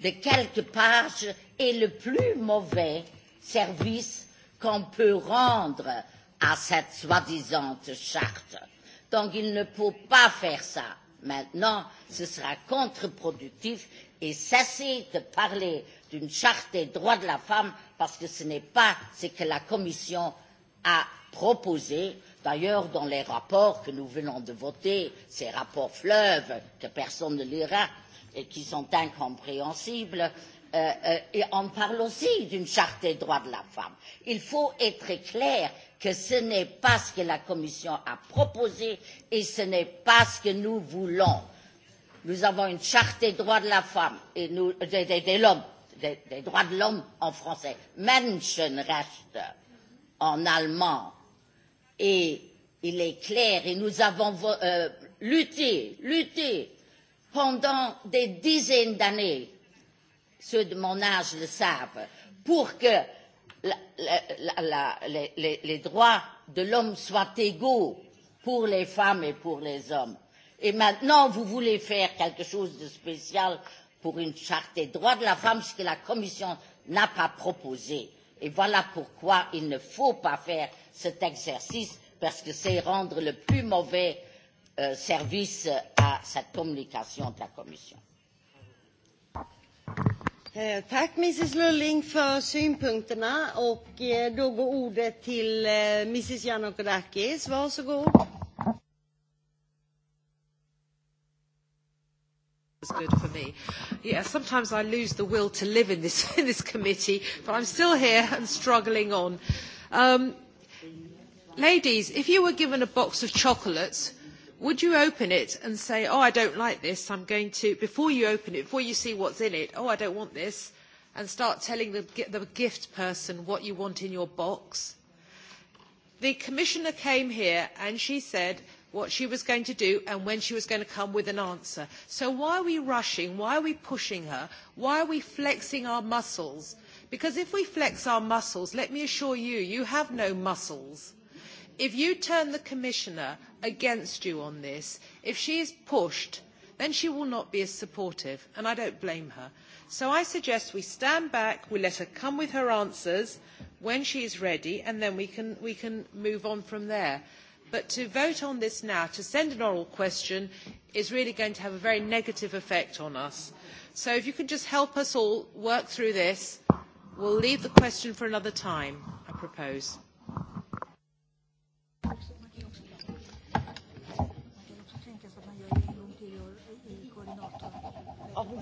de quelques pages est le plus mauvais service qu'on peut rendre à cette soi-disant charte. Donc il ne faut pas faire ça. Maintenant, ce sera contre-productif et cesser de parler d'une charte des droits de la femme parce que ce n'est pas ce que la Commission a proposé. D'ailleurs, dans les rapports que nous venons de voter, ces rapports fleuves que personne ne lira et qui sont incompréhensibles, euh, euh, et on parle aussi d'une charte des droits de la femme. Il faut être clair que ce n'est pas ce que la Commission a proposé et ce n'est pas ce que nous voulons. Nous avons une charte des droits de la femme et nous, de, de, de l'homme, des, des droits de l'homme en français, Menschenrechte en allemand. Et il est clair, et nous avons euh, lutté, lutté pendant des dizaines d'années, ceux de mon âge le savent, pour que la, la, la, les, les, les droits de l'homme soient égaux pour les femmes et pour les hommes. Et maintenant, vous voulez faire quelque chose de spécial pour une charte des droits de la femme, ce que la Commission n'a pas proposé. Et voilà pourquoi il ne faut pas faire cet exercice, parce que c'est rendre le plus mauvais euh, service à cette communication de la Commission. Eh, tack Mrs Lulling för synpunkterna och eh, då går ordet till eh, Mrs Janokodakis. Varsågod. was good for me. Yeah, sometimes I lose the will to live in this, *laughs* in this committee, but I'm still here and struggling on. Um, ladies, if you were given a box of chocolates, would you open it and say, oh, I don't like this, I'm going to, before you open it, before you see what's in it, oh, I don't want this, and start telling the, the gift person what you want in your box? The commissioner came here and she said what she was going to do and when she was going to come with an answer. So why are we rushing? Why are we pushing her? Why are we flexing our muscles? Because if we flex our muscles, let me assure you, you have no muscles if you turn the commissioner against you on this if she is pushed then she will not be as supportive and i don't blame her. so i suggest we stand back we let her come with her answers when she is ready and then we can, we can move on from there but to vote on this now to send an oral question is really going to have a very negative effect on us so if you could just help us all work through this we'll leave the question for another time i propose.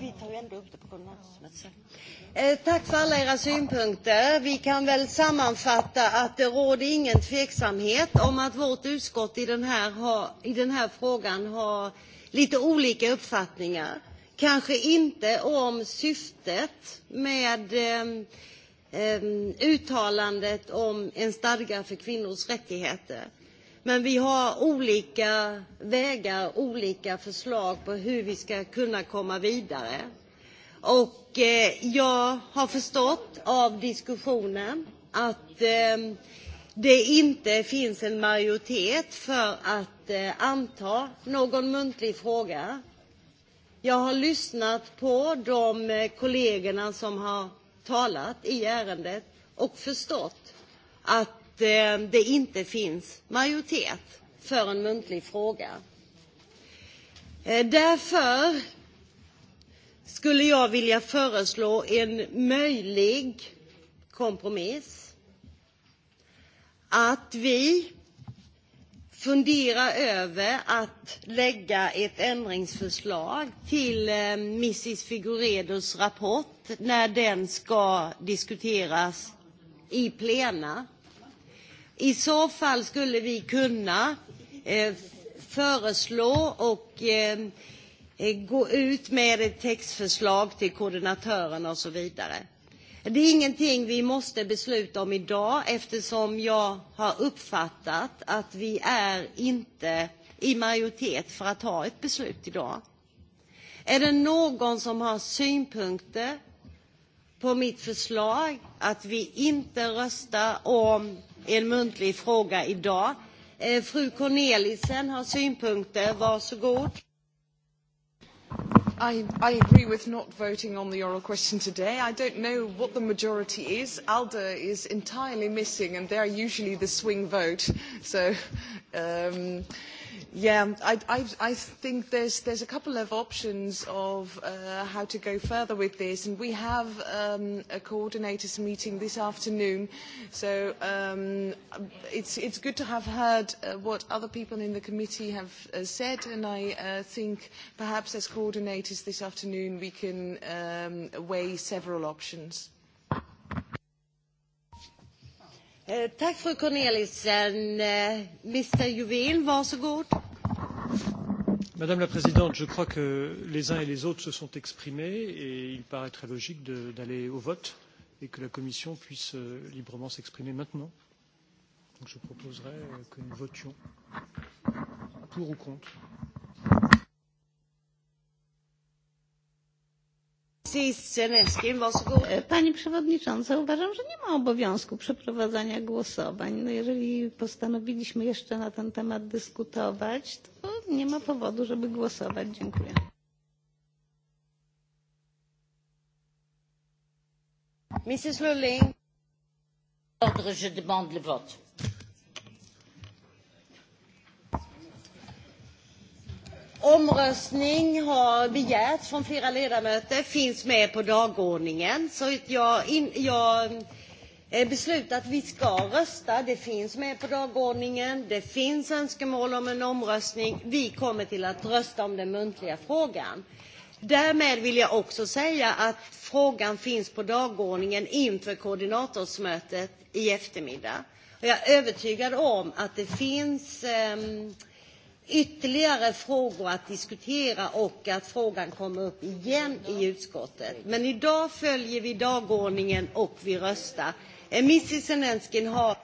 vidtar ju ändå inte på konventionen. Eh, tack för alla era synpunkter. Vi kan väl sammanfatta att det råder ingen tveksamhet om att vårt utskott i den här, ha, i den här frågan har lite olika uppfattningar. Kanske inte om syftet med eh, eh uttalandet om en stadga för kvinnors rättigheter. Men vi har olika vägar, olika förslag på hur vi ska kunna komma vidare. Och eh, jag har förstått av diskussionen att ehm, det inte finns en majoritet för att eh, anta någon muntlig fråga. Jag har lyssnat på de eh, kollegorna som har talat i ärendet och förstått att Eh, det inte finns majoritet för en muntlig fråga. Eh, därför skulle jag vilja föreslå en möjlig kompromiss. Att vi funderar över att lägga ett ändringsförslag till eh, Mrs Figuredos rapport när den ska diskuteras i plena. I så fall skulle vi kunna eh, föreslå och eh, eh, gå ut med ett textförslag till koordinatörerna och så vidare. Det är ingenting vi måste besluta om idag eftersom jag har uppfattat att vi är inte i majoritet för att ha ett beslut idag. Är det någon som har synpunkter på mitt förslag att vi inte röstar om en muntlig fråga idag. Eh, fru Cornelissen har synpunkter. Varsågod. I, I agree with not voting on the oral question today. I don't know what the majority is. ALDE is entirely missing, and they're usually the swing vote. So. Um, Yeah, I, I, I think there's, there's a couple of options of uh, how to go further with this, and we have um, a coordinators meeting this afternoon, so um, it's, it's good to have heard uh, what other people in the committee have uh, said, and I uh, think perhaps as coordinators this afternoon we can um, weigh several options. Eh, tack fru Cornelissen. Eh, Mr Juvin, varsågod. Madame la Présidente, je crois que les uns et les autres se sont exprimés et il paraît très logique d'aller au vote et que la Commission puisse euh, librement s'exprimer maintenant. Donc je proposerai euh, que nous votions pour ou contre. E, Pani Przewodnicząca, uważam, że nie ma obowiązku przeprowadzania głosowań. No jeżeli postanowiliśmy jeszcze na ten temat dyskutować, to nie ma powodu, żeby głosować. Dziękuję. Mrs. Lulling. Ordre, je demande le vote. Omröstning har begärts från flera ledamöter, finns med på dagordningen. Så jag, in, jag eh, beslutar att vi ska rösta. Det finns med på dagordningen. Det finns önskemål om en omröstning. Vi kommer till att rösta om den muntliga frågan. Därmed vill jag också säga att frågan finns på dagordningen inför koordinatorsmötet i eftermiddag. Jag är övertygad om att det finns eh, ytterligare frågor att diskutera och att frågan kommer upp igen i utskottet. Men idag följer vi dagordningen och vi röstar. Eh, Mrs Senenskin har...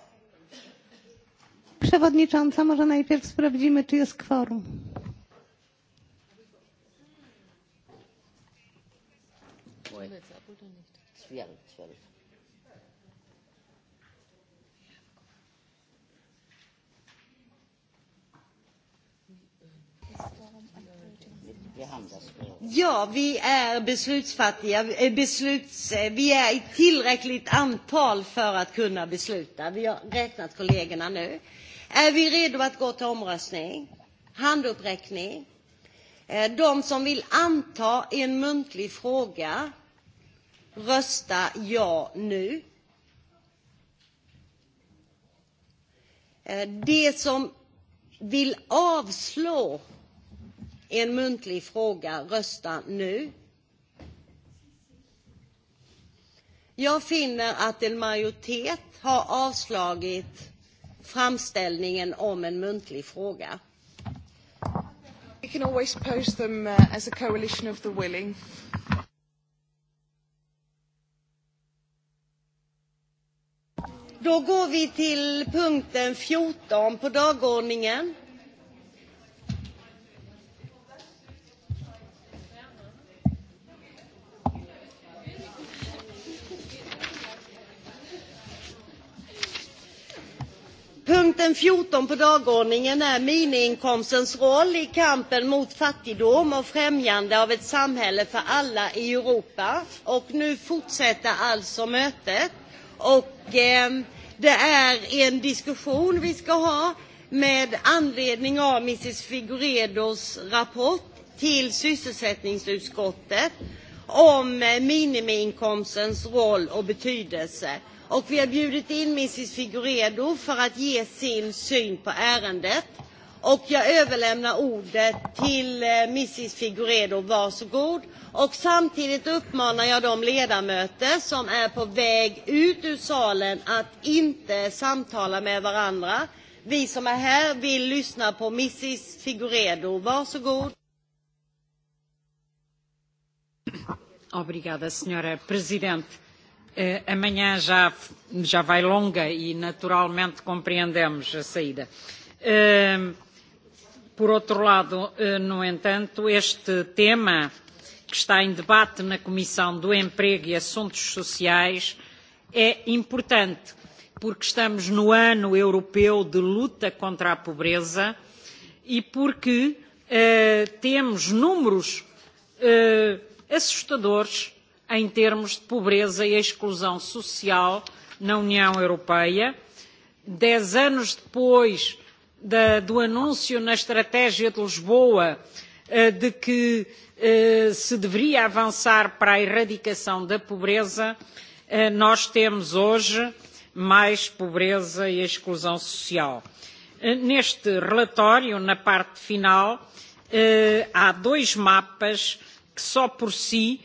Przewodnicząca, może najpierw sprawdzimy, czy jest kworum. Schwierig. Ja, vi är beslutsfattiga. Besluts, vi är i tillräckligt antal för att kunna besluta. Vi har räknat kollegorna nu. Är vi redo att gå till omröstning? Handuppräckning. Eh, de som vill anta en muntlig fråga, rösta ja nu. Eh, Det som vill avslå En muntlig fråga. Rösta nu. Jag finner att en majoritet har avslagit framställningen om en muntlig fråga. We can always post them uh, as a coalition of the willing. Då går vi till punkten 14 på dagordningen. Punkten 14 på dagordningen är miniinkomstens roll i kampen mot fattigdom och främjande av ett samhälle för alla i Europa. Och nu fortsätter alltså mötet. Och eh, det är en diskussion vi ska ha med anledning av Mrs Figuredos rapport till sysselsättningsutskottet om eh, minimiinkomstens roll och betydelse. Och vi har bjudit in Mrs Figuredo för att ge sin syn på ärendet. Och jag överlämnar ordet till eh, Mrs Figuredo. Varsågod. Och samtidigt uppmanar jag de ledamöter som är på väg ut ur salen att inte samtala med varandra. Vi som är här vill lyssna på Mrs Figuredo. Varsågod. Obrigada, senhora presidente Eh, amanhã já, já vai longa e naturalmente compreendemos a saída. Eh, por outro lado, eh, no entanto, este tema que está em debate na Comissão do Emprego e Assuntos Sociais é importante, porque estamos no ano europeu de luta contra a pobreza e porque eh, temos números eh, assustadores em termos de pobreza e exclusão social na União Europeia. Dez anos depois da, do anúncio na Estratégia de Lisboa eh, de que eh, se deveria avançar para a erradicação da pobreza, eh, nós temos hoje mais pobreza e exclusão social. Neste relatório, na parte final, há dois mapas que só por si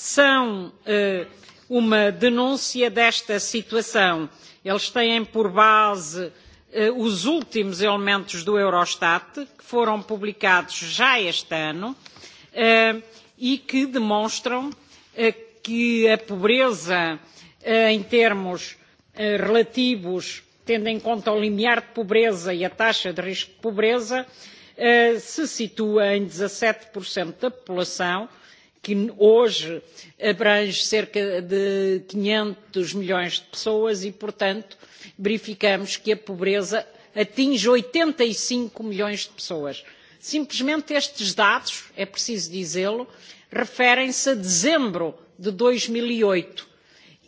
são eh, uma denúncia desta situação. Eles têm por base eh, os últimos elementos do Eurostat, que foram publicados já este ano, eh, e que demonstram eh, que a pobreza eh, em termos eh, relativos, tendo em conta o limiar de pobreza e a taxa de risco de pobreza, eh, se situa em 17% da população, que hoje abrange cerca de quinhentos milhões de pessoas e, portanto, verificamos que a pobreza atinge oitenta e cinco milhões de pessoas. Simplesmente estes dados, é preciso dizê-lo, referem-se a dezembro de dois mil e oito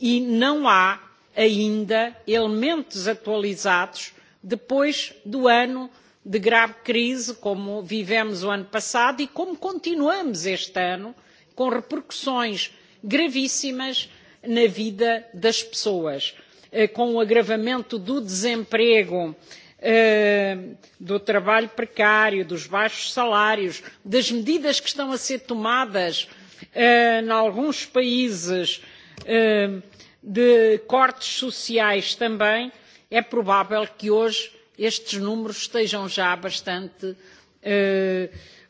e não há ainda elementos atualizados depois do ano de grave crise como vivemos o ano passado e como continuamos este ano com repercussões gravíssimas na vida das pessoas, eh, com o agravamento do desemprego, eh, do trabalho precário, dos baixos salários, das medidas que estão a ser tomadas eh, em alguns países de cortes sociais também, é provável que hoje estes números estejam já bastante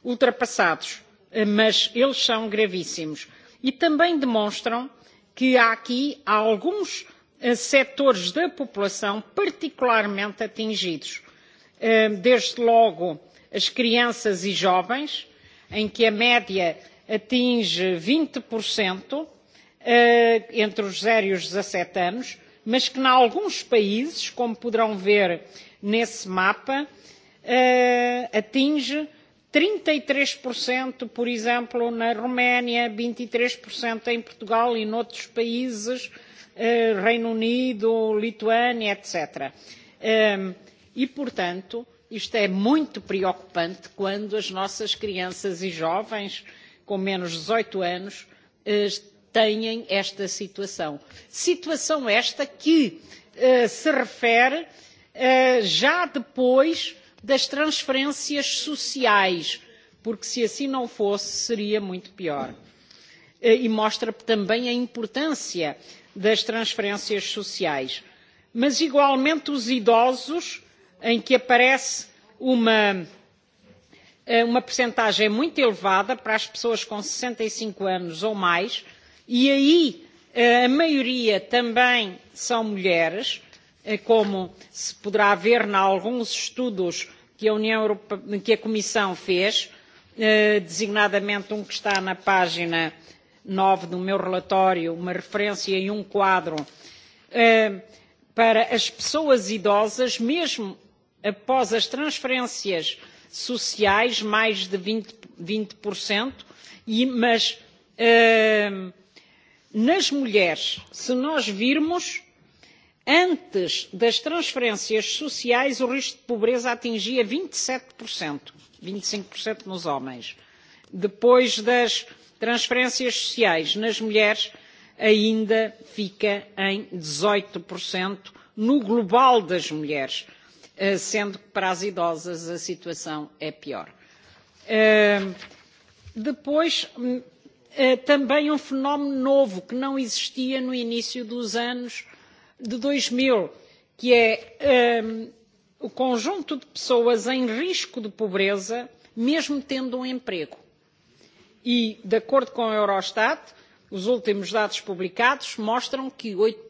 ultrapassados mas eles são gravíssimos. E também demonstram que há aqui alguns eh, setores da população particularmente atingidos. Eh, desde logo as crianças e jovens, em que a média atinge 20% eh, entre os 0 e os 17 anos, mas que, em alguns países, como poderão ver nesse mapa, atinge trinta e três por exemplo, na Roménia, vinte e três em Portugal e noutros países, eh, Reino Unido, Lituânia, etc. Ehm, e, portanto, isto é muito preocupante quando as nossas crianças e jovens com menos de 18 anos eh, têm esta situação. Situação esta que eh, se refere já depois das transferências sociais, porque se assim não fosse, seria muito pior. Eh, e mostra também a importância das transferências sociais. Mas, igualmente, os idosos, em que aparece uma, eh, uma percentagem muito elevada para as pessoas com 65 e anos ou mais, e aí eh, a maioria também são mulheres, como se poderá ver em alguns estudos que a, Europa, que a Comissão fez, eh, designadamente um que está na página 9 do meu relatório, uma referência e um quadro, eh, para as pessoas idosas, mesmo após as transferências sociais, mais de 20%, 20% e, mas eh, nas mulheres, se nós virmos, antes das transferências sociais o risco de pobreza atingia vinte e sete vinte e cinco nos homens depois das transferências sociais nas mulheres ainda fica em dezoito no global das mulheres eh, sendo que para as idosas a situação é pior. Ehm, depois, eh, também um fenómeno novo que não existia no início dos anos de dois mil que é um, o conjunto de pessoas em risco de pobreza mesmo tendo um emprego e de acordo com a eurostat os últimos dados publicados mostram que oito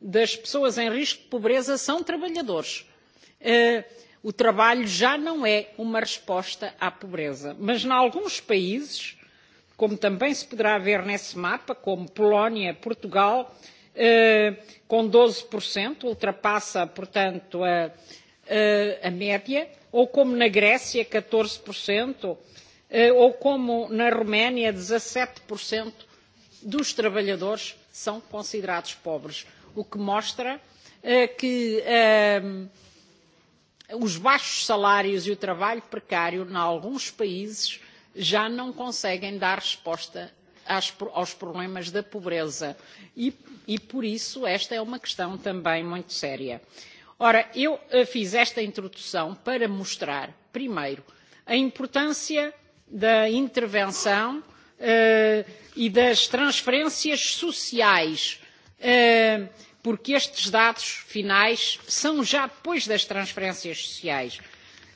das pessoas em risco de pobreza são trabalhadores. Uh, o trabalho já não é uma resposta à pobreza mas em alguns países como também se poderá ver nesse mapa como polónia portugal uh, Eh, com 12%, ultrapassa, portanto, a, eh, a média, ou como na Grécia, 14%, eh, ou como na Roménia, 17% dos trabalhadores são considerados pobres, o que mostra que os baixos salários e o trabalho precário, em alguns países, já não conseguem dar resposta aos problemas da pobreza e, e, por isso, esta é uma questão também muito séria. Ora, eu eh, fiz esta introdução para mostrar, primeiro, a importância da intervenção eh, e das transferências sociais, eh, porque estes dados finais são já depois das transferências sociais.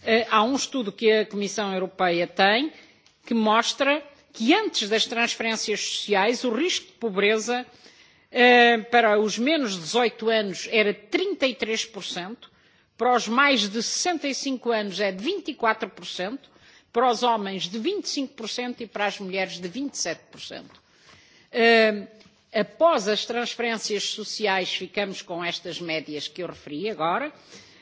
Eh, há um estudo que a Comissão Europeia tem que mostra que antes das transferências sociais o risco de pobreza eh, para os menos de 18 anos era 33%, e para os mais de 65 e anos é de 24%, e para os homens de 25% e para as mulheres de 27%. Uh, eh, após as transferências sociais ficamos com estas médias que eu referi agora,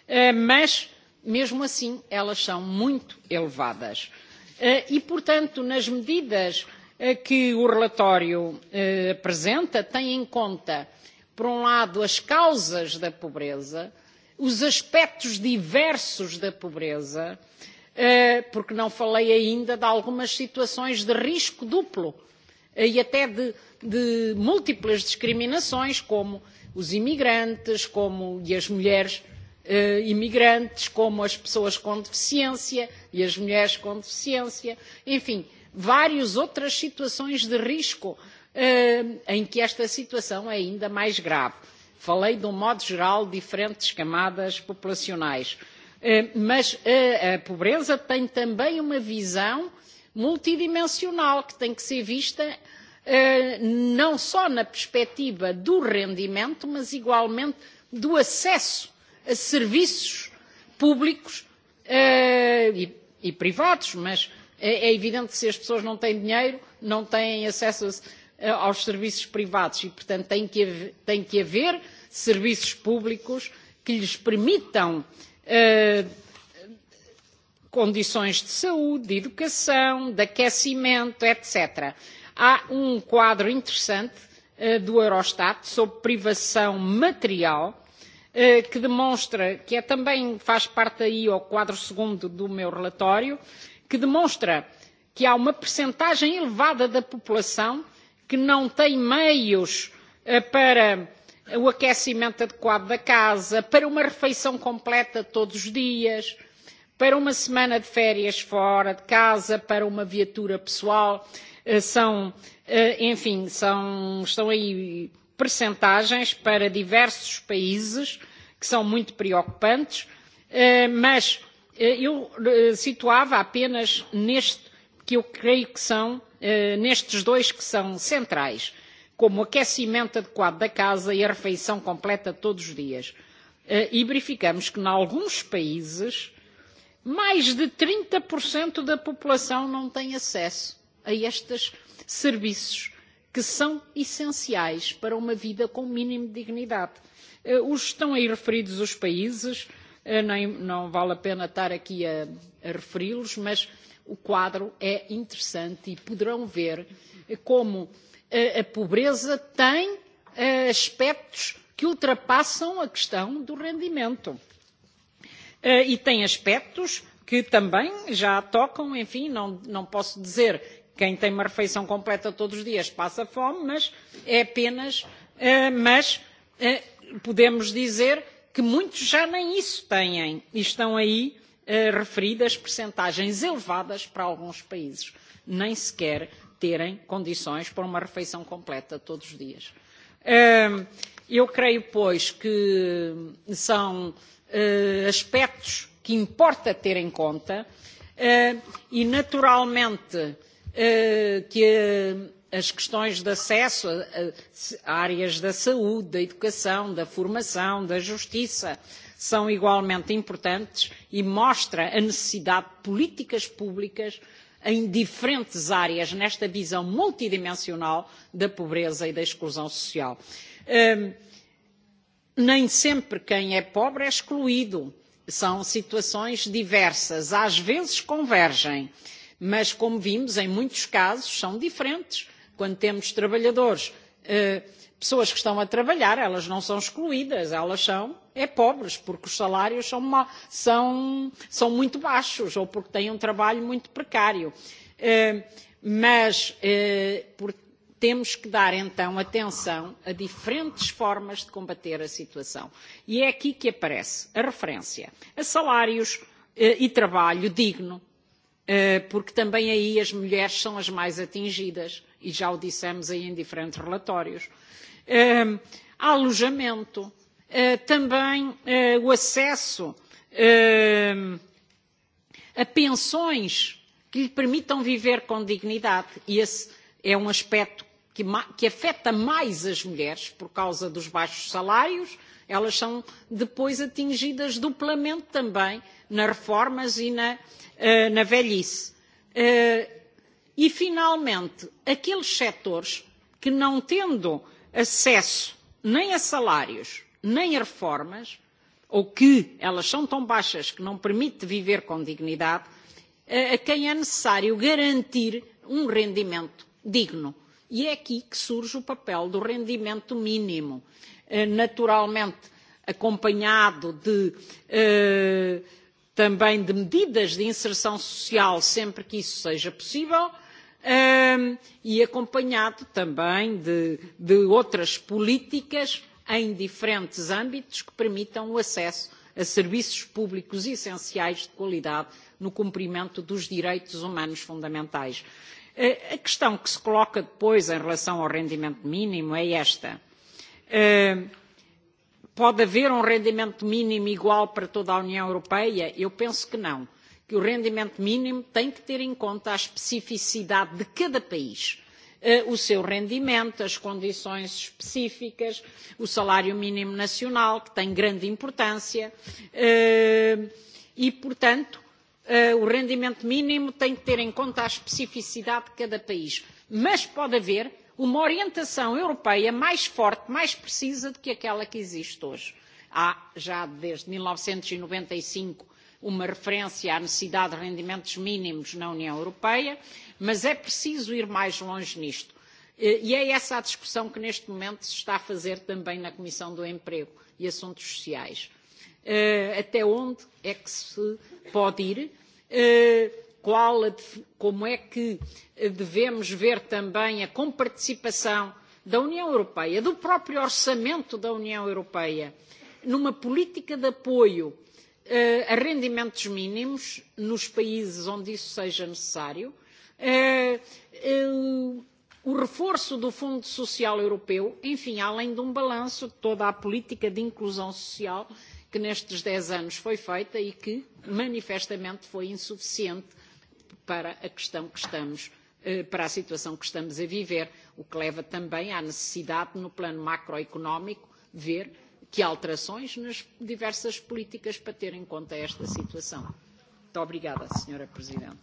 eh, mas mesmo assim elas são muito elevadas. Uh, Eh, e portanto nas medidas eh, que o relatório eh, apresenta tem em conta por um lado as causas da pobreza os aspectos diversos da pobreza porque não falei ainda de algumas situações de risco duplo e até de, de múltiplas discriminações como os imigrantes como e as mulheres Eh, imigrantes, como as pessoas com deficiência e as mulheres com deficiência, enfim, várias outras situações de risco eh, em que esta situação é ainda mais grave. Falei, de um modo geral, diferentes camadas populacionais. Eh, mas a pobreza tem também uma visão multidimensional que tem que ser vista não só na perspectiva do rendimento, mas igualmente do acesso a serviços públicos eh, e, e privados, mas é evidente que se as pessoas não têm dinheiro, não têm acesso eh, aos serviços privados e, portanto, tem que haver, tem que haver serviços públicos que lhes permitam eh, condições de saúde, de educação, de aquecimento, etc. Há um quadro interessante eh, do Eurostat sobre privação material Eh, que demonstra, que é também faz parte aí ao quadro segundo do meu relatório, que demonstra que há uma percentagem elevada da população que não tem meios eh, para o aquecimento adequado da casa, para uma refeição completa todos os dias, para uma semana de férias fora de casa, para uma viatura pessoal, eh, são, enfim, são, estão aí percentagens para diversos países, que são muito preocupantes, eh, mas eh, eu eh, situava apenas neste que eu creio que são, nestes dois que são centrais, como o aquecimento adequado da casa e a refeição completa todos os dias. E verificamos que, em alguns países, mais de 30% da população não tem acesso a estes serviços que são essenciais para uma vida com mínimo de dignidade. Eh, os estão aí referidos os países, eh, nem, não vale a pena estar aqui a, a referi-los, mas o quadro é interessante e poderão ver eh, como a, a pobreza tem aspectos que ultrapassam a questão do rendimento. E tem aspectos que também já tocam, enfim, não, não posso dizer quem tem uma refeição completa todos os dias passa fome, mas é apenas. Eh, mas eh, podemos dizer que muitos já nem isso têm e estão aí eh, referidas percentagens elevadas para alguns países, nem sequer terem condições para uma refeição completa todos os dias. Eu creio, pois, que são aspectos que importa ter em conta e, naturalmente, Eh, que eh, as questões de acesso a áreas da saúde, da educação, da formação, da justiça são igualmente importantes e mostra a necessidade de políticas públicas em diferentes áreas nesta visão multidimensional da pobreza e da exclusão social. Ehm, nem sempre quem é pobre é excluído. São situações diversas, às vezes convergem. Uh, mas como vimos em muitos casos são diferentes quando temos trabalhadores eh, pessoas que estão a trabalhar elas não são excluídas elas são é pobres porque os salários são, uma, são, são muito baixos ou porque têm um trabalho muito precário eh, mas eh, por, temos que dar então atenção a diferentes formas de combater a situação. E é aqui que aparece a referência a salários e trabalho digno, Eh, porque também aí as mulheres são as mais atingidas, e já o dissemos aí em diferentes relatórios. Há ehm, alojamento, eh, também eh, o acesso ehm, a pensões que lhe permitam viver com dignidade, e esse é um aspecto que, que afeta mais as mulheres por causa dos baixos salários, elas são depois atingidas duplamente também uh, nas reformas e na, eh, na velhice. Eh, e, finalmente, aqueles setores que, não tendo acesso nem a salários, nem a reformas, ou que elas são tão baixas que não permite viver com dignidade, eh, a quem é necessário garantir um rendimento digno. E é aqui que surge o papel do rendimento mínimo, naturalmente acompanhado de também de medidas de inserção social sempre que isso seja possível um, e acompanhado também de, de outras políticas em diferentes âmbitos que permitam o acesso a serviços públicos essenciais de qualidade no cumprimento dos direitos humanos fundamentais. Eh, a questão que se coloca depois em relação ao rendimento mínimo é esta. Uh, pode haver um rendimento mínimo igual para toda a União Europeia? Eu penso que não. Que o rendimento mínimo tem que ter em conta a especificidade de cada país. Eh, o seu rendimento, as condições específicas, o salário mínimo nacional, que tem grande importância, eh, e, portanto, eh, o rendimento mínimo tem que ter em conta a especificidade de cada país. Mas pode haver uma orientação europeia mais forte, mais precisa do que aquela que existe hoje. Há já desde 1995 e e uma referência à necessidade de rendimentos mínimos na União Europeia, mas é preciso ir mais longe nisto. E, e é essa a discussão que neste momento se está a fazer também na Comissão do Emprego e Assuntos Sociais. Eh, até onde é que se pode ir? Eh, qual, como é que eh, devemos ver também a comparticipação da União Europeia, do próprio orçamento da União Europeia, numa política de apoio eh, a rendimentos mínimos nos países onde isso seja necessário, eh, o reforço do Fundo Social Europeu, enfim, além de um balanço de toda a política de inclusão social que nestes 10 anos foi feita e que manifestamente foi insuficiente para a questão que estamos eh, para a situação que estamos a viver, o que leva também à necessidade, no plano macroeconómico, ver que alterações nas diversas políticas para ter em conta esta situação. Muito obrigada, Senhora Presidente.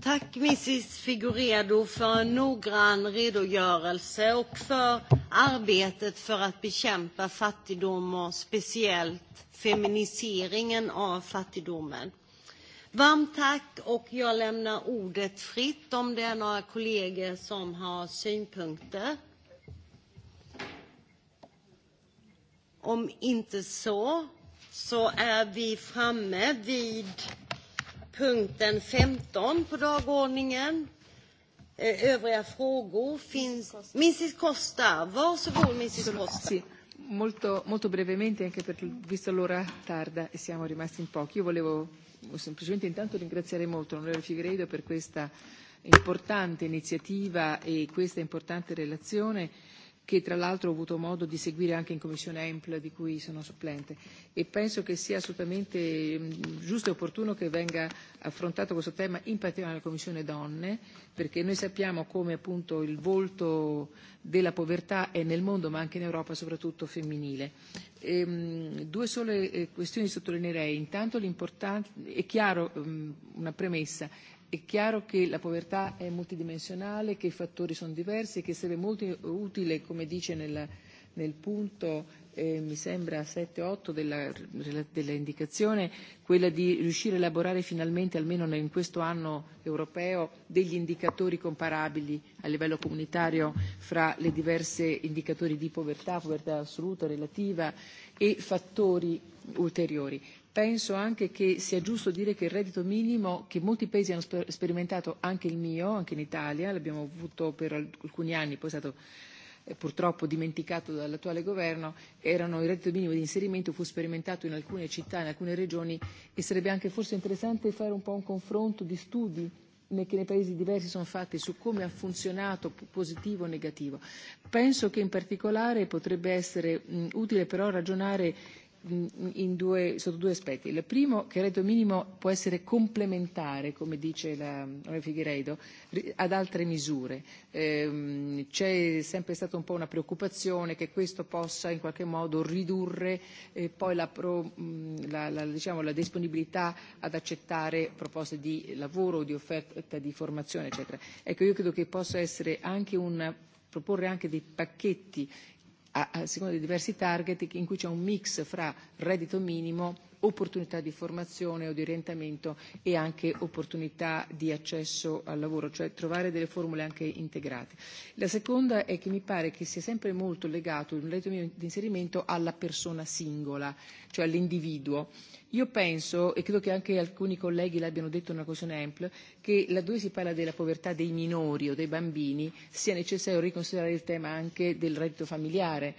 Tack Mrs för en noggrann redogörelse och för arbetet för att bekämpa fattigdom och speciellt feminiseringen av fattigdomen. Varmt tack och jag lämnar ordet fritt om det är några kollegor som har synpunkter. Om inte så, så är vi framme vid punkten 15 på dagordningen. Eh, övriga frågor finns... Mrs Costa, varsågod Mrs Costa. Sì, molto, molto brevemente, anche per, visto l'ora tarda e siamo rimasti in pochi, io volevo semplicemente intanto ringraziare molto l'onorevole Figueiredo per questa importante iniziativa e questa importante relazione che tra l'altro ho avuto modo di seguire anche in Commissione EMPL di cui sono supplente e penso che sia assolutamente mm, giusto e opportuno che venga affrontato questo tema in particolare nella Commissione Donne perché noi sappiamo come appunto il volto della povertà è nel mondo ma anche in Europa soprattutto femminile. Ehm, due sole eh, questioni sottolineerei. Intanto l'importanza, è chiaro mm, una premessa È chiaro che la povertà è multidimensionale, che i fattori sono diversi e che sarebbe molto utile, come dice nel, nel punto eh, mi sembra 7-8 della, della indicazione, quella di riuscire a elaborare finalmente, almeno in questo anno europeo, degli indicatori comparabili a livello comunitario fra le diverse indicatori di povertà, povertà assoluta, relativa e fattori ulteriori penso anche che sia giusto dire che il reddito minimo che molti paesi hanno sperimentato, anche il mio, anche in Italia, l'abbiamo avuto per alcuni anni, poi è stato eh, purtroppo dimenticato dall'attuale governo, erano il reddito minimo di inserimento fu sperimentato in alcune città, in alcune regioni e sarebbe anche forse interessante fare un po' un confronto di studi che nei paesi diversi sono fatti su come ha funzionato positivo o negativo. Penso che in particolare potrebbe essere utile però ragionare in due, sotto due aspetti. Il primo, che il reddito minimo può essere complementare, come dice la onorevole Figueiredo, ad altre misure. Ehm, c'è sempre stata un po' una preoccupazione che questo possa in qualche modo ridurre eh, poi la, pro, la, la, diciamo, la disponibilità ad accettare proposte di lavoro, di offerta di formazione, eccetera. Ecco, io credo che possa essere anche un proporre anche dei pacchetti a, seconda dei diversi target in cui c'è un mix fra reddito minimo opportunità di formazione o di orientamento e anche opportunità di accesso al lavoro, cioè trovare delle formule anche integrate. La seconda è che mi pare che sia sempre molto legato il reddito minimo di inserimento alla persona singola, cioè all'individuo. Io penso, e credo che anche alcuni colleghi l'abbiano detto una questione ampia, che laddove si parla della povertà dei minori o dei bambini sia necessario riconsiderare il tema anche del reddito familiare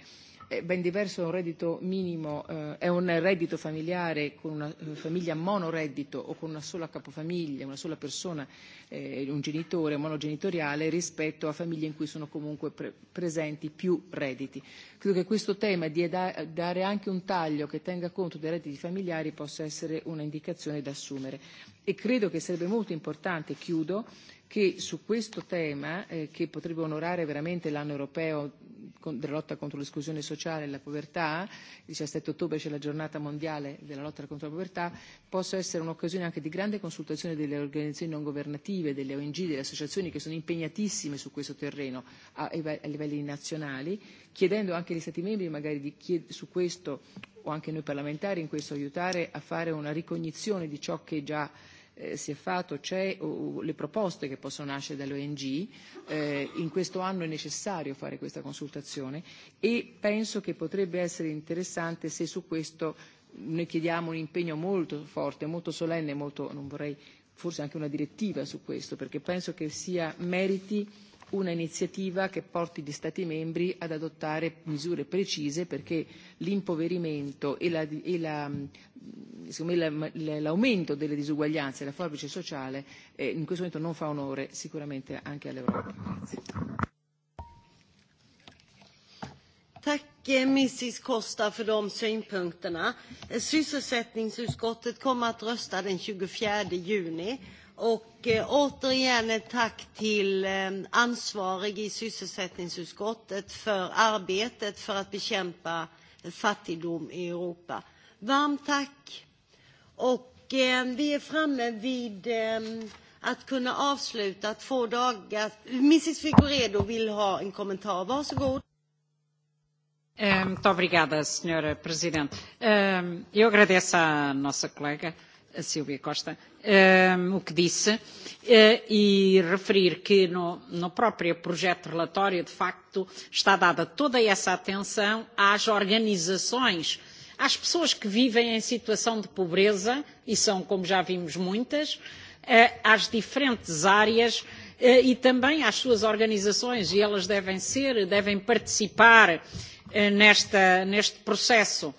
è ben diverso da un reddito minimo, eh, è un reddito familiare con una eh, famiglia monoreddito o con una sola capofamiglia, una sola persona, eh, un genitore monogenitoriale rispetto a famiglie in cui sono comunque pre- presenti più redditi. Credo che questo tema di da- dare anche un taglio che tenga conto dei redditi familiari possa essere un'indicazione da assumere e credo che sarebbe molto importante, chiudo, che su questo tema, eh, che potrebbe onorare veramente l'anno europeo con, della lotta contro l'esclusione sociale e la povertà, il 17 ottobre c'è la giornata mondiale della lotta contro la povertà, possa essere un'occasione anche di grande consultazione delle organizzazioni non governative, delle ONG, delle associazioni che sono impegnatissime su questo terreno a, a livelli nazionali, chiedendo anche agli Stati membri magari di chied- su questo o anche noi parlamentari in questo aiutare a fare una ricognizione di ciò che già eh, si è fatto, c'è uh, le proposte che possono nascere dalle ONG eh, in questo anno è necessario fare questa consultazione e penso che potrebbe essere interessante se su questo noi chiediamo un impegno molto forte, molto solenne, molto, non vorrei forse anche una direttiva su questo, perché penso che sia meriti eh, un'iniziativa che porti gli Stati membri ad adottare misure precise perché l'impoverimento e, la, e la, mm, secondo me l'aumento delle disuguaglianze e la forbice sociale eh, in questo momento non fa onore sicuramente anche all'Europa. Grazie. Tack eh, Mrs Costa för de synpunkterna. Eh, sysselsättningsutskottet kommer att rösta den 24 juni Och eh, återigen ett tack till eh, ansvarig i sysselsättningsutskottet för arbetet för att bekämpa fattigdom i Europa. Varmt tack! Och eh, vi är framme vid att kunna avsluta två dagar. Mrs Figueredo vill ha en kommentar. Varsågod. Ehm, muito obrigada, Sra. Presidente. Ehm, eu agradeço à nossa colega a Silvia Costa, um, o que disse, uh, e referir que no, no próprio projeto de relatório, de facto, está dada toda essa atenção às organizações, às pessoas que vivem em situação de pobreza, e são, como já vimos, muitas, uh, às diferentes áreas uh, e também às suas organizações, e elas devem ser, devem participar uh, nesta, neste processo. Uh,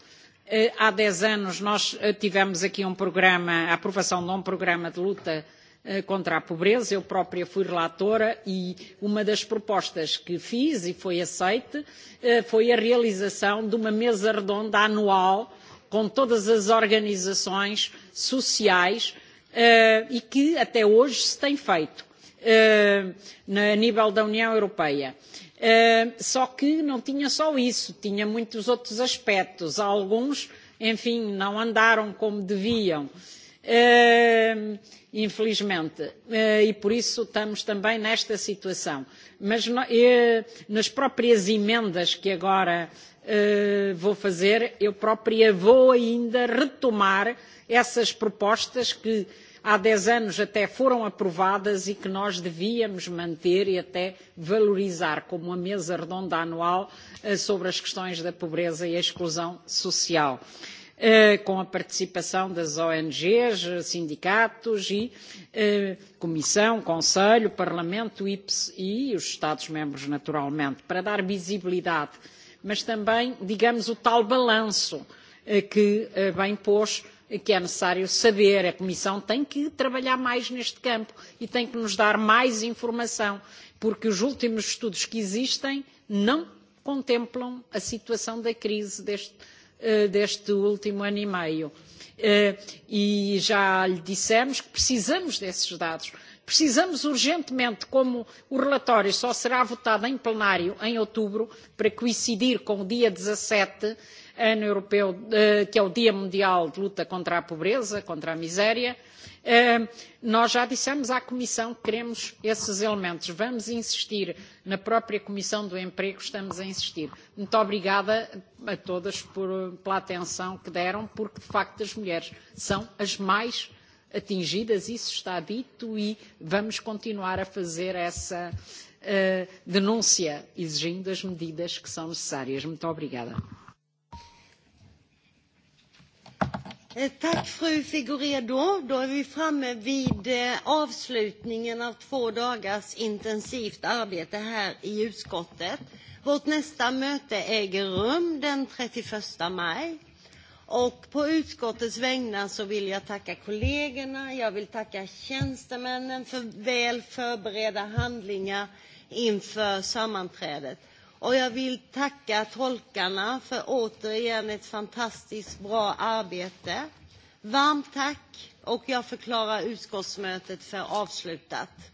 Eh, há dez anos nós eh, tivemos aqui um programa, a aprovação de um programa de luta eh, contra a pobreza. Eu própria fui relatora e uma das propostas que fiz e foi aceite foi a realização de uma mesa redonda anual com todas as organizações sociais e que até hoje se tem feito a nível da União Europeia. Eh, só que não tinha só isso, tinha muitos outros aspectos. Alguns, enfim, não andaram como deviam, eh, infelizmente. Eh, e por isso estamos também nesta situação. Mas nas próprias emendas que agora vou fazer, eu própria vou ainda retomar essas propostas que há dez anos até foram aprovadas e que nós devíamos manter e até valorizar como a mesa redonda anual eh, sobre as questões da pobreza e a exclusão social eh, com a participação das ONGs, sindicatos e eh, Comissão, Conselho, Parlamento IPS e, e os Estados-membros, naturalmente, para dar visibilidade, mas também, digamos, o tal balanço eh, que eh, bem pôs que é necessário saber. A Comissão tem que trabalhar mais neste campo e tem que nos dar mais informação, porque os últimos estudos que existem não contemplam a situação da crise deste, eh, deste último ano e meio. Eh, e já lhe dissemos que precisamos desses dados. Precisamos urgentemente, como o relatório só será votado em plenário em outubro, para coincidir com o dia 17, ano europeu, eh, que é o Dia Mundial de Luta contra a Pobreza, contra a Miséria, eh, nós já dissemos à Comissão que queremos esses elementos. Vamos insistir na própria Comissão do Emprego, estamos a insistir. Muito obrigada a todas por, pela atenção que deram, porque de facto as mulheres são as mais atingidas, isso está dito e vamos continuar a fazer essa uh, denúncia, exigindo as medidas que são necessárias. Muito obrigada. Eh, tack fru Figueredo, Då är vi framme vid eh, avslutningen av två dagars intensivt arbete här i utskottet. Vårt nästa möte äger rum den 31 maj. Och på utskottets vägnar så vill jag tacka kollegorna, jag vill tacka tjänstemännen för väl förberedda handlingar inför sammanträdet. Och jag vill tacka tolkarna för återigen ett fantastiskt bra arbete. Varmt tack och jag förklarar utskottsmötet för avslutat.